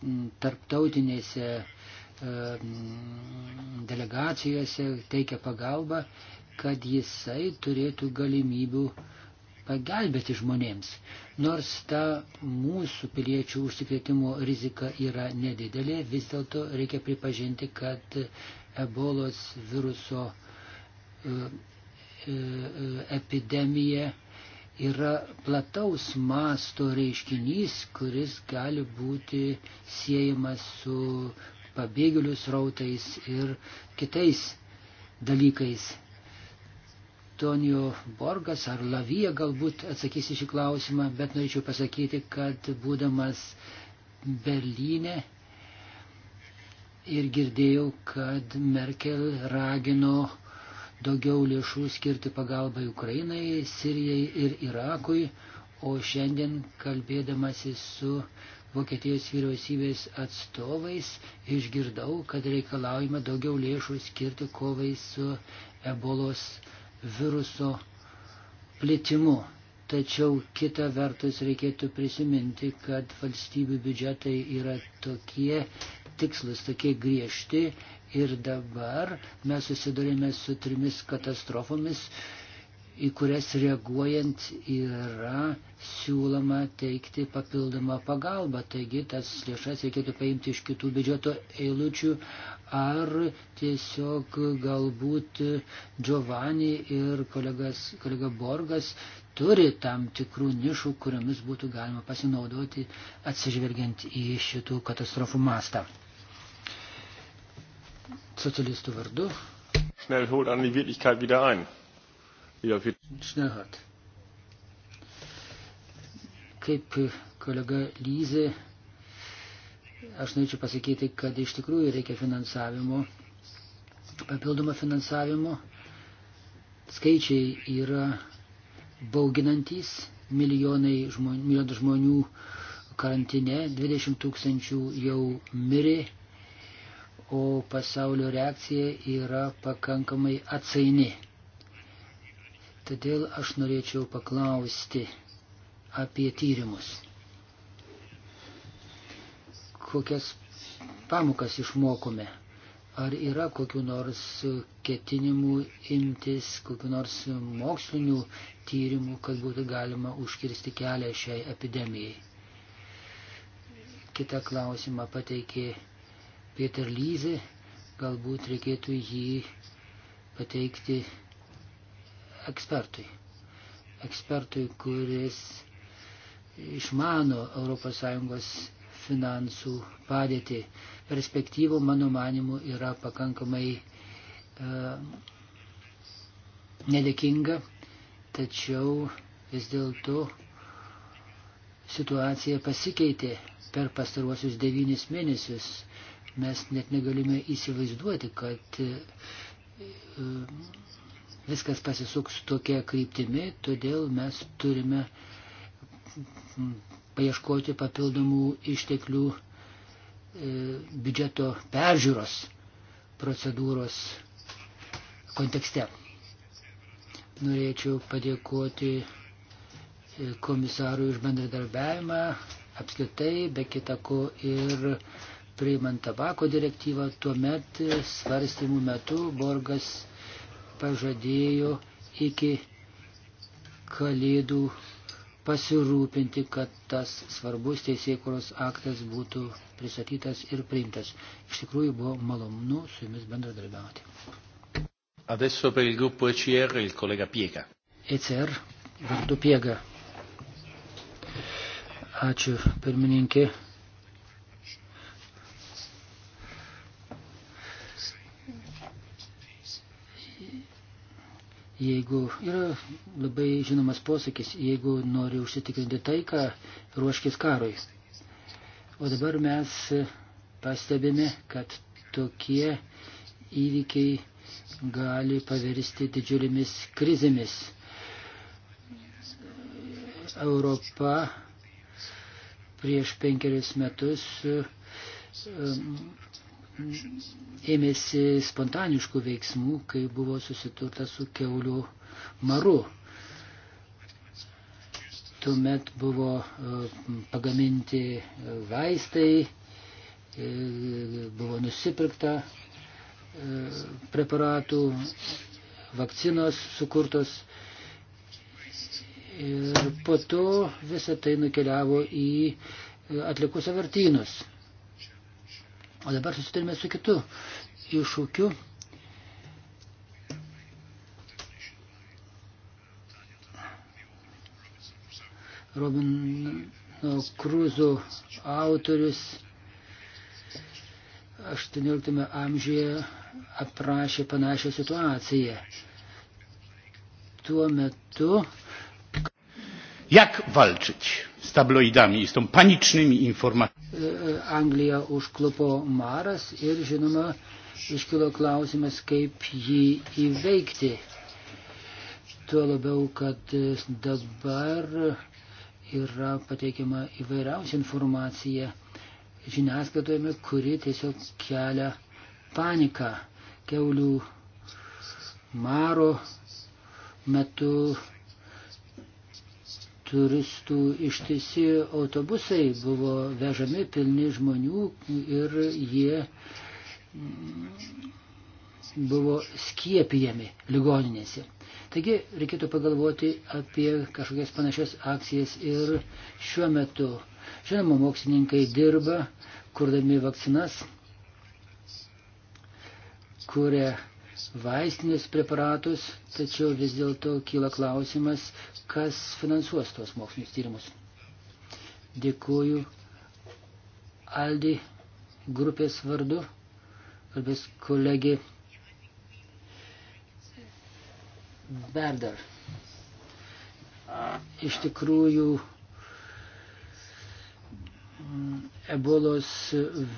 mm, tarptautinėse delegacijose teikia pagalbą, kad jisai turėtų galimybių uh, pagelbėti žmonėms. Nors ta mūsų piliečių užsikrėtimo rizika yra nedidelė, vis dėlto reikia pripažinti, kad ebolos viruso e, e, epidemija yra plataus masto reiškinys, kuris gali būti siejamas su pabėgėlių srautais ir kitais dalykais. Antonijo Borgas ar Lavija galbūt atsakys į šį klausimą, bet norėčiau pasakyti, kad būdamas Berlyne ir girdėjau, kad Merkel ragino daugiau lėšų skirti pagalbai Ukrainai, Sirijai ir Irakui, o šiandien kalbėdamasi su Vokietijos vyriausybės atstovais išgirdau, kad reikalaujama daugiau lėšų skirti kovai su ebolos viruso plitimu. Tačiau kita vertus reikėtų prisiminti, kad valstybių biudžetai yra tokie tikslus, tokie griežti ir dabar mes susidurime su trimis katastrofomis į kurias reaguojant yra siūloma teikti papildomą pagalbą. Taigi tas lėšas reikėtų paimti iš kitų biudžeto eilučių ar tiesiog galbūt Giovanni ir kolegas, kolega Borgas turi tam tikrų nišų, kuriomis būtų galima pasinaudoti atsižvelgiant į šitų katastrofų mastą. Socialistų vardu. Schnell holt an die Wirklichkeit wieder ein. Ja, Šnehat. Kaip kolega Lyzė, aš norėčiau pasakyti, kad iš tikrųjų reikia finansavimo, papildomo finansavimo. Skaičiai yra bauginantys, milijonai žmonių, milijonų žmonių karantine, 20 tūkstančių jau mirė, o pasaulio reakcija yra pakankamai atsaini. Todėl aš norėčiau paklausti apie tyrimus. Kokias pamokas išmokome? Ar yra kokiu nors ketinimų imtis, kokiu nors mokslinių tyrimų, kad būtų galima užkirsti kelią šiai epidemijai? Kita klausimą pateikė Peter Lyzi, galbūt reikėtų jį pateikti ekspertui. Ekspertui, kuris išmano ES finansų padėtį. Perspektyvų, mano manimu, yra pakankamai uh, nedėkinga, tačiau vis dėlto situacija pasikeitė per pastaruosius devynis mėnesius. Mes net negalime įsivaizduoti, kad uh, viskas pasisuks tokia kryptimi, todėl mes turime paieškoti papildomų išteklių e, biudžeto peržiūros procedūros kontekste. Norėčiau padėkoti e, komisarui už bendradarbiavimą, apskritai, be kitako ir priimant tabako direktyvą, tuomet e, svarstymų metu Borgas pažadėjo iki kalėdų pasirūpinti, kad tas svarbus teisėkuros aktas būtų pristatytas ir priimtas. Iš tikrųjų buvo malonu su jumis bendradarbiauti. Adesso per il gruppo ECR il collega Piega. ECR, vardu Piega. Ačiū, pirmininkė. Jeigu yra labai žinomas posakis, jeigu nori užsitikrinti taiką, ruoškis karui. O dabar mes pastebime, kad tokie įvykiai gali pavirsti didžiulėmis krizėmis. Europa prieš penkerius metus um, ėmėsi spontaniškų veiksmų, kai buvo susiturta su keulių maru. Tuomet buvo e, pagaminti e, vaistai, e, buvo nusipirkta preparatų, vakcinos sukurtos. Ir po to visa tai nukeliavo į atlikus avartynus. O dabar susiturime su kitu iššūkiu. Robino Krūzo autorius 18 amžiuje aprašė panašią situaciją. Tuo metu. Jak walczyć z tabloidami i z tą panicznymi informacjami? E, Angliją užklupo maras ir, žinoma, iškilo klausimas, kaip jį įveikti. Tuo labiau, kad dabar yra pateikiama įvairiausia informacija žiniasklaidoje, kuri tiesiog kelia paniką. Keulių maro metu turistų ištisi autobusai buvo vežami pilni žmonių ir jie mm, buvo skiepijami ligoninėse. Taigi reikėtų pagalvoti apie kažkokias panašias akcijas ir šiuo metu. Žinoma, mokslininkai dirba, kurdami vakcinas, kuria vaistinius preparatus, tačiau vis dėlto kyla klausimas, kas finansuos tuos mokslinius tyrimus. Dėkuoju Aldi grupės vardu, kalbės kolegė Berdar. Iš tikrųjų, ebolos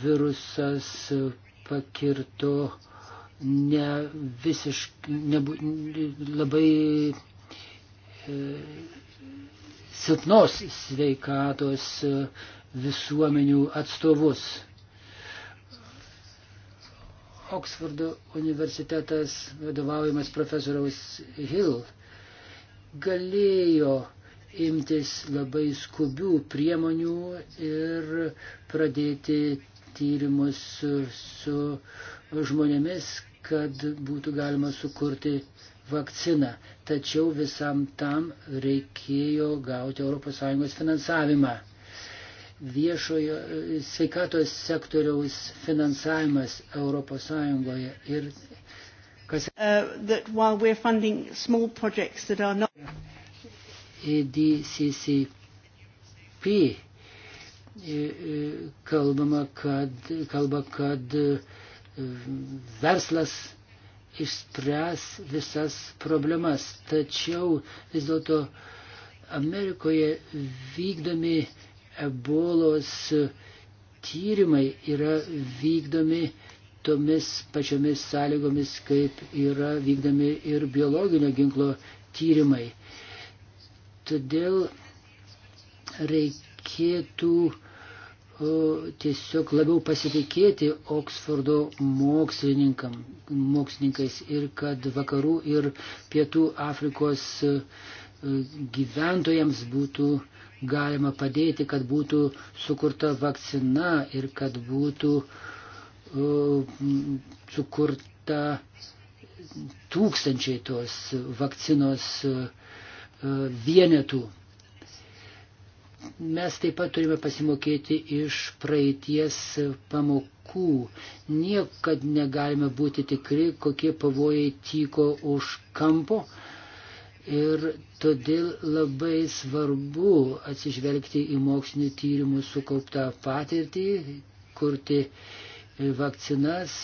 virusas pakirto ne visiškai, ne, labai e, silpnos sveikatos e, visuomenių atstovus. Oksfordo universitetas, vadovaujamas profesoriaus Hill, galėjo imtis labai skubių priemonių ir pradėti tyrimus su, su žmonėmis, kad būtų galima sukurti vakciną. Tačiau visam tam reikėjo gauti ES finansavimą. Viešojo sveikatos sektoriaus finansavimas ES ir kas. Uh, not... EDCCP e, e, kalbama, kad, kalba, kad uh, verslas išspręs visas problemas. Tačiau vis dėlto Amerikoje vykdomi ebolos tyrimai yra vykdomi tomis pačiomis sąlygomis, kaip yra vykdomi ir biologinio ginklo tyrimai. Todėl reikėtų tiesiog labiau pasitikėti Oksfordo mokslininkais ir kad vakarų ir pietų Afrikos e, gyventojams būtų galima padėti, kad būtų sukurta vakcina ir kad būtų uh, sukurta tūkstančiai tos vakcinos uh, vienetų. Mes taip pat turime pasimokėti iš praeities pamokų. Niekad negalime būti tikri, kokie pavojai tyko už kampo. Ir todėl labai svarbu atsižvelgti į mokslinį tyrimų sukauptą patirtį, kurti vakcinas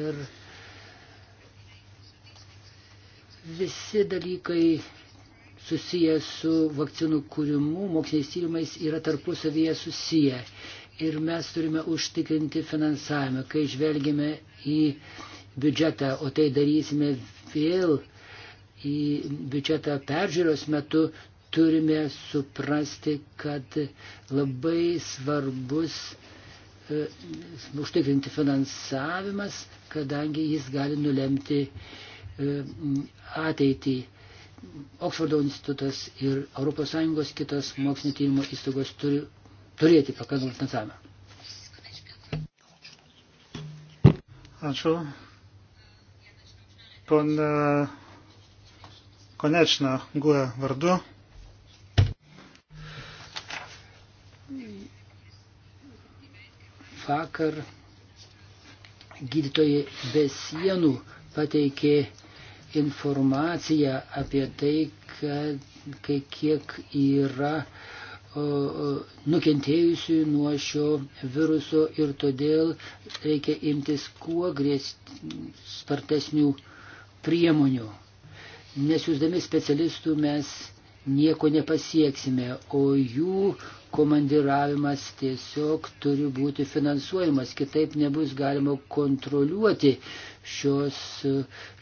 ir visi dalykai susijęs su vakcinų kūrimu, moksliniais tyrimais yra tarpusavyje susiję. Ir mes turime užtikrinti finansavimą, kai žvelgime į biudžetą, o tai darysime vėl į biudžetą peržiūros metu, turime suprasti, kad labai svarbus e, užtikrinti finansavimas, kadangi jis gali nulemti e, ateitį Oksfordo institutas ir ES kitos mokslinio tyrimo įstaigos turi turėti pakankamą finansavimą. Ačiū. Pone Konečna Guė vardu. Vakar gydytojai be sienų pateikė informaciją apie tai, kad kai kiek yra nukentėjusių nuo šio viruso ir todėl reikia imtis kuo spartesnių priemonių. Nesiūsdami specialistų mes nieko nepasieksime, o jų komandiravimas tiesiog turi būti finansuojamas, kitaip nebus galima kontroliuoti šios e,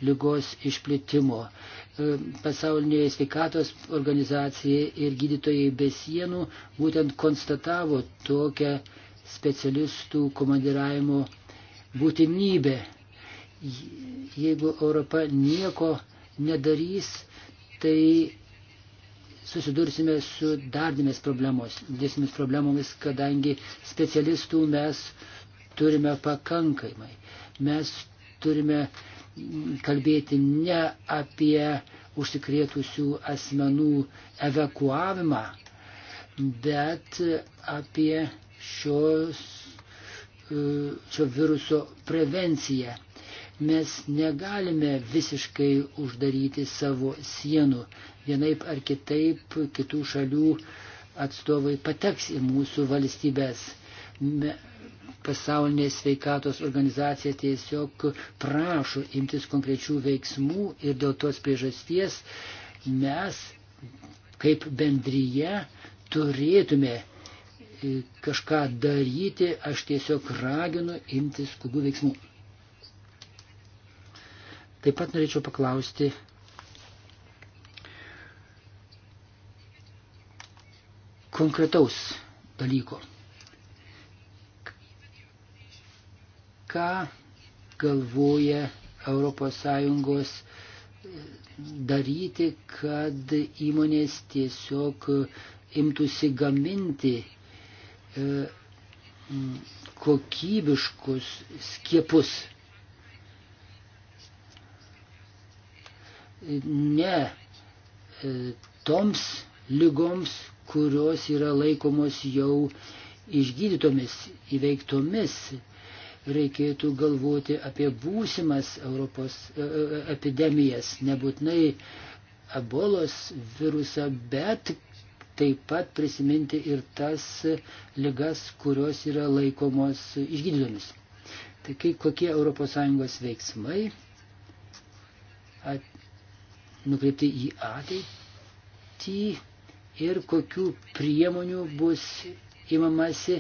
lygos išplitimo. E, pasaulinėje sveikatos organizacija ir gydytojai be sienų būtent konstatavo tokią specialistų komandiravimo būtinybę. Jeigu Europa nieko nedarys, tai susidursime su dar didelėmis problemos, didesnėmis problemomis, kadangi specialistų mes turime pakankamai. Mes turime kalbėti ne apie užsikrėtusių asmenų evakuavimą, bet apie šios, šio viruso prevenciją. Mes negalime visiškai uždaryti savo sienų. Vienaip ar kitaip kitų šalių atstovai pateks į mūsų valstybės. Me, pasaulinė sveikatos organizacija tiesiog prašo imtis konkrečių veiksmų ir dėl tos priežasties mes kaip bendryje turėtume e, kažką daryti, aš tiesiog raginu imtis skubių veiksmų. Taip pat norėčiau paklausti, konkretaus dalyko. Ką galvoja ES e, daryti, kad įmonės tiesiog imtųsi gaminti e, kokybiškus skiepus ne e, toms lygoms, kurios yra laikomos jau išgydytomis, įveiktomis. Reikėtų galvoti apie būsimas Europos e, e, epidemijas, nebūtinai ebolos virusą, bet taip pat prisiminti ir tas ligas, kurios yra laikomos išgydytomis. Tai kai, kokie ES veiksmai at, nukreipti į ateitį ir kokių priemonių bus imamasi,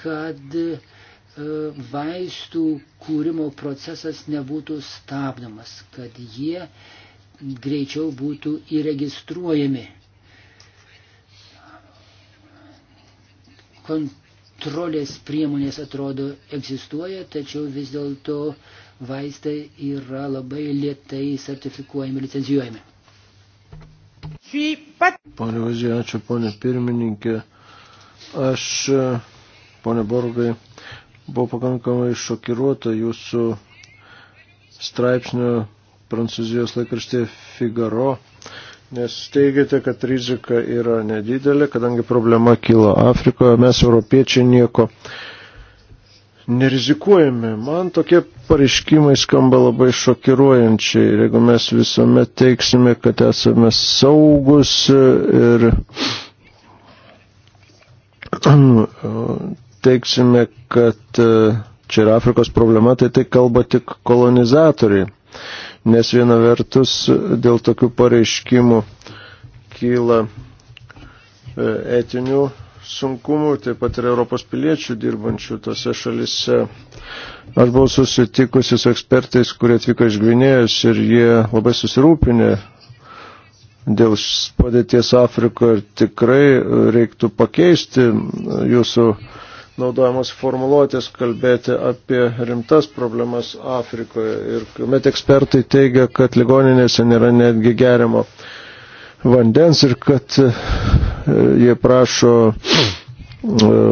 kad e, vaistų kūrimo procesas nebūtų stabdomas, kad jie greičiau būtų įregistruojami. Kontrolės priemonės atrodo egzistuoja, tačiau vis dėlto uh, vaistai yra labai lietai sertifikuojami, licenzijuojami. Pone Vazija, ačiū ponė pirmininkė. Aš, e, ponė Borgai, buvau pakankamai šokiruota jūsų straipsnio Prancūzijos laikraštė Figaro, nes teigiate, kad rizika yra nedidelė, kadangi problema kilo Afrikoje, mes europiečiai nieko nerizikuojame. Man tokie pareiškimai skamba labai šokiruojančiai. Ir jeigu mes visuomet teiksime, kad esame saugus ir [CLEARS THROAT] teiksime, kad e, čia yra Afrikos problema, tai tai kalba tik kolonizatoriai. Nes viena vertus dėl tokių pareiškimų kyla e, etinių sunkumų, taip pat ir Europos piliečių dirbančių tose šalise. Aš buvau susitikusi su ekspertais, kurie atvyko iš Gvinėjos ir jie labai susirūpinę dėl padėties Afrikoje ir tikrai reiktų pakeisti jūsų naudojamos formuluotės kalbėti apie rimtas problemas Afrikoje. Ir kuomet ekspertai teigia, kad ligoninėse nėra netgi gerimo vandens ir kad e, jie prašo e,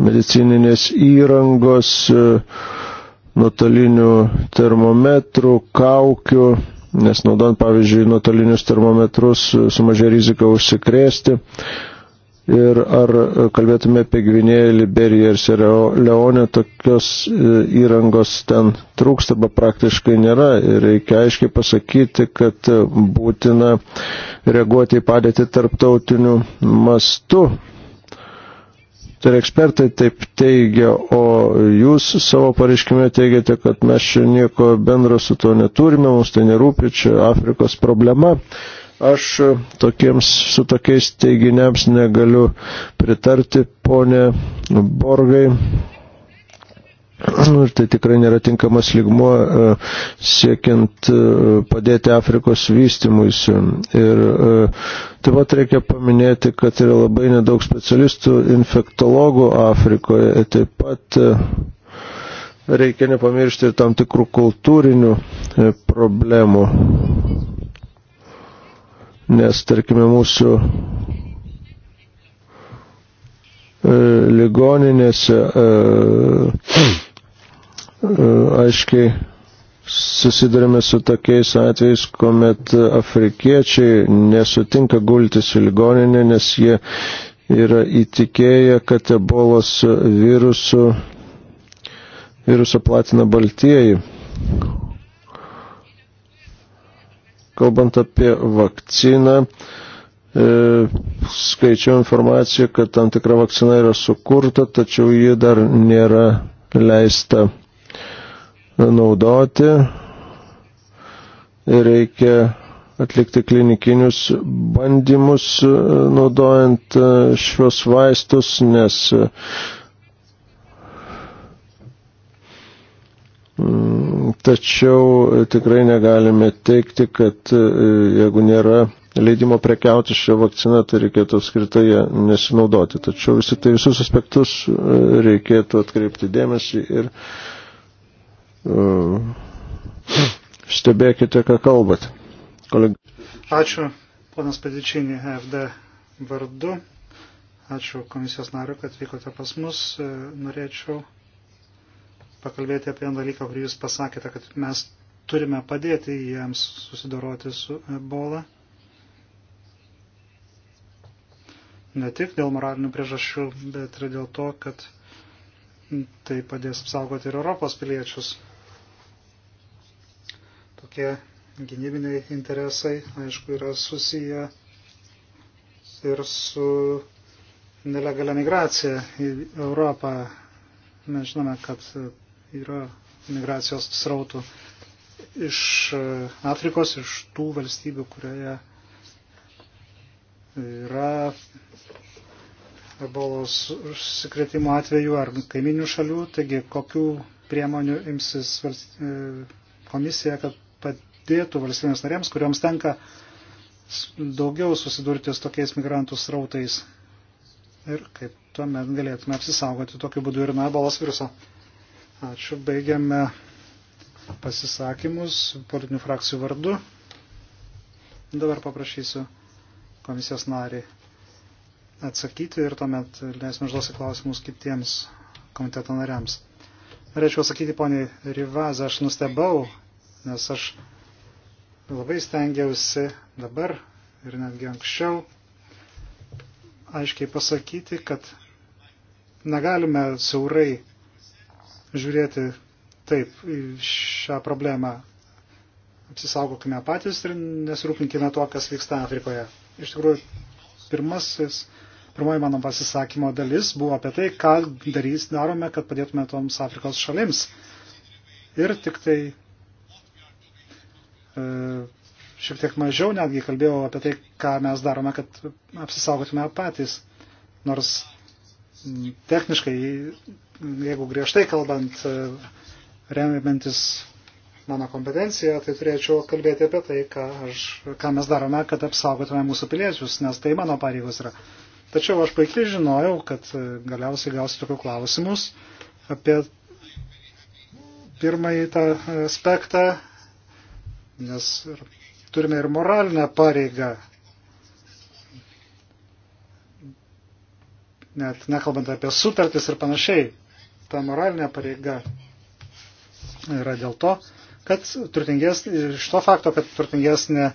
medicininės įrangos, e, nuotolinių termometrų, kaukių, nes naudojant, pavyzdžiui, nuotolinius termometrus sumažė rizika užsikrėsti. Ir ar e, kalbėtume apie Gvinėją, Liberiją ir Sierra Leone, tokios e, įrangos ten trūksta arba praktiškai nėra. Ir reikia aiškiai pasakyti, kad e, būtina reaguoti į padėtį tarptautiniu mastu. Tai ekspertai taip teigia, o jūs savo pareiškime teigiate, kad mes čia nieko bendro su to neturime, mums tai nerūpi, čia Afrikos problema. Aš e, tokiems su tokiais teiginiams negaliu pritarti, ponė Borgai. Nu, ir tai tikrai nėra tinkamas ligmuo e, siekiant e, padėti Afrikos vystimuisi. Ir taip pat reikia paminėti, kad yra labai nedaug specialistų infektologų Afrikoje. Ir taip pat reikia nepamiršti ir tam tikrų kultūrinių problemų nes tarkime mūsų e, ligoninėse e, e, aiškiai susidurime su tokiais atvejais, kuomet afrikiečiai nesutinka gultis į ligoninę, nes jie yra įtikėję, kad ebolos virusų, virusą platina baltieji. Kalbant apie vakciną, e, skaičiau informaciją, kad tam tikra vakcina yra sukurta, tačiau ji dar nėra leista naudoti. Reikia atlikti klinikinius bandymus e, naudojant e, šios vaistus, nes Mm, tačiau e, tikrai negalime teikti, kad e, jeigu nėra leidimo prekiauti šią vakciną, tai reikėtų apskritai ją nesinaudoti. Tačiau visi tai visus aspektus e, reikėtų atkreipti dėmesį ir uh, stebėkite, ką kalbat. Koleg... Ačiū, ponas Padičinį, FD vardu. Ačiū komisijos nariu, kad vykote pas mus. Norėčiau pakalbėti apie vieną dalyką, kurį jūs pasakėte, kad mes turime padėti jiems susidoroti su ebola. Ne tik dėl moralinių priežasčių, bet ir dėl to, kad tai padės apsaugoti ir Europos piliečius. Tokie gynybiniai interesai, aišku, yra susiję ir su nelegalia migracija į Europą. Mes žinome, kad yra migracijos srautų iš e, Afrikos, iš tų valstybių, kurioje yra ebolos užsikrėtimo atveju ar kaiminių šalių. Taigi, kokių priemonių imsis e, komisija, kad padėtų valstybėms narėms, kuriuoms tenka daugiau susidurti su tokiais migrantų srautais ir kaip tuomet galėtume apsisaugoti tokiu būdu ir nuo ebolos viruso. Ačiū. Baigiame pasisakymus politinių frakcijų vardu. Dabar paprašysiu komisijos narį atsakyti ir tuomet leisime užduosi klausimus kitiems komiteto nariams. Norėčiau sakyti, poniai Rivaz, aš nustebau, nes aš labai stengiausi dabar ir netgi anksčiau aiškiai pasakyti, kad negalime siaurai žiūrėti taip į šią problemą. Apsisaugokime patys ir nesirūpinkime to, kas vyksta Afrikoje. Iš tikrųjų, pirmasis, pirmoji mano pasisakymo dalis buvo apie tai, ką darys, darome, kad padėtume toms Afrikos šalims. Ir tik tai e, šiek tiek mažiau netgi kalbėjau apie tai, ką mes darome, kad apsisaugotume patys. Nors techniškai jeigu griežtai kalbant, e, remiantis mano kompetencija, tai turėčiau kalbėti apie tai, ką, aš, ką mes darome, kad apsaugotume mūsų piliečius, nes tai mano pareigos yra. Tačiau aš puikiai žinojau, kad e, galiausiai gausiu tokių klausimus apie pirmąjį tą aspektą, nes turime ir moralinę pareigą, net nekalbant apie sutartis ir panašiai ta moralinė pareiga yra dėl to, kad turtingesnė, iš to fakto, kad turtingesnė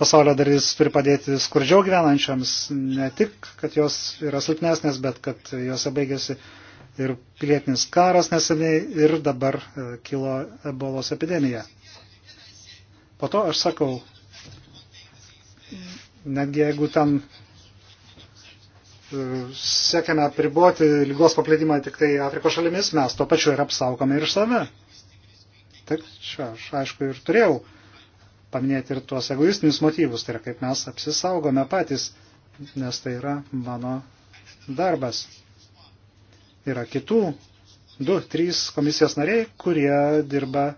pasaulio dalis turi padėti skurdžiau gyvenančiams, ne tik, kad jos yra silpnesnės, bet kad jose baigėsi ir pilietinis karas neseniai ir dabar e, kilo ebolos epidemija. Po to aš sakau, netgi jeigu ten siekiame priboti lygos paplitimą tik tai Afrikos šalimis, mes tuo pačiu ir apsaukome ir save. Taip, čia aš aišku ir turėjau paminėti ir tuos egoistinius motyvus, tai yra kaip mes apsisaugome patys, nes tai yra mano darbas. Yra kitų du, trys komisijos nariai, kurie dirba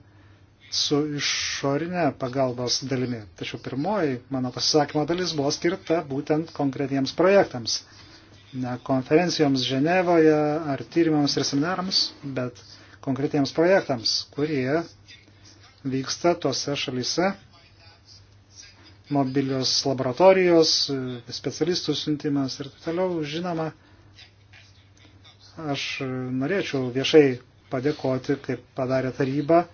su išorinė pagalbos dalimi. Tačiau pirmoji mano pasisakymo dalis buvo skirta būtent konkretiems projektams ne konferencijoms Ženevoje ar tyrimams ir seminarams, bet konkretiems projektams, kurie vyksta tose šalyse. Mobilios laboratorijos, specialistų siuntimas ir toliau, žinoma, aš norėčiau viešai padėkoti, kaip padarė taryba,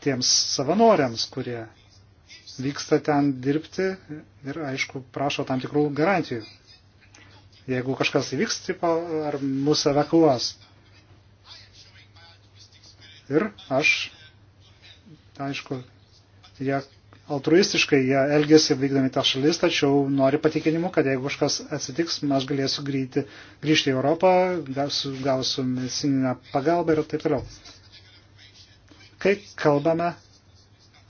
tiems savanoriams, kurie vyksta ten dirbti ir, aišku, prašo tam tikrų garantijų jeigu kažkas įvyks, tipo, ar mus evakuos. Ir aš, aišku, jie altruistiškai jie elgesi vykdami tą šalis, tačiau nori patikinimų, kad jeigu kažkas atsitiks, aš galėsiu grįti, grįžti į Europą, gausiu, gausiu medicininę pagalbą ir taip toliau. Kai kalbame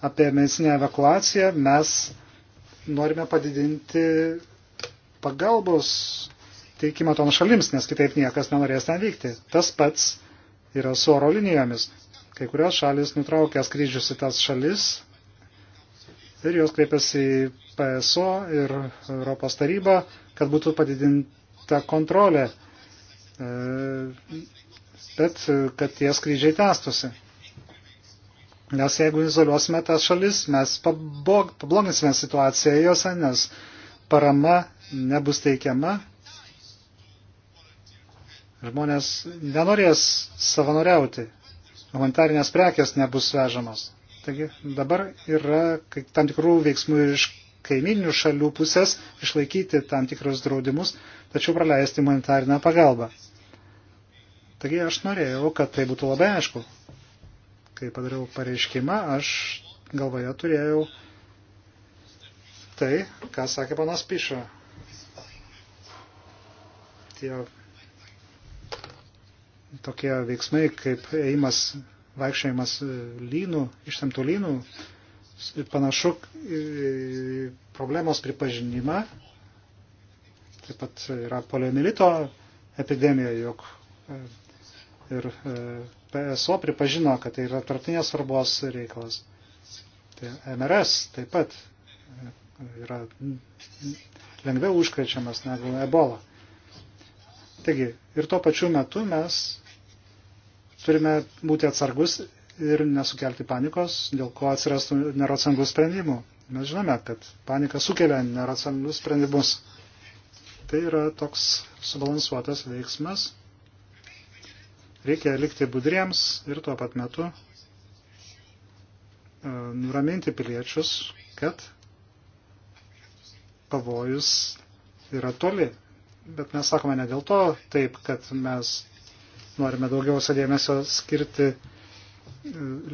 apie medicininę evakuaciją, mes norime padidinti pagalbos teikimą toms šalims, nes kitaip niekas nenorės ten vykti. Tas pats yra su oro linijomis. Kai kurios šalis nutraukia skrydžius į tas šalis ir jos kreipiasi į PSO ir Europos tarybą, kad būtų padidinta kontrolė, e, bet kad tie skrydžiai tęstusi. Nes jeigu izoliuosime tas šalis, mes pabloginsime situaciją jose, nes parama nebus teikiama Žmonės nenorės savanoriauti, humanitarinės prekės nebus vežamos. Taigi dabar yra tam tikrų veiksmų iš kaiminių šalių pusės išlaikyti tam tikrus draudimus, tačiau praleisti humanitarinę pagalbą. Taigi aš norėjau, kad tai būtų labai aišku. Kai padariau pareiškimą, aš galvoje turėjau tai, ką sakė panas Piša. Tie tokie veiksmai kaip ėjimas, vaikščiojimas e, lynų, ištemtų lynų, panašu problemos pripažinimą. Taip pat yra poliomielito epidemija, jog e, ir e, PSO pripažino, kad tai yra tarptinės svarbos reikalas. Tai MRS taip pat yra lengviau užkrečiamas negu ebola. Taigi, ir tuo pačiu metu mes turime būti atsargus ir nesukelti panikos, dėl ko atsirastų neracingų sprendimų. Mes žinome, kad panika sukelia neracingus sprendimus. Tai yra toks subalansuotas veiksmas. Reikia likti budriems ir tuo pat metu uh, nuraminti piliečius, kad pavojus yra toli bet mes sakome ne dėl to taip, kad mes norime daugiausia dėmesio skirti e,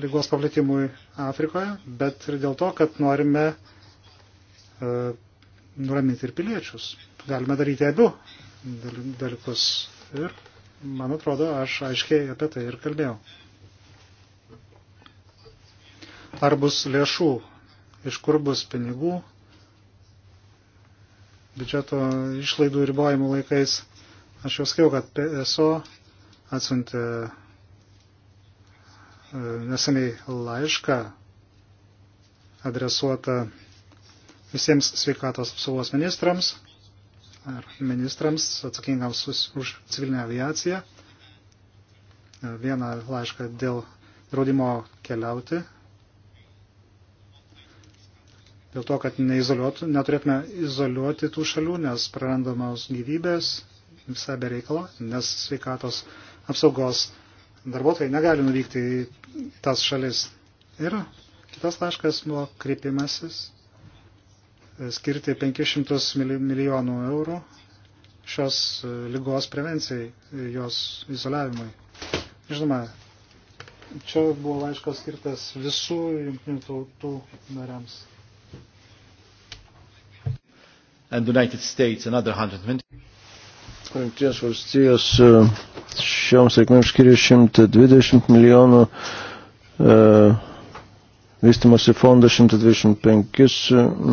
lygos paplitimui Afrikoje, bet ir dėl to, kad norime uh, nuraminti ir piliečius. Galime daryti abu dalykus. Ir, man atrodo, aš aiškiai apie tai ir kalbėjau. Ar bus lėšų, iš kur bus pinigų, biudžeto išlaidų ribojimų laikais. Aš jau sakiau, kad PSO atsiuntė e, neseniai laišką adresuotą visiems sveikatos apsaugos ministrams ar ministrams atsakingams už civilinę aviaciją. E, vieną laišką dėl draudimo keliauti dėl to, kad neturėtume izoliuoti tų šalių, nes prarandamos gyvybės visą bereikalą, nes sveikatos apsaugos darbuotojai negali nuvykti į tas šalis. Ir kitas taškas buvo kreipimasis e, skirti 500 milijonų eurų šios e, lygos prevencijai, e, jos izoliavimui. Žinoma, čia buvo laiškas skirtas visų jungtinių tautų nariams and the United States another 120. Jungtinės valstijos e, šioms reikmėms skiria 120 milijonų, e, vystimosi fondą 125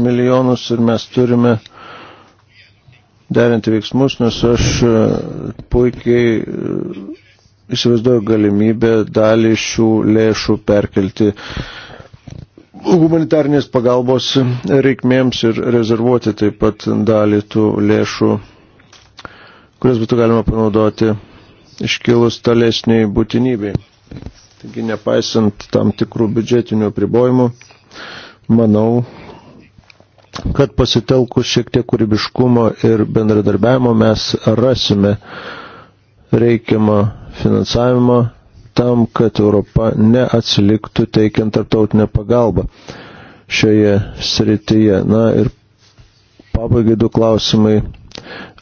milijonus ir mes turime derinti veiksmus, nes aš e, puikiai e, įsivaizduoju galimybę dalį šių lėšų perkelti humanitarnės pagalbos reikmėms ir rezervuoti taip pat dalį tų lėšų, kurias būtų galima panaudoti iškilus talesniai būtinybei. Taigi, nepaisant tam tikrų biudžetinių pribojimų, manau, kad pasitelkus šiek tiek kūrybiškumo ir bendradarbiavimo mes rasime reikiamą finansavimą tam, kad Europa neatsiliktų teikiant tarptautinę pagalbą šioje srityje. Na ir pabaigai du klausimai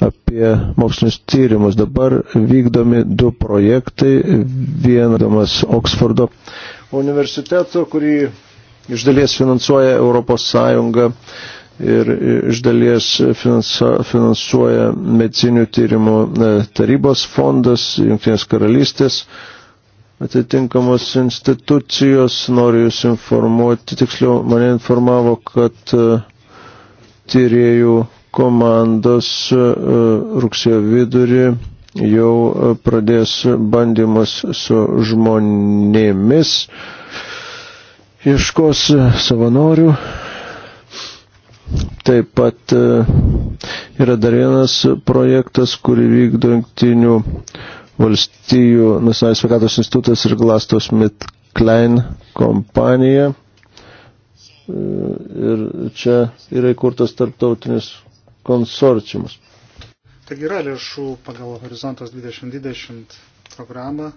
apie mokslinius tyrimus. Dabar vykdomi du projektai, vienas Oksfordo universiteto, kurį iš dalies finansuoja Europos Sąjunga ir iš dalies finansuoja medicinių tyrimų e, tarybos fondas, Junktinės karalystės atitinkamos institucijos. Noriu Jūs informuoti, tiksliau mane informavo, kad e, tyriejų komandos e, rugsėjo vidurį jau e, pradės bandymus su žmonėmis, ieškos savanorių. Taip pat yra dar vienas projektas, kurį vykdo jungtinių valstijų nacionalinis sveikatos institutas ir Glastos Klein kompanija. E, ir čia yra įkurtas tarptautinis konsorciumas. Taigi yra lėšų pagal Horizontas 2020 programą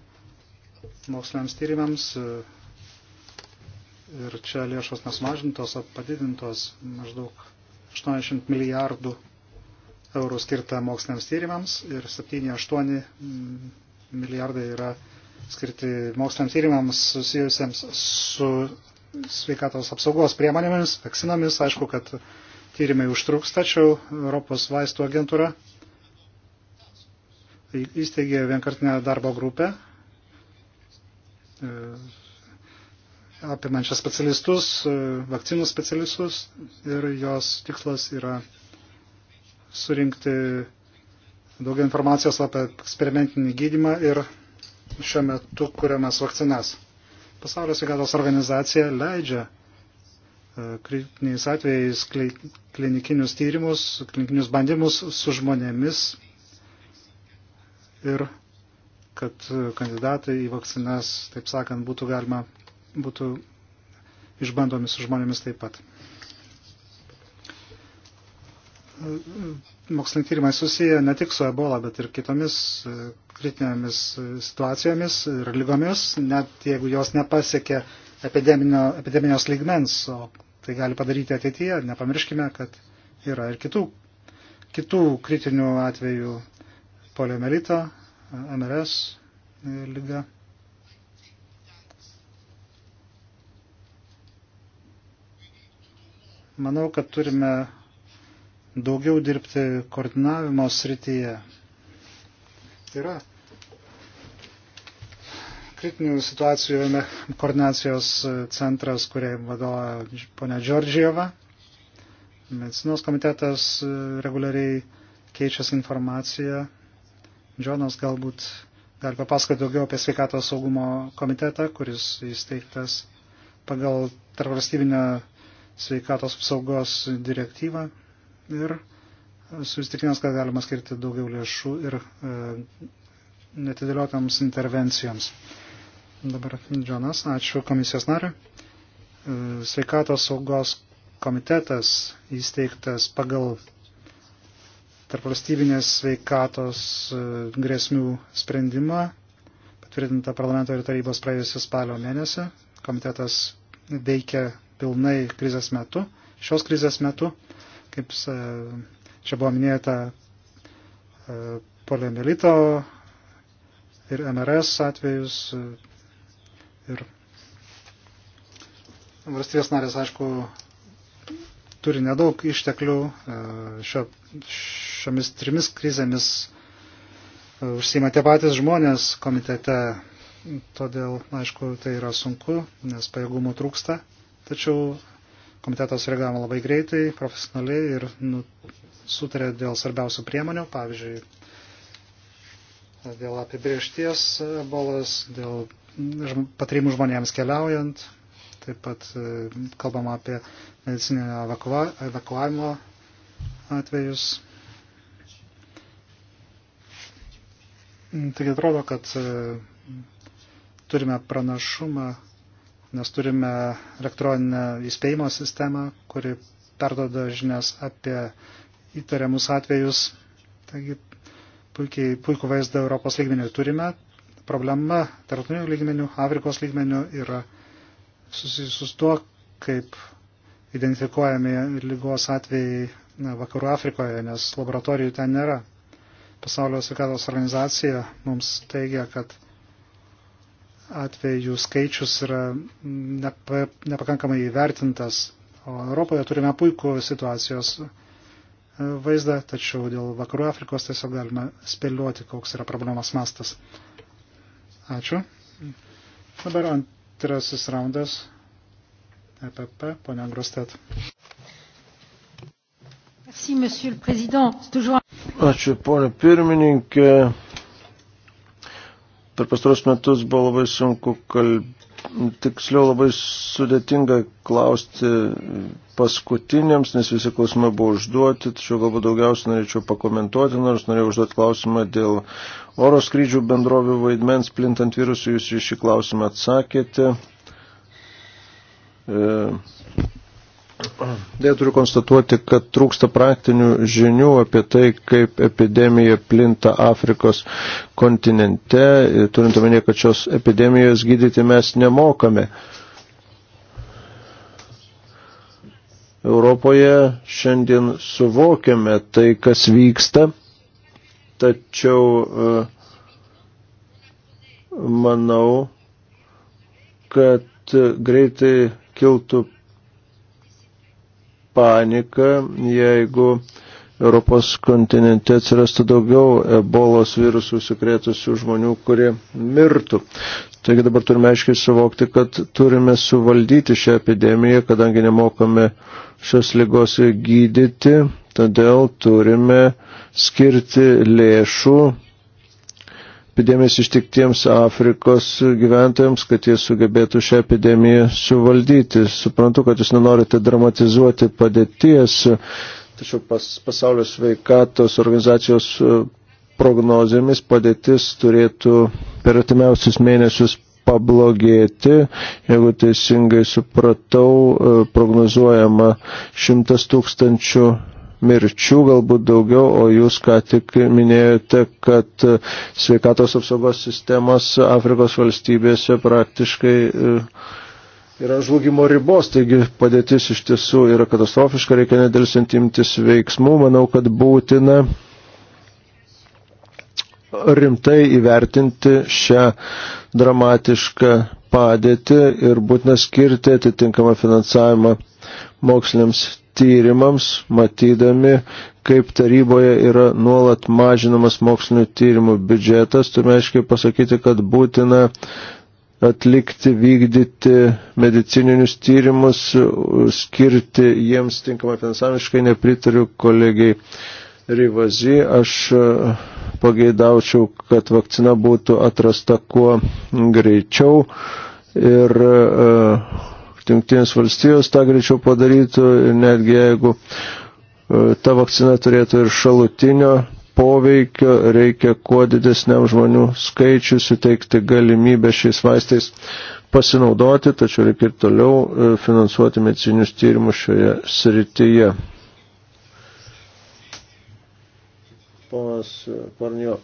moksliniams tyrimams. E, ir čia lėšos nesmažintos, padidintos maždaug 80 milijardų eurų skirta moksliniams tyrimams ir 7-8 milijardai yra skirti moksliniams tyrimams susijusiems su sveikatos apsaugos priemonėmis, vakcinomis. Aišku, kad tyrimai užtruks, tačiau Europos vaistų agentūra įsteigė vienkartinę darbo grupę e, apimančią specialistus, e, vakcinų specialistus ir jos tikslas yra surinkti daugiau informacijos apie eksperimentinį gydimą ir šiuo metu kuriamas vakcinas. Pasaulio sveikatos organizacija leidžia e, kritiniais atvejais klinikinius tyrimus, klinikinius bandymus su žmonėmis ir kad e, kandidatai į vakcinas, taip sakant, būtų galima, būtų išbandomi su žmonėmis taip pat. moksliniai tyrimai susiję ne tik su ebola, bet ir kitomis e, kritinėmis e, situacijomis ir lygomis, net jeigu jos nepasiekė epidemijos lygmens, o tai gali padaryti ateityje. Nepamirškime, kad yra ir kitų, kitų kritinių atvejų poliomelito, MRS e, lyga. Manau, kad turime daugiau dirbti koordinavimo srityje. Yra kritinių situacijų koordinacijos centras, kuriai vadovauja ponia Džordžijova. Medicinos komitetas reguliariai keičiasi informaciją. Džonas galbūt gali papasakoti daugiau apie sveikatos saugumo komitetą, kuris įsteigtas pagal tarpvalstybinę sveikatos apsaugos direktyvą ir susitikinęs, kad galima skirti daugiau lėšų ir e, netidėliotams intervencijoms. Dabar Džonas, ačiū komisijos nariu. E, sveikatos saugos komitetas įsteigtas pagal tarpvalstybinės sveikatos e, grėsmių sprendimą, patvirtinta parlamento ir tarybos praėjusią spalio mėnesį. Komitetas veikia pilnai krizės metu, šios krizės metu kaip čia buvo minėta e, poliomielito ir MRS atvejus e, ir valstybės narės, aišku, turi nedaug išteklių e, šio, šiomis trimis krizėmis užsima tie patys žmonės komitete. Todėl, aišku, tai yra sunku, nes pajėgumų trūksta. Tačiau Komitetas reagavo labai greitai, profesionaliai ir nu, sutarė dėl svarbiausių priemonių, pavyzdžiui, dėl apibriešties bolas, dėl patarimų žmonėms keliaujant, taip pat e, kalbama apie medicininio evakua, evakuavimo atvejus. Taigi atrodo, kad e, turime pranašumą nes turime elektroninę įspėjimo sistemą, kuri perdoda žinias apie įtariamus atvejus. Taigi puikiai, puikų vaizdą Europos lygmenių turime. Problema tarptautinių lygmenių, Afrikos lygmenių yra susijusi su tuo, kaip identifikuojami lygos atvejai na, vakarų Afrikoje, nes laboratorijų ten nėra. Pasaulio sveikatos organizacija mums teigia, kad atvejų skaičius yra nepakankamai įvertintas, o Europoje turime puikų situacijos e, vaizdą, tačiau dėl Vakarų Afrikos tiesiog galime spėlioti, koks yra problemos mastas. Ačiū. Dabar antrasis raundas. EPP, ponia Grostet. Ačiū, ponia pirmininkė per pastaros metus buvo labai sunku kalbėti, tiksliau labai sudėtinga klausti paskutiniams, nes visi klausimai buvo užduoti, tačiau galbūt daugiausiai norėčiau pakomentuoti, nors norėjau užduoti klausimą dėl oro skrydžių bendrovių vaidmens plintant virusui, jūs į šį klausimą atsakėte. E, Dėl turiu konstatuoti, kad trūksta praktinių žinių apie tai, kaip epidemija plinta Afrikos kontinente, turint omenyje, kad šios epidemijos gydyti mes nemokame. Europoje šiandien suvokiame tai, kas vyksta, tačiau e, manau, kad greitai kiltų paniką, jeigu Europos kontinente atsirastų daugiau ebolos virusų sukrėtusių žmonių, kurie mirtų. Taigi dabar turime aiškiai suvokti, kad turime suvaldyti šią epidemiją, kadangi nemokame šios lygos gydyti, todėl turime skirti lėšų dėmesį ištiktiems Afrikos gyventojams, kad jie sugebėtų šią epidemiją suvaldyti. Suprantu, kad jūs nenorite dramatizuoti padėties, tačiau pas, pasaulio sveikatos organizacijos e, prognozėmis padėtis turėtų per atimiausius mėnesius pablogėti, jeigu teisingai supratau, e, prognozuojama 100 tūkstančių mirčių, galbūt daugiau, o jūs ką tik minėjote, kad e, sveikatos apsaugos sistemos Afrikos valstybėse praktiškai e, yra žlugimo ribos, taigi padėtis iš tiesų yra katastrofiška, reikia nedėlsint imtis veiksmų, manau, kad būtina rimtai įvertinti šią dramatišką padėtį ir būtina skirti atitinkamą finansavimą moksliniams tyrimams, matydami, kaip taryboje yra nuolat mažinamas mokslinio tyrimų biudžetas, turime aiškiai pasakyti, kad būtina atlikti, vykdyti medicininius tyrimus, skirti jiems tinkamą finansamiškai, nepritariu kolegiai Rivazy, aš e, pageidaučiau, kad vakcina būtų atrasta kuo greičiau ir uh, kad jungtinės valstijos tą greičiau padarytų ir netgi jeigu e, ta vakcina turėtų ir šalutinio poveikio, reikia kuo didesniam žmonių skaičių suteikti galimybę šiais vaistais pasinaudoti, tačiau reikia ir toliau e, finansuoti medicinius tyrimus šioje srityje. Ponas e, Parnio.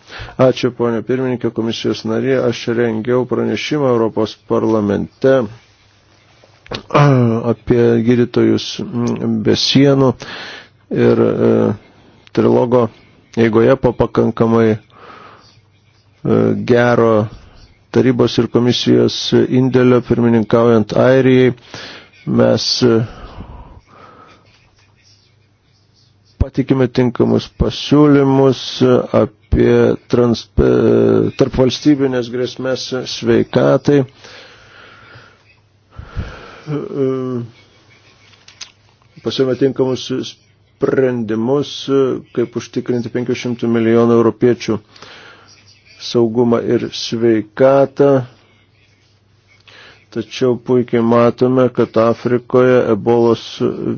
Ačiū, ponio pirmininkė, komisijos narė. Aš rengiau pranešimą Europos parlamente [CLEARS THROAT] apie gydytojus mm, be sienų ir e, trilogo eigoje po pakankamai e, gero tarybos ir komisijos indėlio pirmininkaujant Airijai mes e, patikime tinkamus pasiūlymus apie trans, tarp valstybinės grėsmės sveikatai E, pasiėmė tinkamus sprendimus, e, kaip užtikrinti 500 milijonų europiečių saugumą ir sveikatą. Tačiau puikiai matome, kad Afrikoje ebolos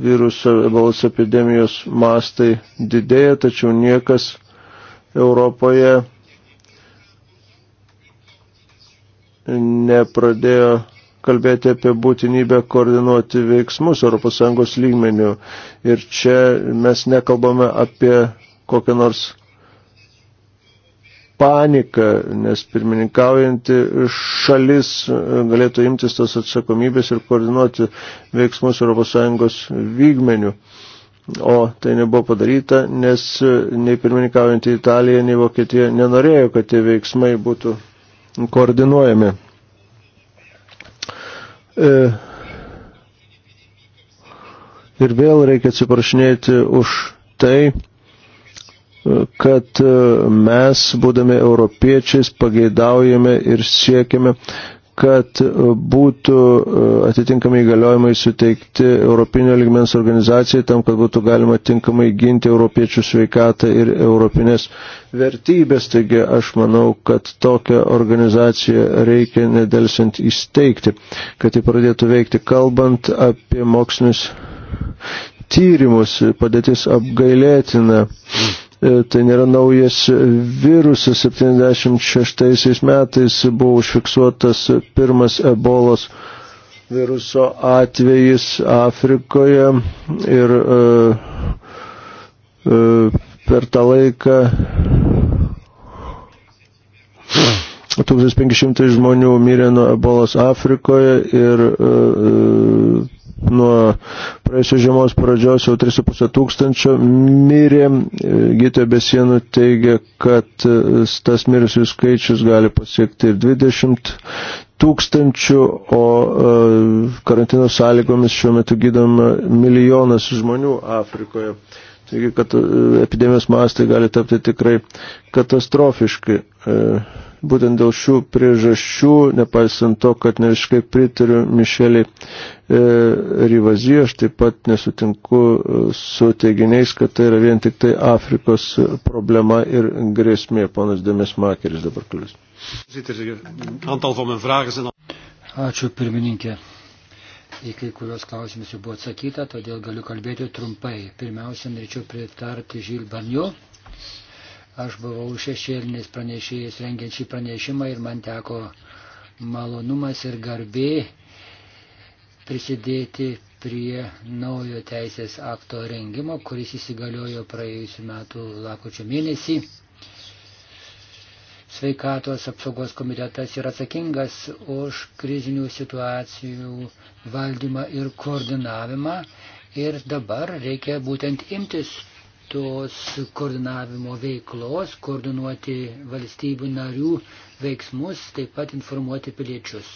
viruso, ebolos epidemijos mastai didėja, tačiau niekas Europoje nepradėjo kalbėti apie būtinybę koordinuoti veiksmus ES lygmenių. Ir čia mes nekalbame apie kokią nors paniką, nes pirmininkaujanti šalis galėtų imtis tos atsakomybės ir koordinuoti veiksmus ES vygmenių. O tai nebuvo padaryta, nes nei pirmininkaujantį Italiją, nei Vokietiją nenorėjo, kad tie veiksmai būtų koordinuojami. E, ir vėl reikia atsiprašinėti už tai, e, kad e, mes, būdami europiečiais, pageidaujame ir siekiame, kad e, būtų e, atitinkamai įgaliojimai suteikti Europinio ligmens organizacijai tam, kad būtų galima tinkamai ginti europiečių sveikatą ir europinės vertybės. Taigi aš manau, kad tokią organizaciją reikia nedelsiant įsteigti, kad ji pradėtų veikti. Kalbant apie mokslinius tyrimus, padėtis apgailėtina. Mm E, tai nėra naujas virusas. 76 metais buvo užfiksuotas pirmas ebolos viruso atvejis Afrikoje ir e, e, per tą laiką 1500 žmonių mirė nuo ebolos Afrikoje ir nuo praėjusios žiemos pradžios jau 3,5 tūkstančio mirė. E, Gytoje besienų teigia, kad e, tas mirusių skaičius gali pasiekti ir 20 tūkstančių, o e, karantino sąlygomis šiuo metu gydoma milijonas žmonių Afrikoje. Taigi, kad epidemijos mastai gali tapti tikrai katastrofiškai. Būtent dėl šių priežasčių, nepaisant to, kad ne visiškai pritariu Mišeliai e, Rivazijai, aš taip pat nesutinku e, su teiginiais, kad tai yra vien tik tai Afrikos problema ir grėsmė. Ponas Demes Makeris dabar klius. Ačiū pirmininkė. Į kai kurios klausimus jau buvo atsakyta, todėl galiu kalbėti trumpai. Pirmiausia, norėčiau pritarti Žilbanjo. Barnio Aš buvau šešėlinis pranešėjas rengiant šį pranešimą ir man teko malonumas ir garbė prisidėti prie naujo teisės akto rengimo, kuris įsigaliojo praėjusiu metu lakučio mėnesį. Sveikatos apsaugos komitetas yra atsakingas už krizinių situacijų valdymą ir koordinavimą ir dabar reikia būtent imtis tos koordinavimo veiklos, koordinuoti valstybių narių veiksmus, taip pat informuoti piliečius.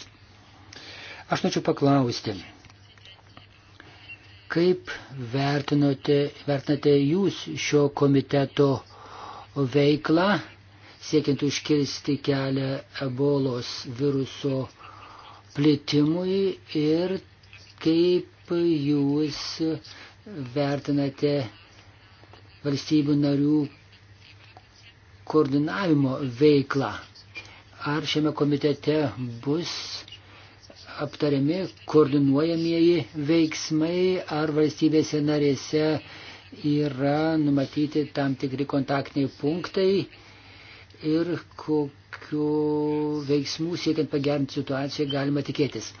Aš norėčiau paklausti, kaip vertinote, vertinate jūs šio komiteto veiklą, siekiant užkirsti kelią ebolos viruso plitimui ir kaip jūs vertinate valstybių narių koordinavimo veiklą. Ar šiame komitete bus aptariami koordinuojamieji veiksmai, ar valstybėse narėse yra numatyti tam tikri kontaktiniai punktai ir kokiu veiksmu siekiant pagerinti situaciją galima tikėtis.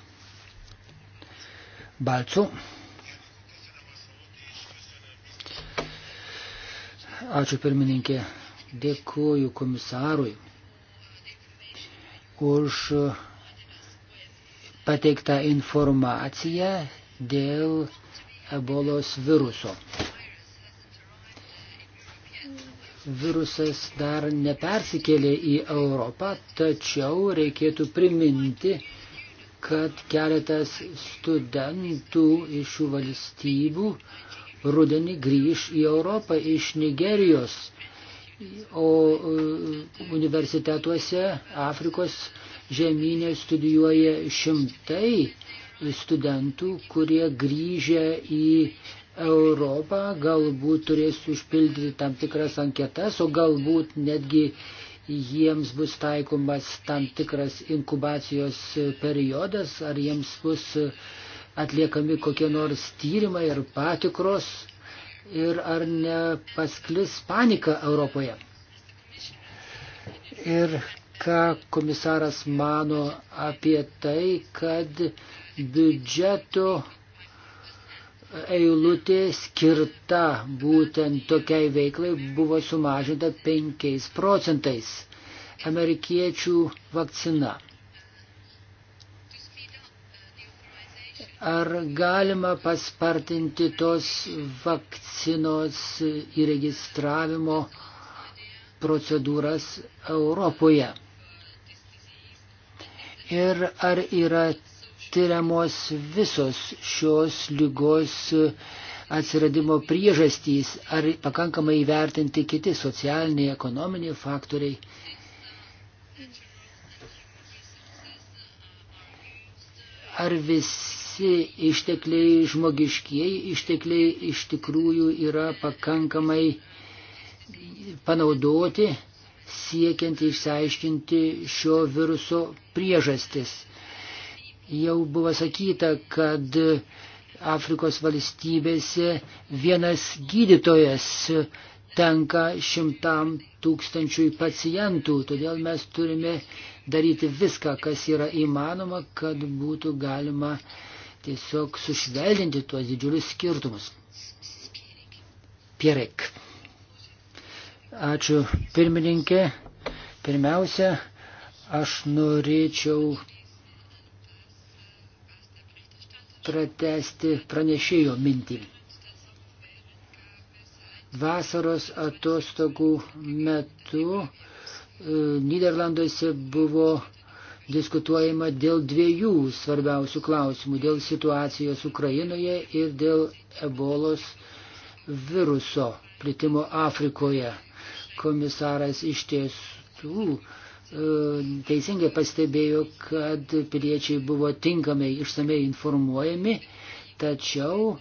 Balcu. Ačiū pirmininkė. Dėkuoju komisarui už pateiktą informaciją dėl ebolos viruso. Virusas dar nepersikėlė į Europą, tačiau reikėtų priminti, kad keletas studentų iš šių valstybių uh, rudenį grįž į Europą iš Nigerijos, o e, universitetuose Afrikos žemynė studijuoja šimtai studentų, kurie grįžę į Europą galbūt turės užpildyti tam tikras anketas, o galbūt netgi jiems bus taikomas tam tikras inkubacijos periodas, ar jiems bus uh, atliekami kokie nors tyrimai ir patikros ir ar nepasklis panika Europoje. Ir ką komisaras mano apie tai, kad biudžeto eilutė skirta būtent tokiai veiklai buvo sumažinta 5 procentais. Amerikiečių vakcina Ar galima paspartinti tos vakcinos įregistravimo procedūras Europoje? Ir ar yra tyriamos visos šios lygos atsiradimo priežastys, ar pakankamai įvertinti kiti socialiniai, ekonominiai faktoriai? Ar visi visi ištekliai, žmogiškieji ištekliai iš tikrųjų yra pakankamai panaudoti siekiant išsiaiškinti šio viruso priežastis. Jau buvo sakyta, kad Afrikos valstybėse vienas gydytojas tenka šimtam tūkstančių pacientų, todėl mes turime daryti viską, kas yra įmanoma, kad būtų galima uh, tiesiog sušvelninti tuos didžiulius skirtumus. Pierik. Ačiū pirmininkė. Pirmiausia, aš norėčiau pratesti pranešėjo mintį. Vasaros atostogų metu e, Niderlanduose buvo diskutuojama dėl dviejų svarbiausių klausimų - dėl situacijos Ukrainoje ir dėl ebolos viruso plitimo Afrikoje. Komisaras iš tiesų e, teisingai pastebėjo, kad piliečiai buvo tinkamai išsamei informuojami, tačiau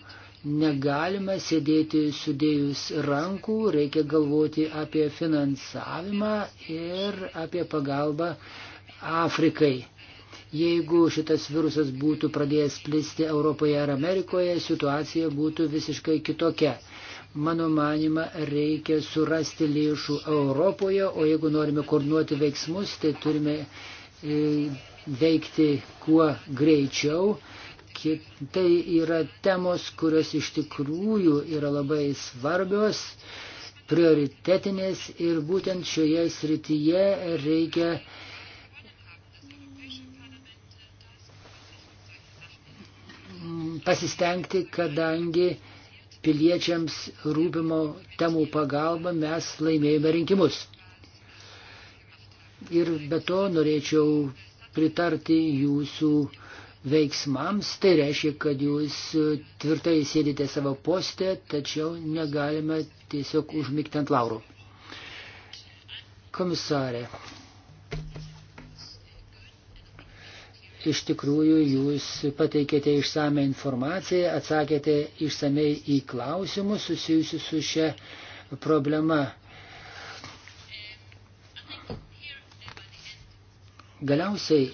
negalima sėdėti sudėjus rankų, reikia galvoti apie finansavimą ir apie pagalbą Afrikai. Jeigu šitas virusas būtų pradėjęs plisti Europoje ar Amerikoje, situacija būtų visiškai kitokia. Mano manima, reikia surasti lėšų Europoje, o jeigu norime koordinuoti veiksmus, tai turime e, veikti kuo greičiau. Tai yra temos, kurios iš tikrųjų yra labai svarbios, prioritetinės ir būtent šioje srityje reikia pasistengti, kadangi piliečiams rūpimo temų pagalba mes laimėjome rinkimus. Ir be to norėčiau pritarti jūsų veiksmams. Tai reiškia, kad jūs tvirtai sėdite savo postę, tačiau negalime tiesiog užmigti ant laurų. Komisarė, Iš tikrųjų, jūs pateikėte išsame informaciją, atsakėte išsamei į klausimus susijusius su šia problema. Galiausiai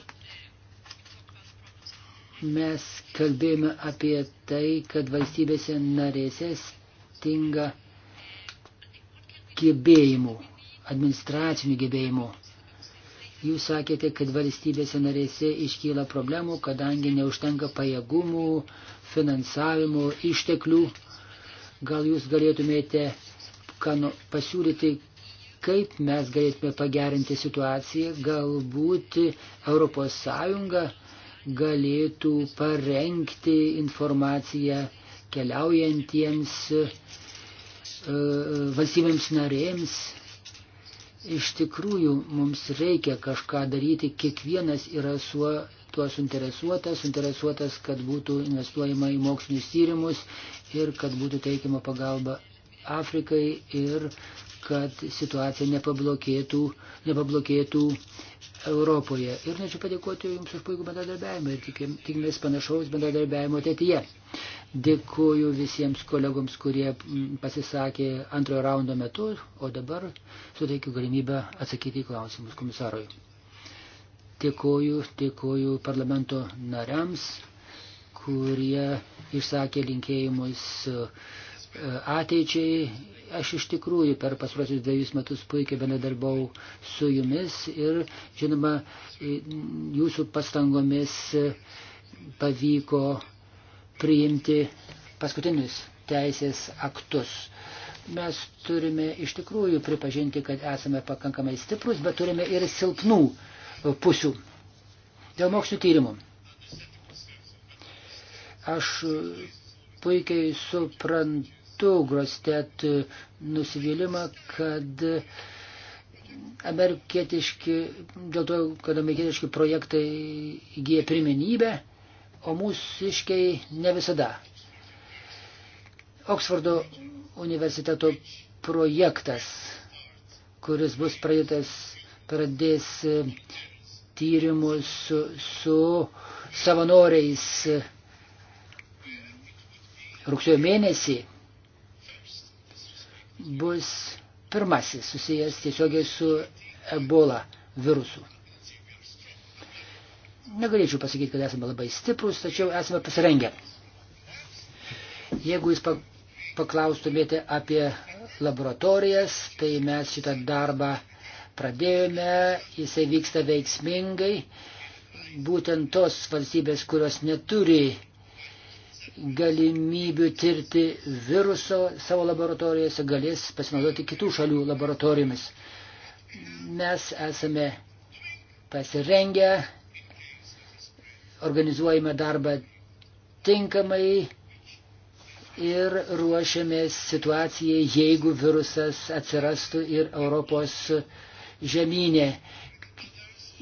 mes kalbėjome apie tai, kad valstybėse narėse stinga gebėjimų, administracinių gebėjimų Jūs sakėte, kad valstybėse narėse iškyla problemų, kadangi neužtenka pajėgumų, finansavimo, išteklių. Gal jūs galėtumėte kanu, pasiūlyti, kaip mes galėtume pagerinti situaciją, galbūt ES galėtų parengti informaciją keliaujantiems e, valstybėms narėms Iš tikrųjų, mums reikia kažką daryti, kiekvienas yra su tuo suinteresuotas, suinteresuotas, kad būtų investuojama į mokslinius tyrimus ir kad būtų teikiama pagalba Afrikai ir kad situacija nepablokėtų, nepablokėtų Europoje. Ir norėčiau padėkoti Jums už puikų bendradarbiavimą ir tikimės panašaus bendradarbiavimo ateityje. Dėkuoju visiems kolegoms, kurie mm, pasisakė antrojo raundo metu, o dabar suteikiu galimybę atsakyti į klausimus komisarui. Dėkuoju, dėkuoju parlamento nariams, kurie išsakė linkėjimus e, ateičiai. Aš iš tikrųjų per pasruosius dviejus metus puikiai bendradarbiau su jumis ir, žinoma, jūsų pastangomis pavyko priimti paskutinius teisės aktus. Mes turime iš tikrųjų pripažinti, kad esame pakankamai stiprus, bet turime ir silpnų pusių. Dėl mokslo tyrimų. Aš puikiai suprantu Grostet nusivylimą, kad amerikietiški, dėl to, kad amerikietiški projektai įgyja pirmenybę, o mūsiškiai ne visada. Oksfordo universiteto projektas, kuris bus pradėtas, pradės e, tyrimus su, su savanoriais e, rugsėjo mėnesį, bus pirmasis susijęs tiesiogiai su ebola virusu. Negalėčiau pasakyti, kad esame labai stiprus, tačiau esame pasirengę. Jeigu jūs paklaustumėte apie laboratorijas, tai mes šitą darbą pradėjome, jisai vyksta veiksmingai. Būtent tos valstybės, kurios neturi galimybių tirti viruso savo laboratorijose, galės pasinaudoti kitų šalių laboratorijomis. Mes esame pasirengę organizuojame darbą tinkamai ir ruošiamės situacijai, jeigu virusas atsirastų ir Europos žemynė.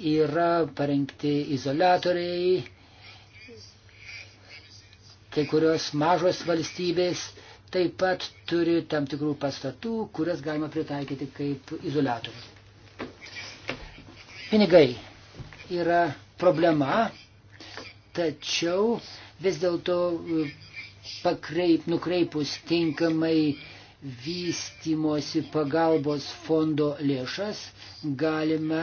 Yra parengti izolatoriai, kai kurios mažos valstybės taip pat turi tam tikrų pastatų, kurias galima pritaikyti kaip izolatorius. Pinigai yra problema, tačiau vis dėlto e, pakreip, nukreipus tinkamai vystimosi pagalbos fondo lėšas galime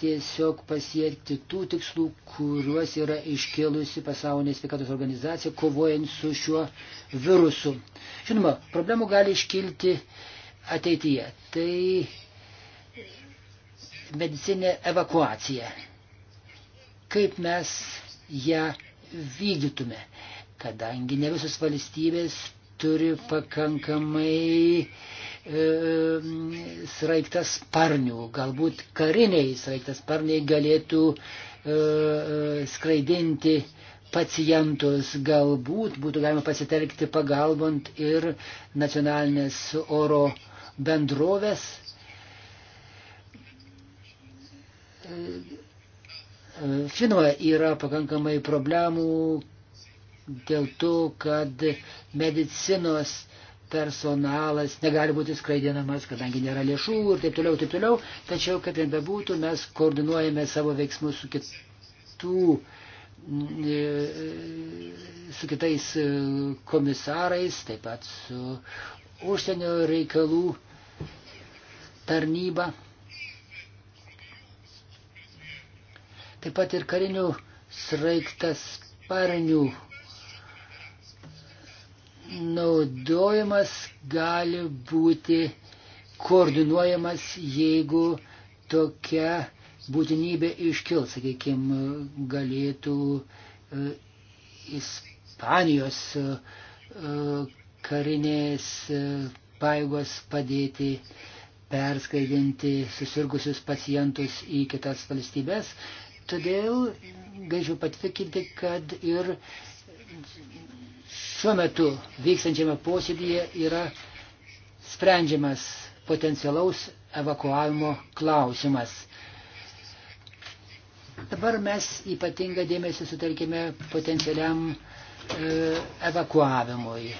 tiesiog pasiekti tų tikslų, kuriuos yra iškėlusi pasaulinė sveikatos organizacija, kovojant su šiuo virusu. Žinoma, problemų gali iškilti ateityje. Tai medicinė evakuacija. Kaip mes ją vykdytume, kadangi ne visos valstybės turi pakankamai e, sraigtas sparnių, galbūt kariniai sraigtas sparniai galėtų e, e skraidinti pacientus, galbūt būtų galima pasitelkti pagalbant ir nacionalinės oro bendrovės. E, Finoje yra pakankamai problemų dėl to, kad medicinos personalas negali būti skraidinamas, kadangi nėra lėšų ir taip toliau, taip toliau. Tačiau, kaip ir bebūtų, mes koordinuojame savo veiksmus su kitų su kitais komisarais, taip pat su užsienio reikalų tarnyba. taip pat ir karinių sraigtas parnių naudojimas gali būti koordinuojamas, jeigu tokia būtinybė iškils, sakykime, galėtų e, Ispanijos e, e, karinės paėgos padėti perskraidinti susirgusius pacientus į kitas valstybės, Todėl gaižiu patvirtinti, kad ir šiuo metu vykstančiame posėdėje yra sprendžiamas potencialaus evakuavimo klausimas. Dabar mes ypatingą dėmesį sutelkime potencialiam e, evakuavimui.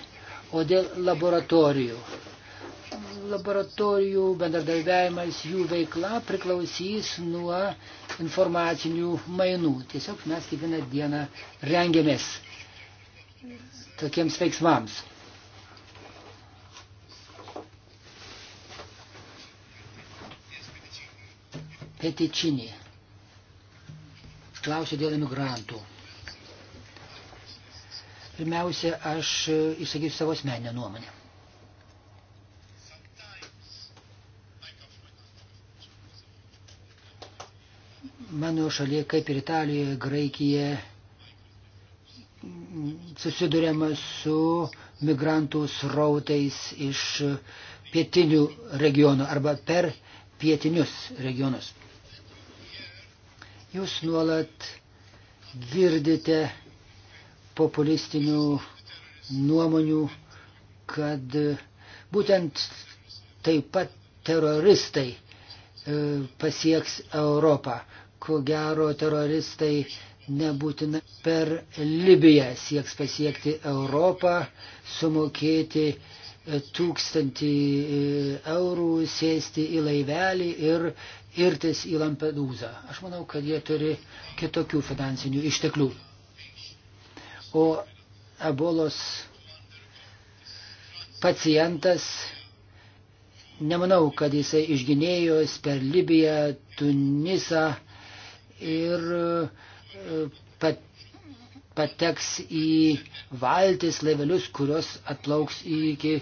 O dėl laboratorijų laboratorijų bendradarbiavimas, jų veikla priklausys nuo informacinių mainų. Tiesiog mes kiekvieną dieną rengiamės tokiems veiksmams. Petičinė. Klausė dėl imigrantų. Pirmiausia, aš išsakysiu savo asmeninę nuomonę. mano šalyje, kaip ir Italijoje, Graikijoje, susidurėma su migrantų srautais iš pietinių regionų arba per pietinius regionus. Jūs nuolat girdite populistinių nuomonių, kad būtent taip pat teroristai e, pasieks Europą, ko gero teroristai nebūtina per Libiją sieks pasiekti Europą, sumokėti e, tūkstantį e, eurų, sėsti į laivelį ir irtis į Lampedūzą. Aš manau, kad jie turi kitokių finansinių išteklių. O ebolos pacientas, nemanau, kad jisai išginėjos per Libiją, Tunisą, ir e, pat, pateks į valtis laivelius, kurios atplauks iki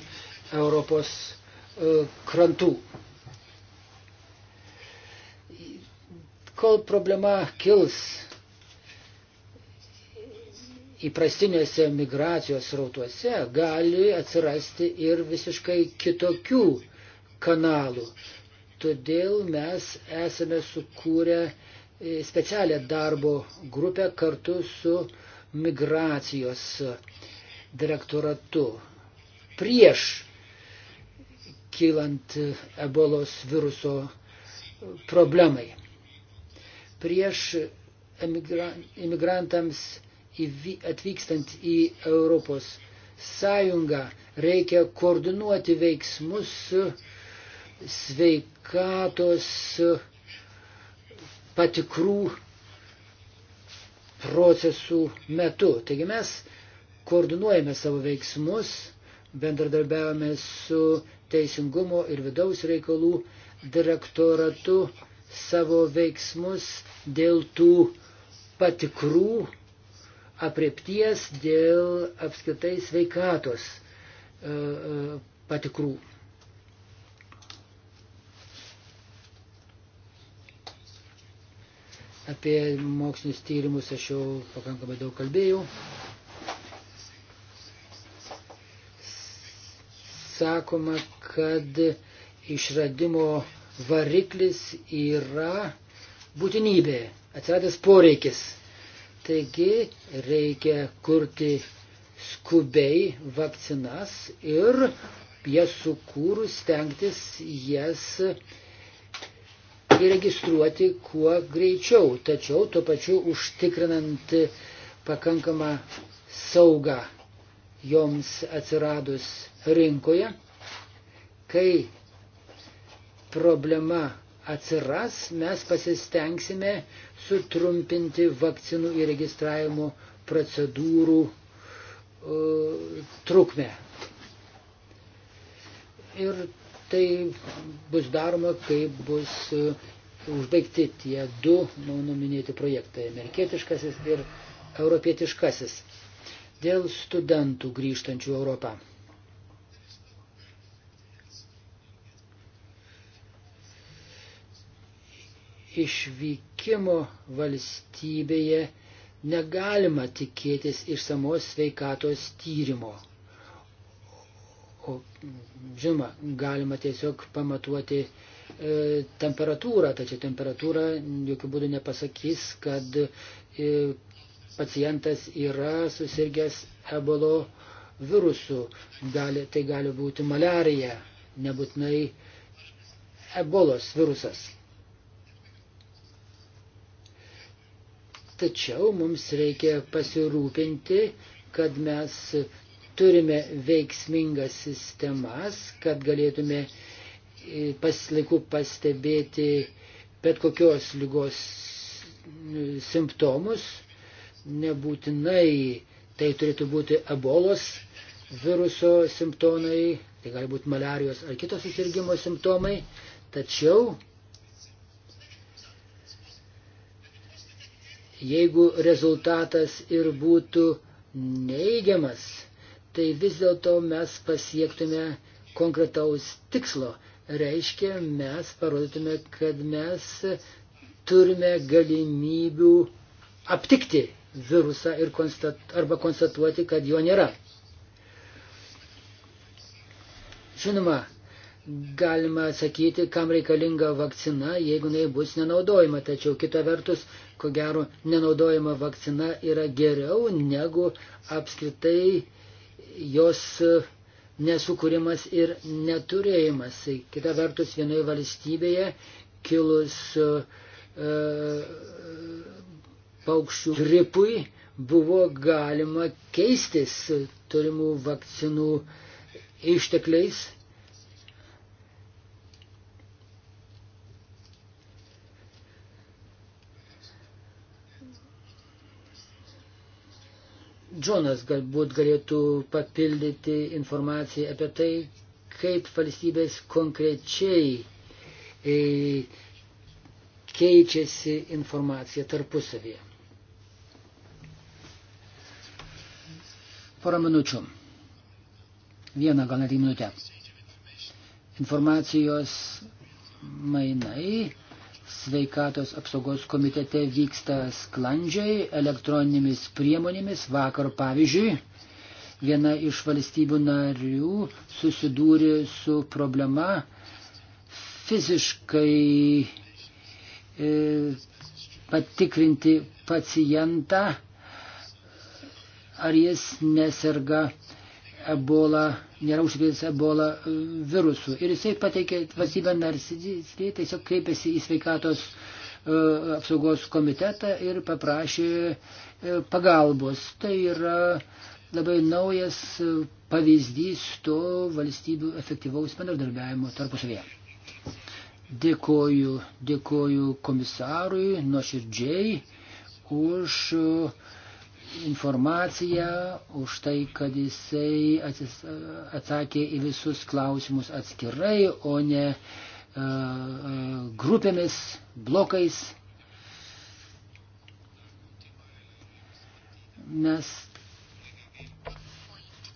Europos e, krantų. Kol problema kils įprastinėse migracijos rautuose, gali atsirasti ir visiškai kitokių kanalų. Todėl mes esame sukūrę uh, specialią darbo grupę kartu su migracijos direktoratu prieš kylant ebolos viruso problemai. Prieš imigrantams atvykstant į Europos sąjungą reikia koordinuoti veiksmus sveikatos uh, patikrų procesų metu. Taigi mes koordinuojame savo veiksmus, bendradarbiavame su Teisingumo ir vidaus reikalų direktoratu savo veiksmus dėl tų patikrų apriepties, dėl apskritai sveikatos e, e, patikrų. Apie mokslinius tyrimus aš jau pakankamai daug kalbėjau. Sakoma, kad išradimo variklis yra būtinybė, atsiradęs poreikis. Taigi reikia kurti skubiai vakcinas ir jas sukūrus stengtis jas uh, įregistruoti kuo greičiau, tačiau tuo pačiu užtikrinant pakankamą saugą joms atsiradus rinkoje. Kai problema atsiras, mes pasistengsime sutrumpinti vakcinų įregistravimo procedūrų e, trukmę. Ir tai bus daroma, kai bus e, užbaigti tie du mano minėti projektai - amerikietiškasis ir europietiškasis. Dėl studentų grįžtančių Europą. Išvykimo valstybėje negalima tikėtis išsamos sveikatos tyrimo O žinoma, galima tiesiog pamatuoti e, temperatūrą, tačiau temperatūra jokių būdų nepasakys, kad e, pacientas yra susirgęs ebolo virusu. Gali, tai gali būti malarija, nebūtinai ebolos virusas. Tačiau mums reikia pasirūpinti, kad mes turime veiksmingas sistemas, kad galėtume e, pas laiku pastebėti bet kokios lygos e, simptomus. Nebūtinai tai turėtų būti ebolos viruso simptomai, tai gali būti malarijos ar kitos susirgymo simptomai, tačiau jeigu rezultatas ir būtų neigiamas, tai vis dėlto mes pasiektume konkretaus tikslo. Reiškia, mes parodytume, kad mes turime galimybių aptikti virusą ir konstat, arba konstatuoti, kad jo nėra. Žinoma, galima sakyti, kam reikalinga vakcina, jeigu jinai bus nenaudojama, tačiau kita vertus, ko gero, nenaudojama vakcina yra geriau negu apskritai jos e, nesukūrimas ir neturėjimas. Tai kita vertus, vienoje valstybėje kilus e, e, paukščių gripui buvo galima keistis turimų vakcinų ištekliais Džonas galbūt galėtų papildyti informaciją apie tai, kaip valstybės konkrečiai e, keičiasi informacija tarpusavėje. Porą minučių. Vieną gal net į minutę. Informacijos mainai sveikatos apsaugos komitete vyksta sklandžiai elektroninėmis priemonėmis. Vakar, pavyzdžiui, viena iš valstybių narių susidūrė su problema fiziškai e, patikrinti pacientą, ar jis neserga ebola, nėra užkrėtęs ebola e, virusu. Ir jisai pateikė valstybę narsidį, tiesiog kreipėsi į sveikatos e, apsaugos komitetą ir paprašė e, pagalbos. Tai yra labai naujas pavyzdys to valstybių efektyvaus bendradarbiavimo tarpusavėje. Dėkoju, dėkoju komisarui nuoširdžiai už uh, informaciją, už tai, kad jisai atsis, atsakė į visus klausimus atskirai, o ne uh, grupėmis, blokais. Mes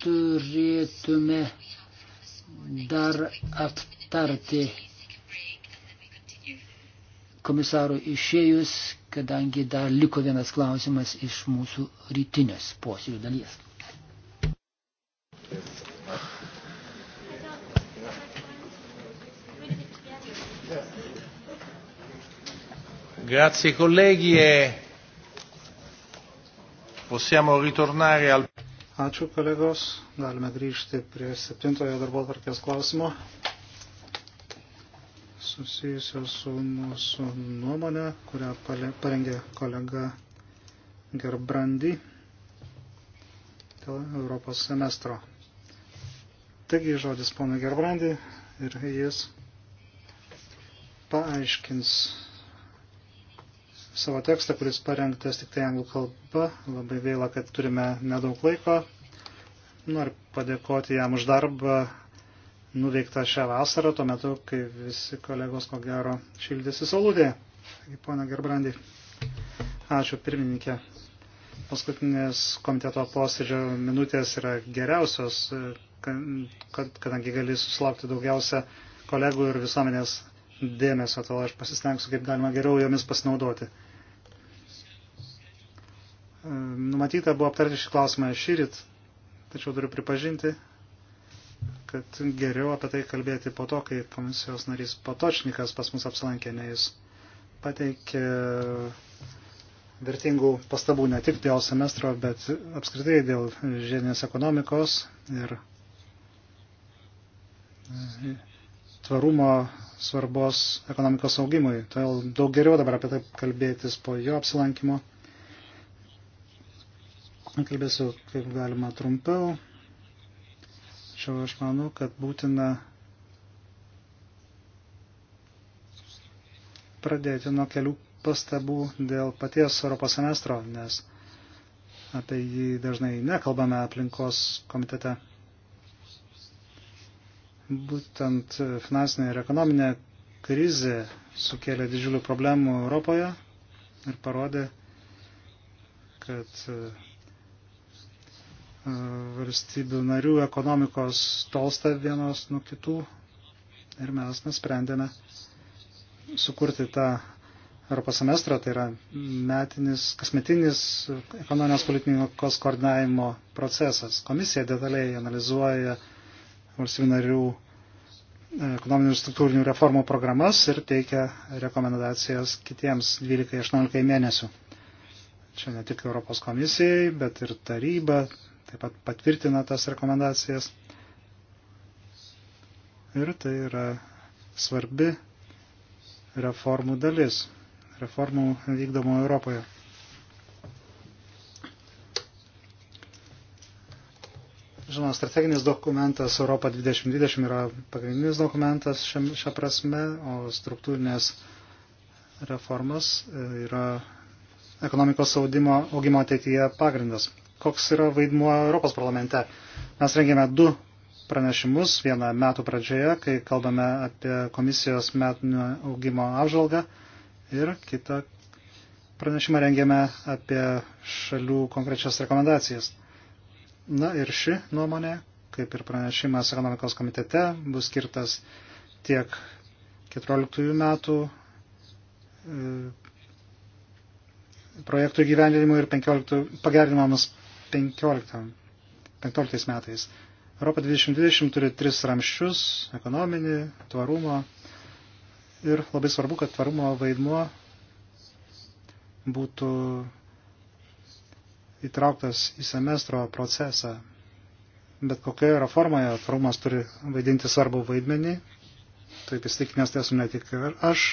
turėtume dar aptarti komisarų išėjus kadangi dar liko vienas klausimas iš mūsų rytinės posėdžių dalies. Grazie colleghi e possiamo ritornare al. Ačiū kolegos, galime grįžti prie septintojo darbo tvarkės klausimo susijusios su mūsų nuomonė, kurią parengė kolega Gerbrandy dėl Europos semestro. Taigi žodis ponui Gerbrandi ir jis paaiškins savo tekstą, kuris parengtas tik tai anglų kalba. Labai gaila, kad turime nedaug laiko. Noriu padėkoti jam už darbą nuveikta šią vasarą, tuo metu, kai visi kolegos, ko gero, šildėsi saulutė. Pone Gerbrandi, ačiū pirmininkė. Paskutinės komiteto posėdžio minutės yra geriausios, kad, kadangi gali susilaukti daugiausia kolegų ir visuomenės dėmesio, todėl aš pasistengsiu, kaip galima geriau jomis pasinaudoti. Numatyta buvo aptarti šį klausimą šyrit, tačiau turiu pripažinti, kad geriau apie tai kalbėti po to, kai komisijos narys Patočnikas pas mus apsilankė, nes jis pateikė vertingų pastabų ne tik dėl semestro, bet apskritai dėl žiedinės ekonomikos ir tvarumo svarbos ekonomikos augimui. Todėl daug geriau dabar apie tai kalbėtis po jo apsilankimo. Kalbėsiu kaip galima trumpiau. Tačiau aš manau, kad būtina pradėti nuo kelių pastabų dėl paties Europos semestro, nes apie jį dažnai nekalbame aplinkos komitete. Būtent finansinė ir ekonominė krizė sukėlė didžiulių problemų Europoje ir parodė, kad valstybių narių ekonomikos tolsta vienos nuo kitų ir mes nusprendėme sukurti tą Europos semestrą, tai yra metinis, kasmetinis ekonominės politikos koordinavimo procesas. Komisija detaliai analizuoja valstybių narių ekonominių struktūrinių reformų programas ir teikia rekomendacijas kitiems 12-18 mėnesių. Čia ne tik Europos komisijai, bet ir taryba, taip pat patvirtina tas rekomendacijas. Ir tai yra svarbi reformų dalis, reformų vykdomo Europoje. Žinoma, strateginis dokumentas Europa 2020 yra pagrindinis dokumentas šią prasme, o struktūrinės reformas yra ekonomikos audimo, augimo ateityje pagrindas koks yra vaidmuo Europos parlamente. Mes rengėme du pranešimus, vieną metų pradžioje, kai kalbame apie komisijos metinio augimo apžvalgą ir kitą pranešimą rengėme apie šalių konkrečias rekomendacijas. Na ir ši nuomonė, kaip ir pranešimas ekonomikos komitete, bus skirtas tiek 14 metų e, projektų gyvendinimui ir 15 pagerinimams 15, 15 metais. Europa 2020 turi tris ramščius - ekonominį, tvarumo ir labai svarbu, kad tvarumo vaidmuo būtų įtrauktas į semestro procesą. Bet kokioje reformoje tvarumas turi vaidinti svarbų vaidmenį, taip įstikinęs tiesų ne tik ir aš,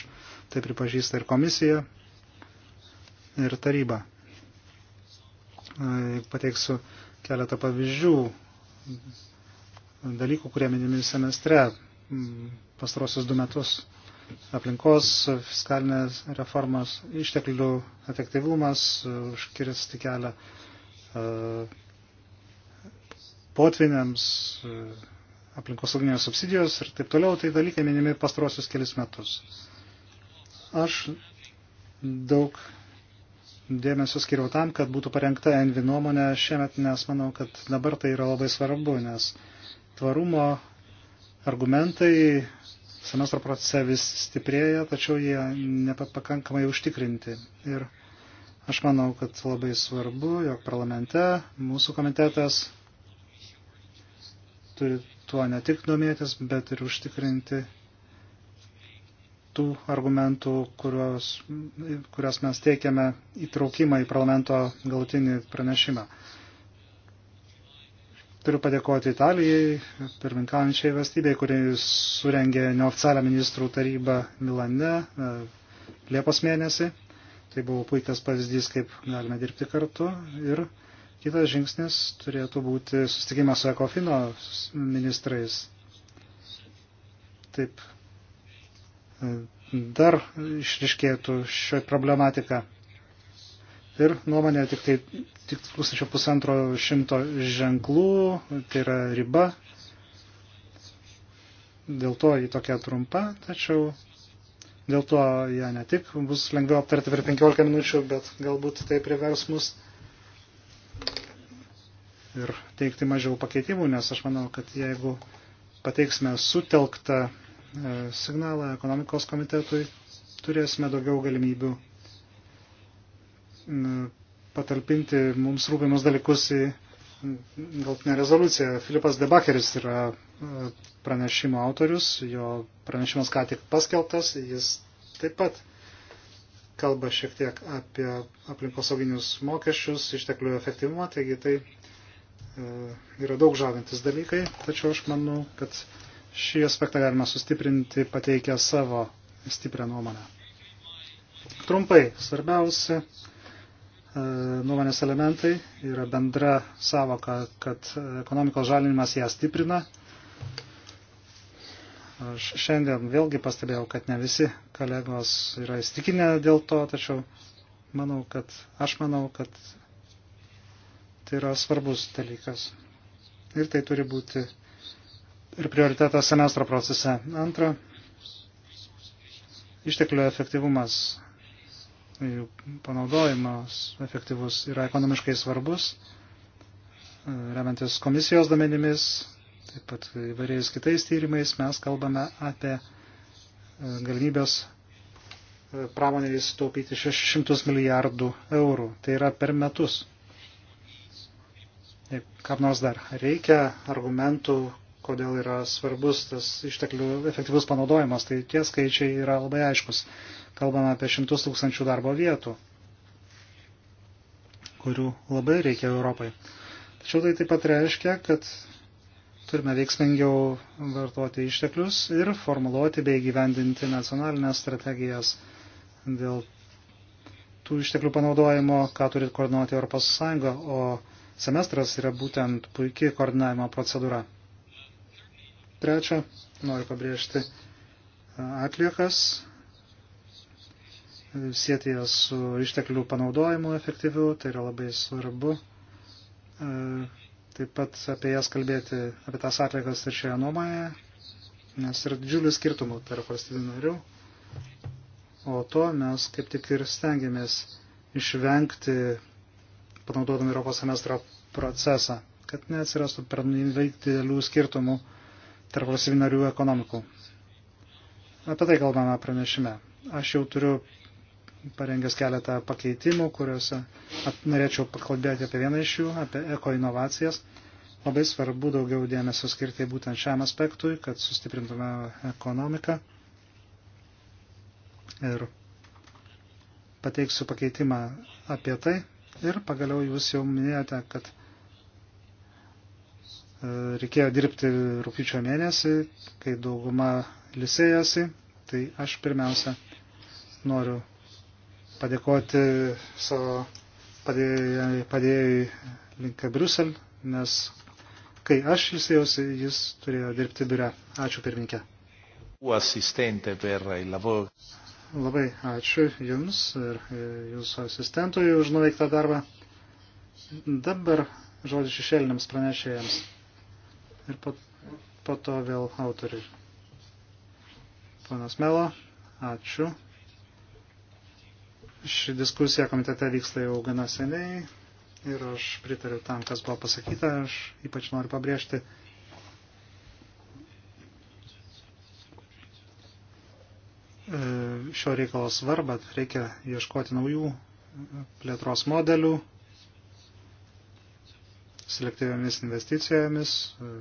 tai pripažįsta ir komisija, ir taryba pateiksiu keletą pavyzdžių dalykų, kurie minimi semestre pastarosius du metus. Aplinkos, fiskalinės reformos, išteklių efektyvumas, užkirsti kelią e, potviniams, e, aplinkosauginės subsidijos ir taip toliau, tai dalykai minimi pastarosius kelis metus. Aš daug dėmesio skiriau tam, kad būtų parengta Envi nuomonė šiemet, nes manau, kad dabar tai yra labai svarbu, nes tvarumo argumentai semestro procese vis stiprėja, tačiau jie nepakankamai užtikrinti. Ir aš manau, kad labai svarbu, jog parlamente mūsų komitetas turi tuo ne tik domėtis, bet ir užtikrinti tų argumentų, kurios, kurios mes teikiame įtraukimą į parlamento galutinį pranešimą. Turiu padėkoti Italijai, pirminkaujančiai valstybei, kuri surengė neoficialią ministrų tarybą Milane e, Liepos mėnesį. Tai buvo puikas pavyzdys, kaip galime dirbti kartu. Ir kitas žingsnis turėtų būti susitikimas su Ekofino ministrais. Taip dar išriškėtų šią problematiką. Ir nuomonė tik tai tik 1500 ženklų, tai yra riba. Dėl to ji tokia trumpa, tačiau dėl to ją ja, ne tik bus lengviau aptarti per 15 minučių, bet galbūt tai privers mus ir teikti mažiau pakeitimų, nes aš manau, kad jeigu pateiksime sutelktą E, signalą ekonomikos komitetui, turėsime daugiau galimybių patalpinti mums rūpimus dalykus į galtinę rezoliuciją. Filipas Debakeris yra e, pranešimo autorius, jo pranešimas ką tik paskeltas, jis taip pat kalba šiek tiek apie aplinkosauginius mokesčius, išteklių efektyvumą, taigi tai e, yra daug žavintis dalykai, tačiau aš manau, kad Šį aspektą galima sustiprinti pateikę savo stiprią nuomonę. Trumpai, svarbiausi e, nuomonės elementai yra bendra savoka, kad ekonomikos žalinimas ją stiprina. Aš šiandien vėlgi pastebėjau, kad ne visi kolegos yra įstikinę dėl to, tačiau manau, kad aš manau, kad tai yra svarbus dalykas. Ir tai turi būti ir prioritetas semestro procese. Antra, išteklių efektyvumas, jų panaudojimas efektyvus yra ekonomiškai svarbus, e, remiantis komisijos domenimis, taip pat įvairiais kitais tyrimais mes kalbame apie e, galimybės e, pramonėje sutaupyti 600 milijardų eurų. Tai yra per metus. Kam nors dar reikia argumentų, kodėl yra svarbus tas išteklių efektyvus panaudojimas, tai tie skaičiai yra labai aiškus. Kalbame apie šimtus tūkstančių darbo vietų, kurių labai reikia Europai. Tačiau tai taip pat reiškia, kad turime veiksmingiau vartoti išteklius ir formuluoti bei gyvendinti nacionalinės strategijas dėl tų išteklių panaudojimo, ką turi koordinuoti Europos Sąjunga, o semestras yra būtent puikiai koordinavimo procedūra. Trečia, noriu pabrėžti atliekas, sėti jas su išteklių panaudojimu efektyviu, tai yra labai svarbu. Taip pat apie jas kalbėti, apie tas atliekas ir šioje nuomoje, nes yra didžiulių skirtumų tarp valstybių narių, o to mes kaip tik ir stengiamės išvengti, panaudodami Europos semestro procesą, kad neatsirastų per didelių skirtumų tarp valstybių narių ekonomikų. Apie tai kalbame pranešime. Aš jau turiu parengęs keletą pakeitimų, kuriuose norėčiau pakalbėti apie vieną iš jų, apie ekoinovacijas. Labai svarbu daugiau dėmesio skirti būtent šiam aspektui, kad sustiprintume ekonomiką. Ir pateiksiu pakeitimą apie tai. Ir pagaliau jūs jau minėjote, kad E, reikėjo dirbti rūpiučio mėnesį, kai dauguma lisėjasi, tai aš pirmiausia noriu padėkoti savo padėjai, padėjai linkę Brusel, nes kai aš lisėjausi, jis turėjo dirbti biure. Ačiū pirminkė. Labai ačiū Jums ir e, Jūsų asistentui už nuveiktą darbą. Dabar žodžiu šešėliniams pranešėjams ir po, po to vėl autoriai. Ponas Melo, ačiū. Ši diskusija komitete vyksta jau gana seniai ir aš pritariu tam, kas buvo pasakyta. Aš ypač noriu pabrėžti e, šio reikalo svarbą. Reikia ieškoti naujų plėtros modelių selektyviamis investicijomis, e,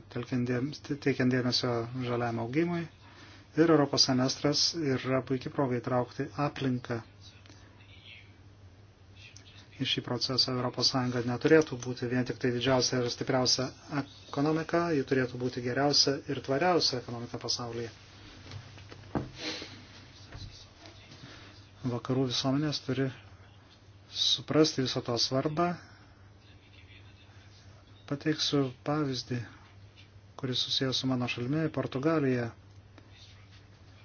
teikiant dėmesio žaliam augimui. Ir Europos semestras yra puikiai proga įtraukti aplinką. Į šį procesą ES neturėtų būti vien tik tai didžiausia ir stipriausia ekonomika, ji turėtų būti geriausia ir tvariausia ekonomika pasaulyje. Vakarų visuomenės turi suprasti viso to svarbą Pateiksiu pavyzdį, kuris susijęs su mano šalimi, Portugalija.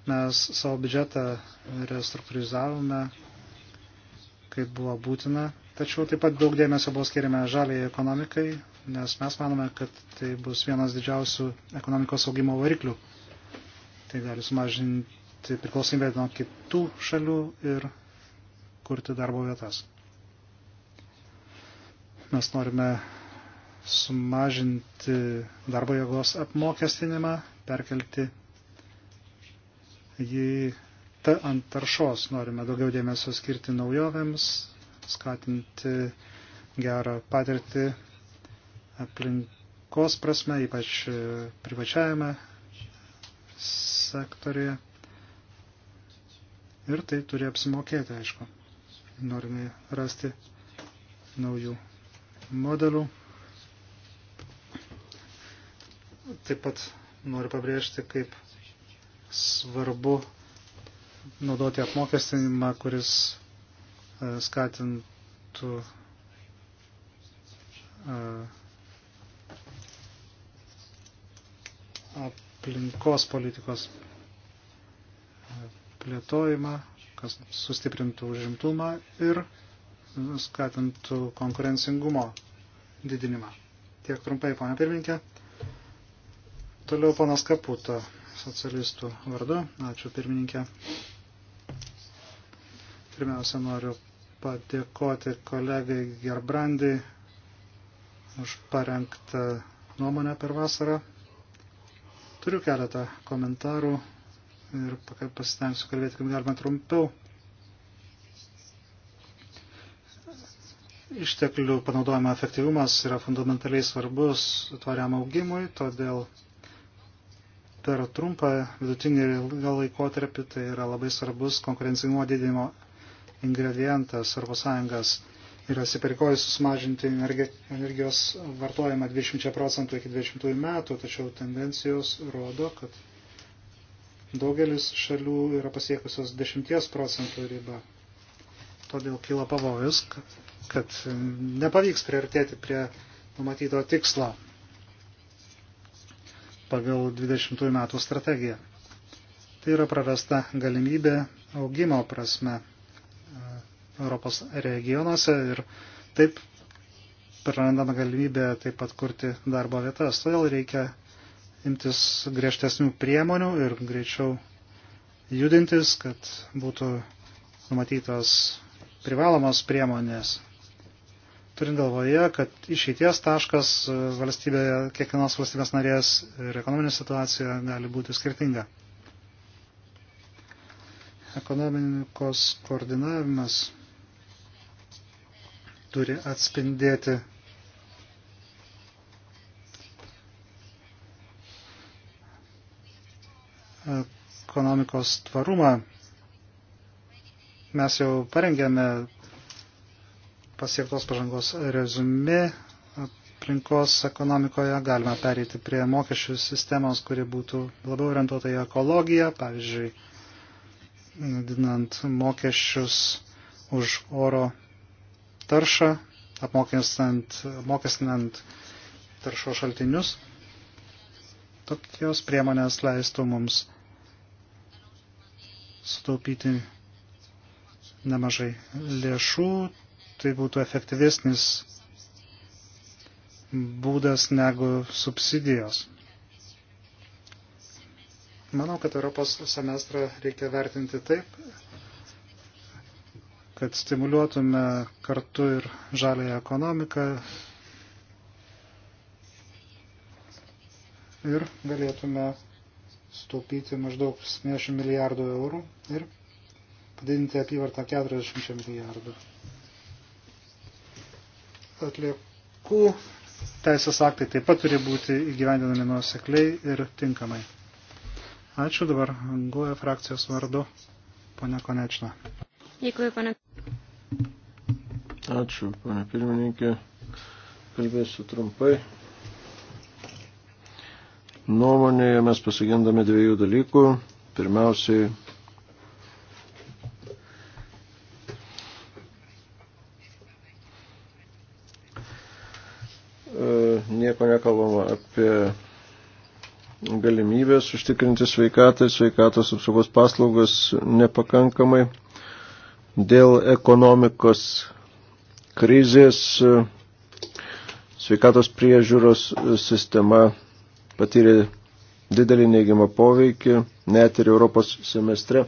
Mes savo biudžetą restruktūrizavome, kaip buvo būtina, tačiau taip pat daug dėmesio buvo skiriame žaliai ekonomikai, nes mes manome, kad tai bus vienas didžiausių ekonomikos augimo variklių. Tai gali sumažinti priklausomybę nuo kitų šalių ir kurti darbo vietas. Mes norime sumažinti darbo jėgos apmokestinimą, perkelti jį ta, ant taršos. Norime daugiau dėmesio skirti naujovėms, skatinti gerą patirtį aplinkos prasme, ypač privačiajame sektorėje. Ir tai turi apsimokėti, aišku. Norime rasti naujų modelių. taip pat noriu pabrėžti, kaip svarbu naudoti apmokestinimą, kuris e, skatintų e, aplinkos politikos e, plėtojimą, kas sustiprintų užimtumą ir skatintų konkurencingumo didinimą. Tiek trumpai, pana pirminkė. Toliau ponas Kaputo, socialistų vardu. Ačiū pirmininkė. Pirmiausia, noriu padėkoti kolegai Gerbrandi už parengtą nuomonę per vasarą. Turiu keletą komentarų ir pasitengsiu kalbėti, kaip galima trumpiau. Išteklių panaudojimo efektyvumas yra fundamentaliai svarbus tvariam augimui, todėl per trumpą vidutinį ir ilgą laikotarpį tai yra labai svarbus konkurencingumo didinimo ingredientas. Europos Sąjungas yra įsipareigojęs sumažinti energijos vartojimą 20 procentų iki 20 metų, tačiau tendencijos rodo, kad daugelis šalių yra pasiekusios 10 procentų ribą. Todėl kyla pavojus, kad, kad nepavyks priartėti prie numatyto tikslo pagal 20 metų strategiją. Tai yra prarasta galimybė augimo prasme e, Europos regionuose ir taip prarandama galimybė taip pat kurti darbo vietas. Todėl reikia imtis griežtesnių priemonių ir greičiau judintis, kad būtų numatytos privalomos priemonės turint galvoje, kad išeities taškas e, valstybė, kiekvienos valstybės narės ir ekonominė situacija gali būti skirtinga. Ekonomikos koordinavimas turi atspindėti ekonomikos tvarumą. Mes jau parengėme pasiektos pažangos rezumi aplinkos ekonomikoje. Galime pereiti prie mokesčių sistemos, kuri būtų labiau orientuota į ekologiją, pavyzdžiui, didinant mokesčius už oro taršą, apmokestinant, apmokestinant taršo šaltinius. Tokios priemonės leistų mums sutaupyti nemažai lėšų, tai būtų efektyvesnis būdas negu subsidijos. Manau, kad Europos semestrą reikia vertinti taip, kad stimuliuotume kartu ir žalėją ekonomiką ir galėtume sutaupyti maždaug 70 milijardų eurų ir padidinti apyvartą 40 milijardų atliekų teisės aktai taip pat turi būti įgyvendinami nuosekliai ir tinkamai. Ačiū dabar GUE frakcijos vardu, ponia Konečna. Dėkui, ponia. Ačiū, ponia pirmininkė. Kalbėsiu trumpai. Nuomonėje mes pasigendame dviejų dalykų. Pirmiausiai, galimybės užtikrinti sveikatą ir sveikatos apsaugos paslaugas nepakankamai dėl ekonomikos krizės sveikatos priežiūros sistema patyrė didelį neigiamą poveikį, net ir Europos semestre.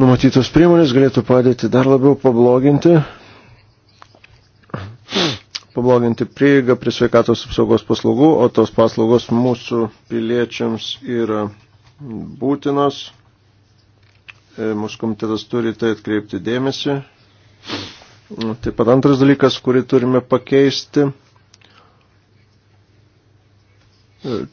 Numatytos priemonės galėtų padėti dar labiau pabloginti pabloginti prieigą prie sveikatos apsaugos paslaugų, o tos paslaugos mūsų piliečiams yra būtinos. E, mūsų komitetas turi tai atkreipti dėmesį. Nu, taip pat antras dalykas, kurį turime pakeisti, e,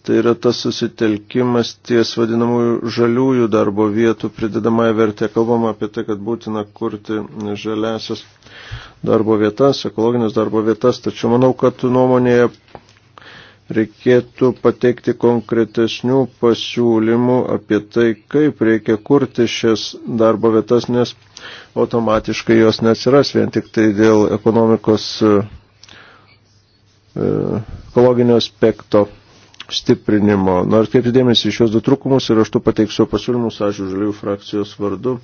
tai yra tas susitelkimas ties vadinamųjų žaliųjų darbo vietų pridedamąją vertę. Kalbama apie tai, kad būtina kurti žaliasias darbo vietas, ekologinės darbo vietas, tačiau manau, kad nuomonėje reikėtų pateikti konkretesnių pasiūlymų apie tai, kaip reikia kurti šias darbo vietas, nes automatiškai jos nesiras vien tik tai dėl ekonomikos e, ekologinio aspekto stiprinimo. Noriu atkreipti dėmesį į šios du trūkumus ir aš tu pateiksiu pasiūlymus, ačiū žaliųjų frakcijos vardu.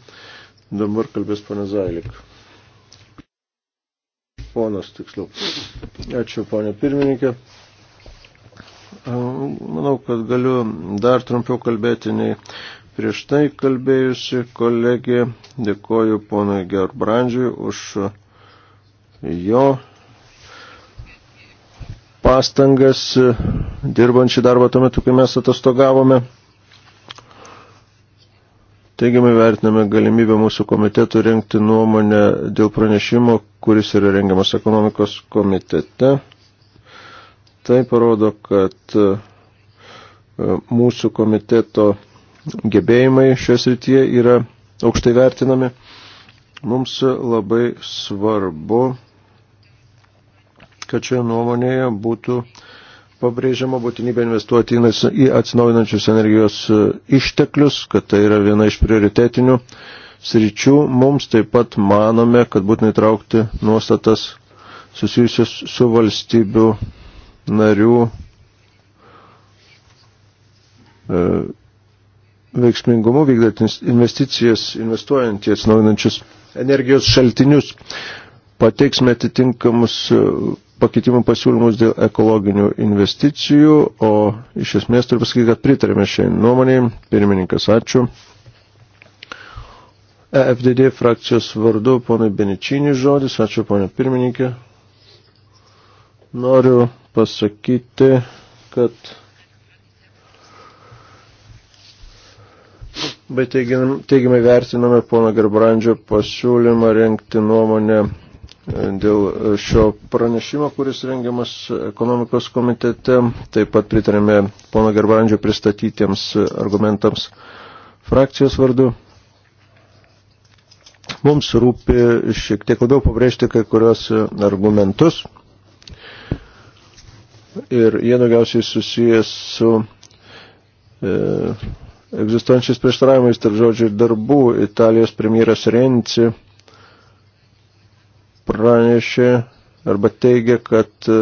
Dabar kalbės pana Zailik ponas, tiksliau. Ačiū, ponė pirmininkė. Manau, kad galiu dar trumpiau kalbėti nei prieš tai kalbėjusi kolegė. Dėkoju ponui Gerbrandžiui už jo pastangas dirbančią darbą tuo metu, kai mes atostogavome. Teigiamai vertiname galimybę mūsų komitetų renkti nuomonę dėl pranešimo, kuris yra rengiamas ekonomikos komitete. Tai parodo, kad e, mūsų komiteto gebėjimai šioje srityje yra aukštai vertinami. Mums labai svarbu, kad šioje nuomonėje būtų uh, pabrėžiama būtinybė investuoti į atsinaujinančius energijos e, išteklius, kad tai yra viena iš prioritetinių sričių. Mums taip pat manome, kad būtinai traukti nuostatas susijusios su valstybių narių e, veiksmingumu vykdant investicijas, investuojant į atsinaujinančius energijos šaltinius pateiksime atitinkamus e, pakeitimų pasiūlymus dėl ekologinių investicijų, o iš esmės turiu pasakyti, kad pritarėme šiai nuomonėjai. Pirmininkas, ačiū. EFDD frakcijos vardu, ponai Beničinį žodis, ačiū ponė pirmininkė. Noriu pasakyti, kad Bet teigiamai vertiname pono Gerbrandžio pasiūlymą renkti nuomonę dėl šio pranešimo, kuris rengiamas ekonomikos komitete. Taip pat pritarėme pono Gerbandžio pristatytiems argumentams frakcijos vardu. Mums rūpi šiek tiek labiau pabrėžti kai kurios argumentus. Ir jie daugiausiai susijęs su e, egzistuojančiais prieštaravimais tarp žodžių ir darbų. Italijos premjeras Renci pranešė arba teigia, kad e,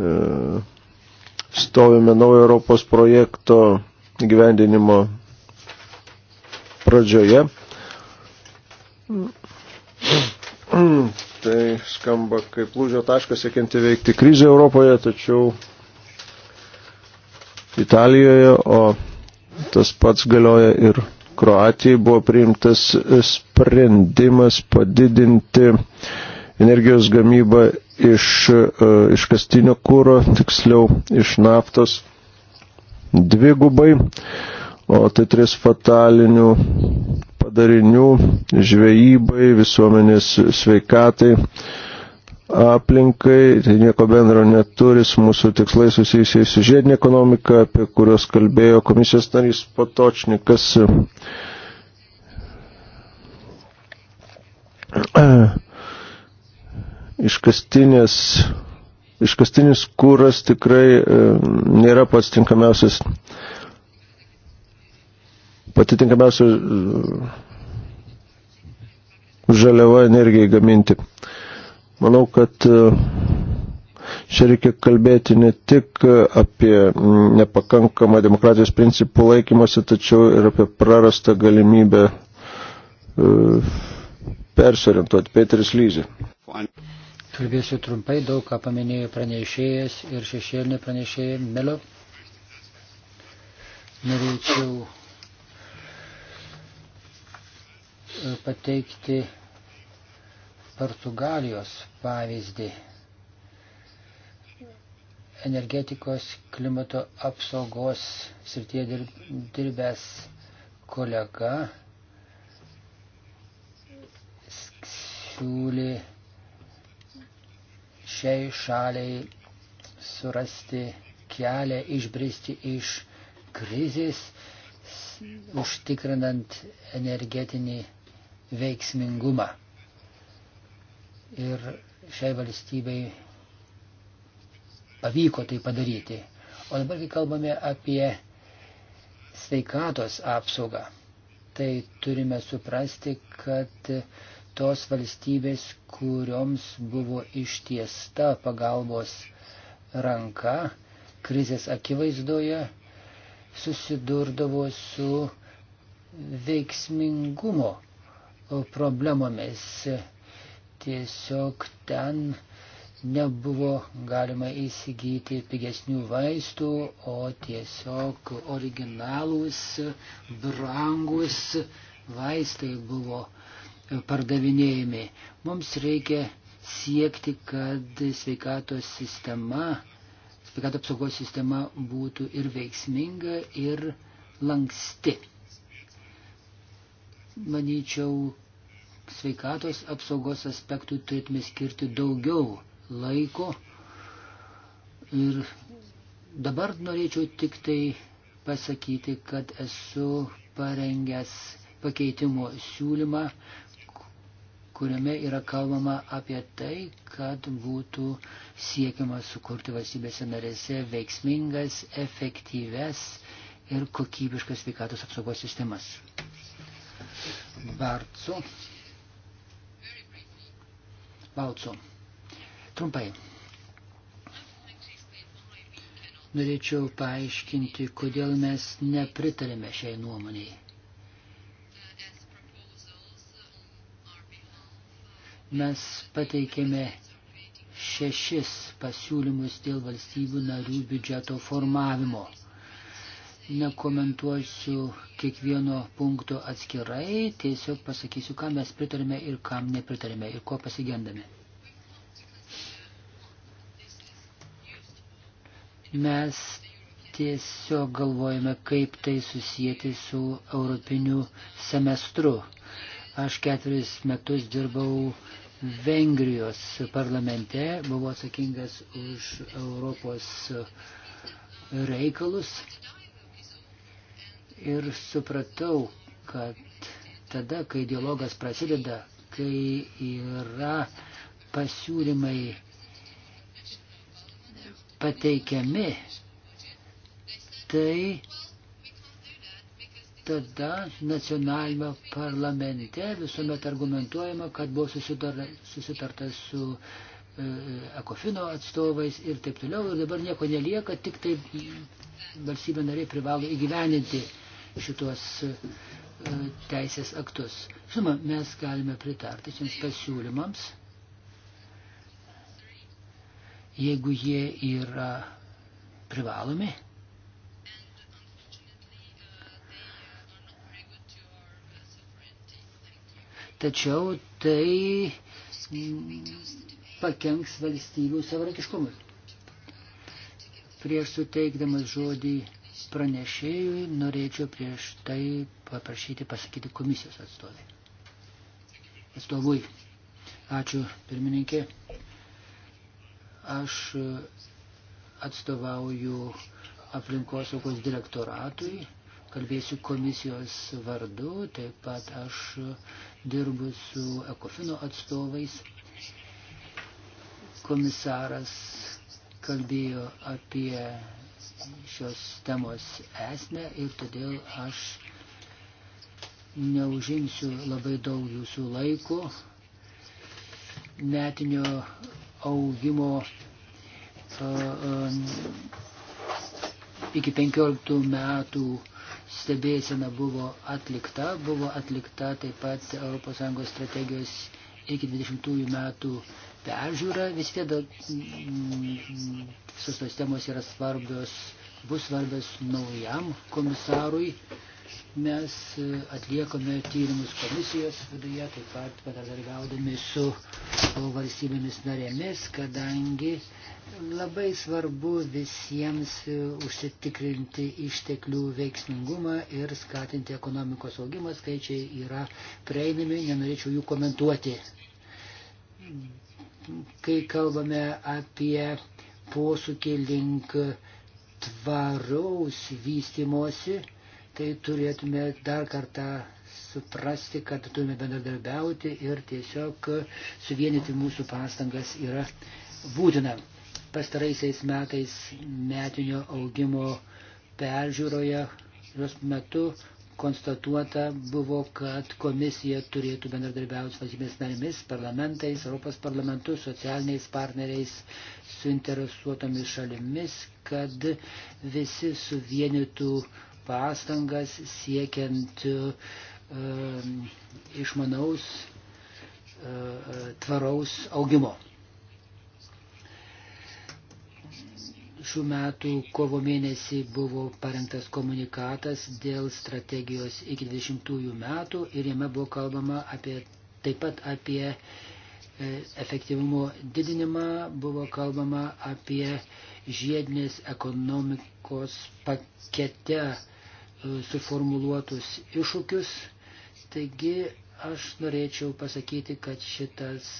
e, stovime naujo Europos projekto gyvendinimo pradžioje. Tai skamba kaip lūžio taškas siekianti veikti krizę Europoje, tačiau Italijoje, o tas pats galioja ir Kroatijai buvo priimtas sprendimas padidinti energijos gamybą iš e, iškastinio kūro, tiksliau iš naftos dvigubai, o tai turės fatalinių padarinių žvejybai, visuomenės sveikatai aplinkai, tai nieko bendro neturi su mūsų tikslai susijusiais su žiedinė ekonomika, apie kuriuos kalbėjo komisijos narys Patočnikas. Iškastinės, iškastinis kūras tikrai e, nėra pats tinkamiausias, pati tinkamiausia e, žaliava energijai gaminti. Manau, kad e, čia reikia kalbėti ne tik e, apie mm, nepakankamą demokratijos principų laikymosi, tačiau ir apie prarastą galimybę e, persorientuoti. Peteris Lyzė. Kalbėsiu trumpai, daug ką paminėjo pranešėjas ir šešėlinė pranešėja Melio. Norėčiau pateikti Portugalijos pavyzdį. Energetikos klimato apsaugos srityje dirbęs kolega siūlė šiai šaliai surasti kelią išbristi iš krizės, užtikrinant energetinį veiksmingumą ir šiai valstybei pavyko tai padaryti. O dabar, kai kalbame apie sveikatos apsaugą, tai turime suprasti, kad tos valstybės, kurioms buvo ištiesta pagalbos ranka, krizės akivaizdoje susidurdavo su veiksmingumo problemomis Tiesiog ten nebuvo galima įsigyti pigesnių vaistų, o tiesiog originalūs, brangus vaistai buvo pardavinėjami. Mums reikia siekti, kad sveikatos sistema, sveikato apsaugos sistema būtų ir veiksminga, ir lanksti. Manyčiau, sveikatos apsaugos aspektų turėtume skirti daugiau laiko. Ir dabar norėčiau tik tai pasakyti, kad esu parengęs pakeitimo siūlymą, kuriame yra kalbama apie tai, kad būtų siekiama sukurti valstybėse narėse veiksmingas, efektyves ir kokybiškas sveikatos apsaugos sistemas. Barco. Balco. Trumpai. Norėčiau paaiškinti, kodėl mes nepritarėme šiai nuomonėjai. Mes pateikėme šešis pasiūlymus dėl valstybių narių biudžeto formavimo nekomentuosiu kiekvieno punkto atskirai, tiesiog pasakysiu, kam mes pritarime ir kam nepritarime ir ko pasigendame. Mes tiesiog galvojame, kaip tai susijęti su europiniu semestru. Aš ketveris metus dirbau Vengrijos parlamente, buvau atsakingas už Europos reikalus ir supratau, kad tada, kai dialogas prasideda, kai yra pasiūlymai pateikiami, tai tada nacionalinio parlamente visuomet argumentuojama, kad buvo susitarta su e, ekofino atstovais ir taip toliau, ir dabar nieko nelieka, tik tai valstybė nariai privalo įgyveninti šituos e, teisės aktus. Žinoma, mes galime pritarti šiems pasiūlymams, jeigu jie yra privalomi. Tačiau tai mm, pakenks valstybių savarankiškumui. Prieš suteikdamas žodį pranešėjui norėčiau prieš tai paprašyti pasakyti komisijos atstovai. Atstovui. Ačiū, pirmininkė. Aš atstovauju aplinkosaugos direktoratui, kalbėsiu komisijos vardu, taip pat aš dirbu su Ekofino atstovais. Komisaras kalbėjo apie šios temos esmę ir todėl aš neužimsiu labai daug jūsų laiko. Metinio augimo iki 15 metų stebėsena buvo atlikta, buvo atlikta taip pat ES strategijos iki 20 metų peržiūrą, vis tie da, mm, visos tos temos yra svarbios, bus svarbios naujam komisarui. Mes e, atliekame tyrimus komisijos viduje, taip pat padarbiaudami su valstybėmis narėmis, kadangi labai svarbu visiems e, užsitikrinti išteklių veiksmingumą ir skatinti ekonomikos augimą. Skaičiai yra prieinami, nenorėčiau jų komentuoti kai kalbame apie posūkį link tvaraus vystimosi, tai turėtume dar kartą suprasti, kad turime bendradarbiauti ir tiesiog suvienyti mūsų pastangas yra būtina. Pastaraisiais metais metinio augimo peržiūroje jos metu konstatuota buvo, kad komisija turėtų bendradarbiauti su valstybės narėmis, parlamentais, Europos parlamentu, socialiniais partneriais, suinteresuotomis šalimis, kad visi suvienytų pastangas siekiant um, uh, išmanaus, uh, tvaraus augimo. šių metų kovo mėnesį buvo parengtas komunikatas dėl strategijos iki 20 metų ir jame buvo kalbama apie, taip pat apie e, efektyvumo didinimą, buvo kalbama apie žiedinės ekonomikos pakete e, suformuluotus iššūkius. Taigi aš norėčiau pasakyti, kad šitas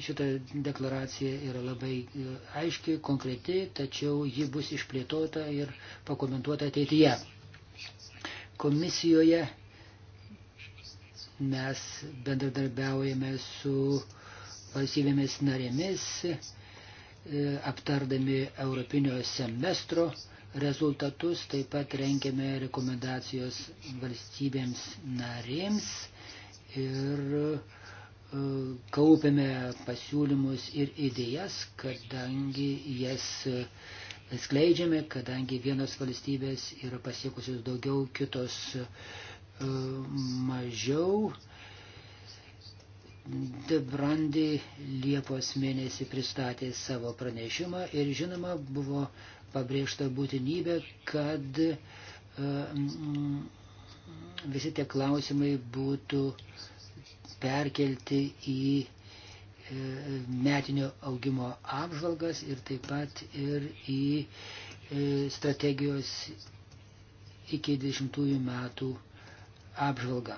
šita deklaracija yra labai e, aiški, konkreti, tačiau ji bus išplėtota ir pakomentuota ateityje. Komisijoje mes bendradarbiaujame su valstybėmis narėmis, e, aptardami Europinio semestro rezultatus, taip pat rengiame rekomendacijos valstybėms narėms ir uh, kaupėme pasiūlymus ir idėjas, kadangi jas e, skleidžiame, kadangi vienos valstybės yra pasiekusios daugiau, kitos e, mažiau. Debrandi Liepos mėnesį pristatė savo pranešimą ir žinoma buvo pabrėžta būtinybė, kad e, visi tie klausimai būtų uh, perkelti į e, metinio augimo apžvalgas ir taip pat ir į e, strategijos iki 20 metų apžvalgą.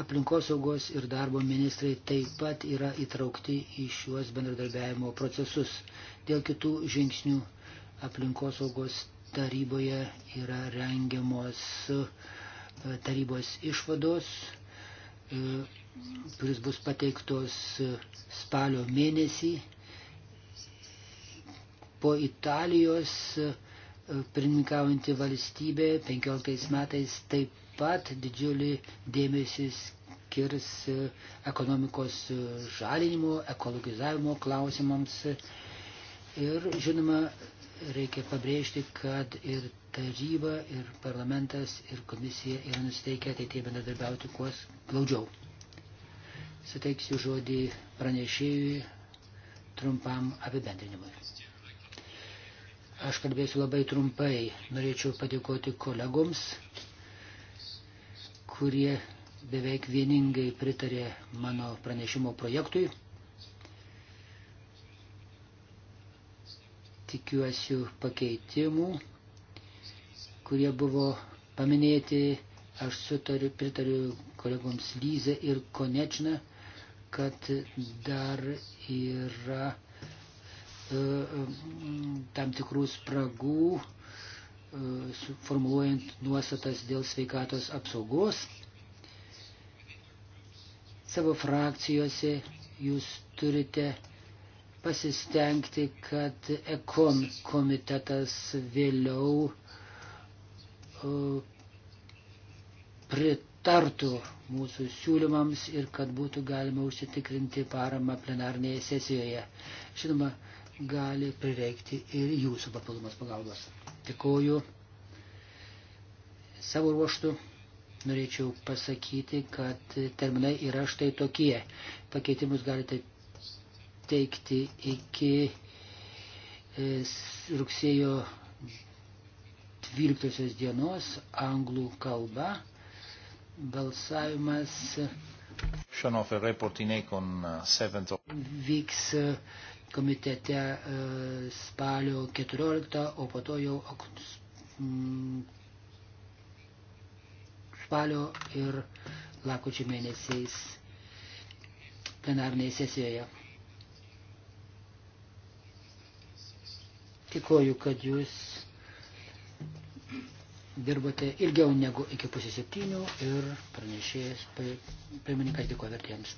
Aplinkosaugos ir darbo ministrai taip pat yra įtraukti į šiuos bendradarbiavimo procesus. Dėl kitų žingsnių aplinkosaugos taryboje yra rengiamos e, tarybos išvados E, kuris bus pateiktos e, spalio mėnesį po Italijos e, pirmininkaujanti valstybė 15 metais taip pat didžiulį dėmesį skirs ekonomikos žalinimo, ekologizavimo klausimams. Ir, žinoma, reikia pabrėžti, kad ir taryba, ir parlamentas, ir komisija yra nusiteikę ateitie bendradarbiauti kuo glaudžiau. Suteiksiu žodį pranešėjui trumpam apibendrinimui. Aš kalbėsiu labai trumpai. Norėčiau padėkoti kolegoms, kurie beveik vieningai pritarė mano pranešimo projektui. tikiuosi pakeitimų, kurie buvo paminėti. Aš sutariu, pritariu kolegoms Lyze ir Konečna, kad dar yra e, e tam tikrų spragų e, formuluojant nuostatas dėl sveikatos apsaugos. Savo frakcijose jūs turite pasistengti, kad ekon komitetas vėliau pritartų mūsų siūlymams ir kad būtų galima užsitikrinti paramą plenarnėje sesijoje. Žinoma, gali prireikti ir jūsų papildomos pagalbos. Tikoju savo ruoštų norėčiau pasakyti, kad terminai yra štai tokie. Pakeitimus galite teikti iki e, rugsėjo 12 dienos anglų kalba. Balsavimas uh, vyks e, komitete e, spalio 14, o po to jau spalio ir lakučio mėnesiais plenarnėje sesijoje. Tikoju, kad jūs dirbate ilgiau negu iki pusės septynių ir pranešėjas pirmininkas dėkoja vertėjams.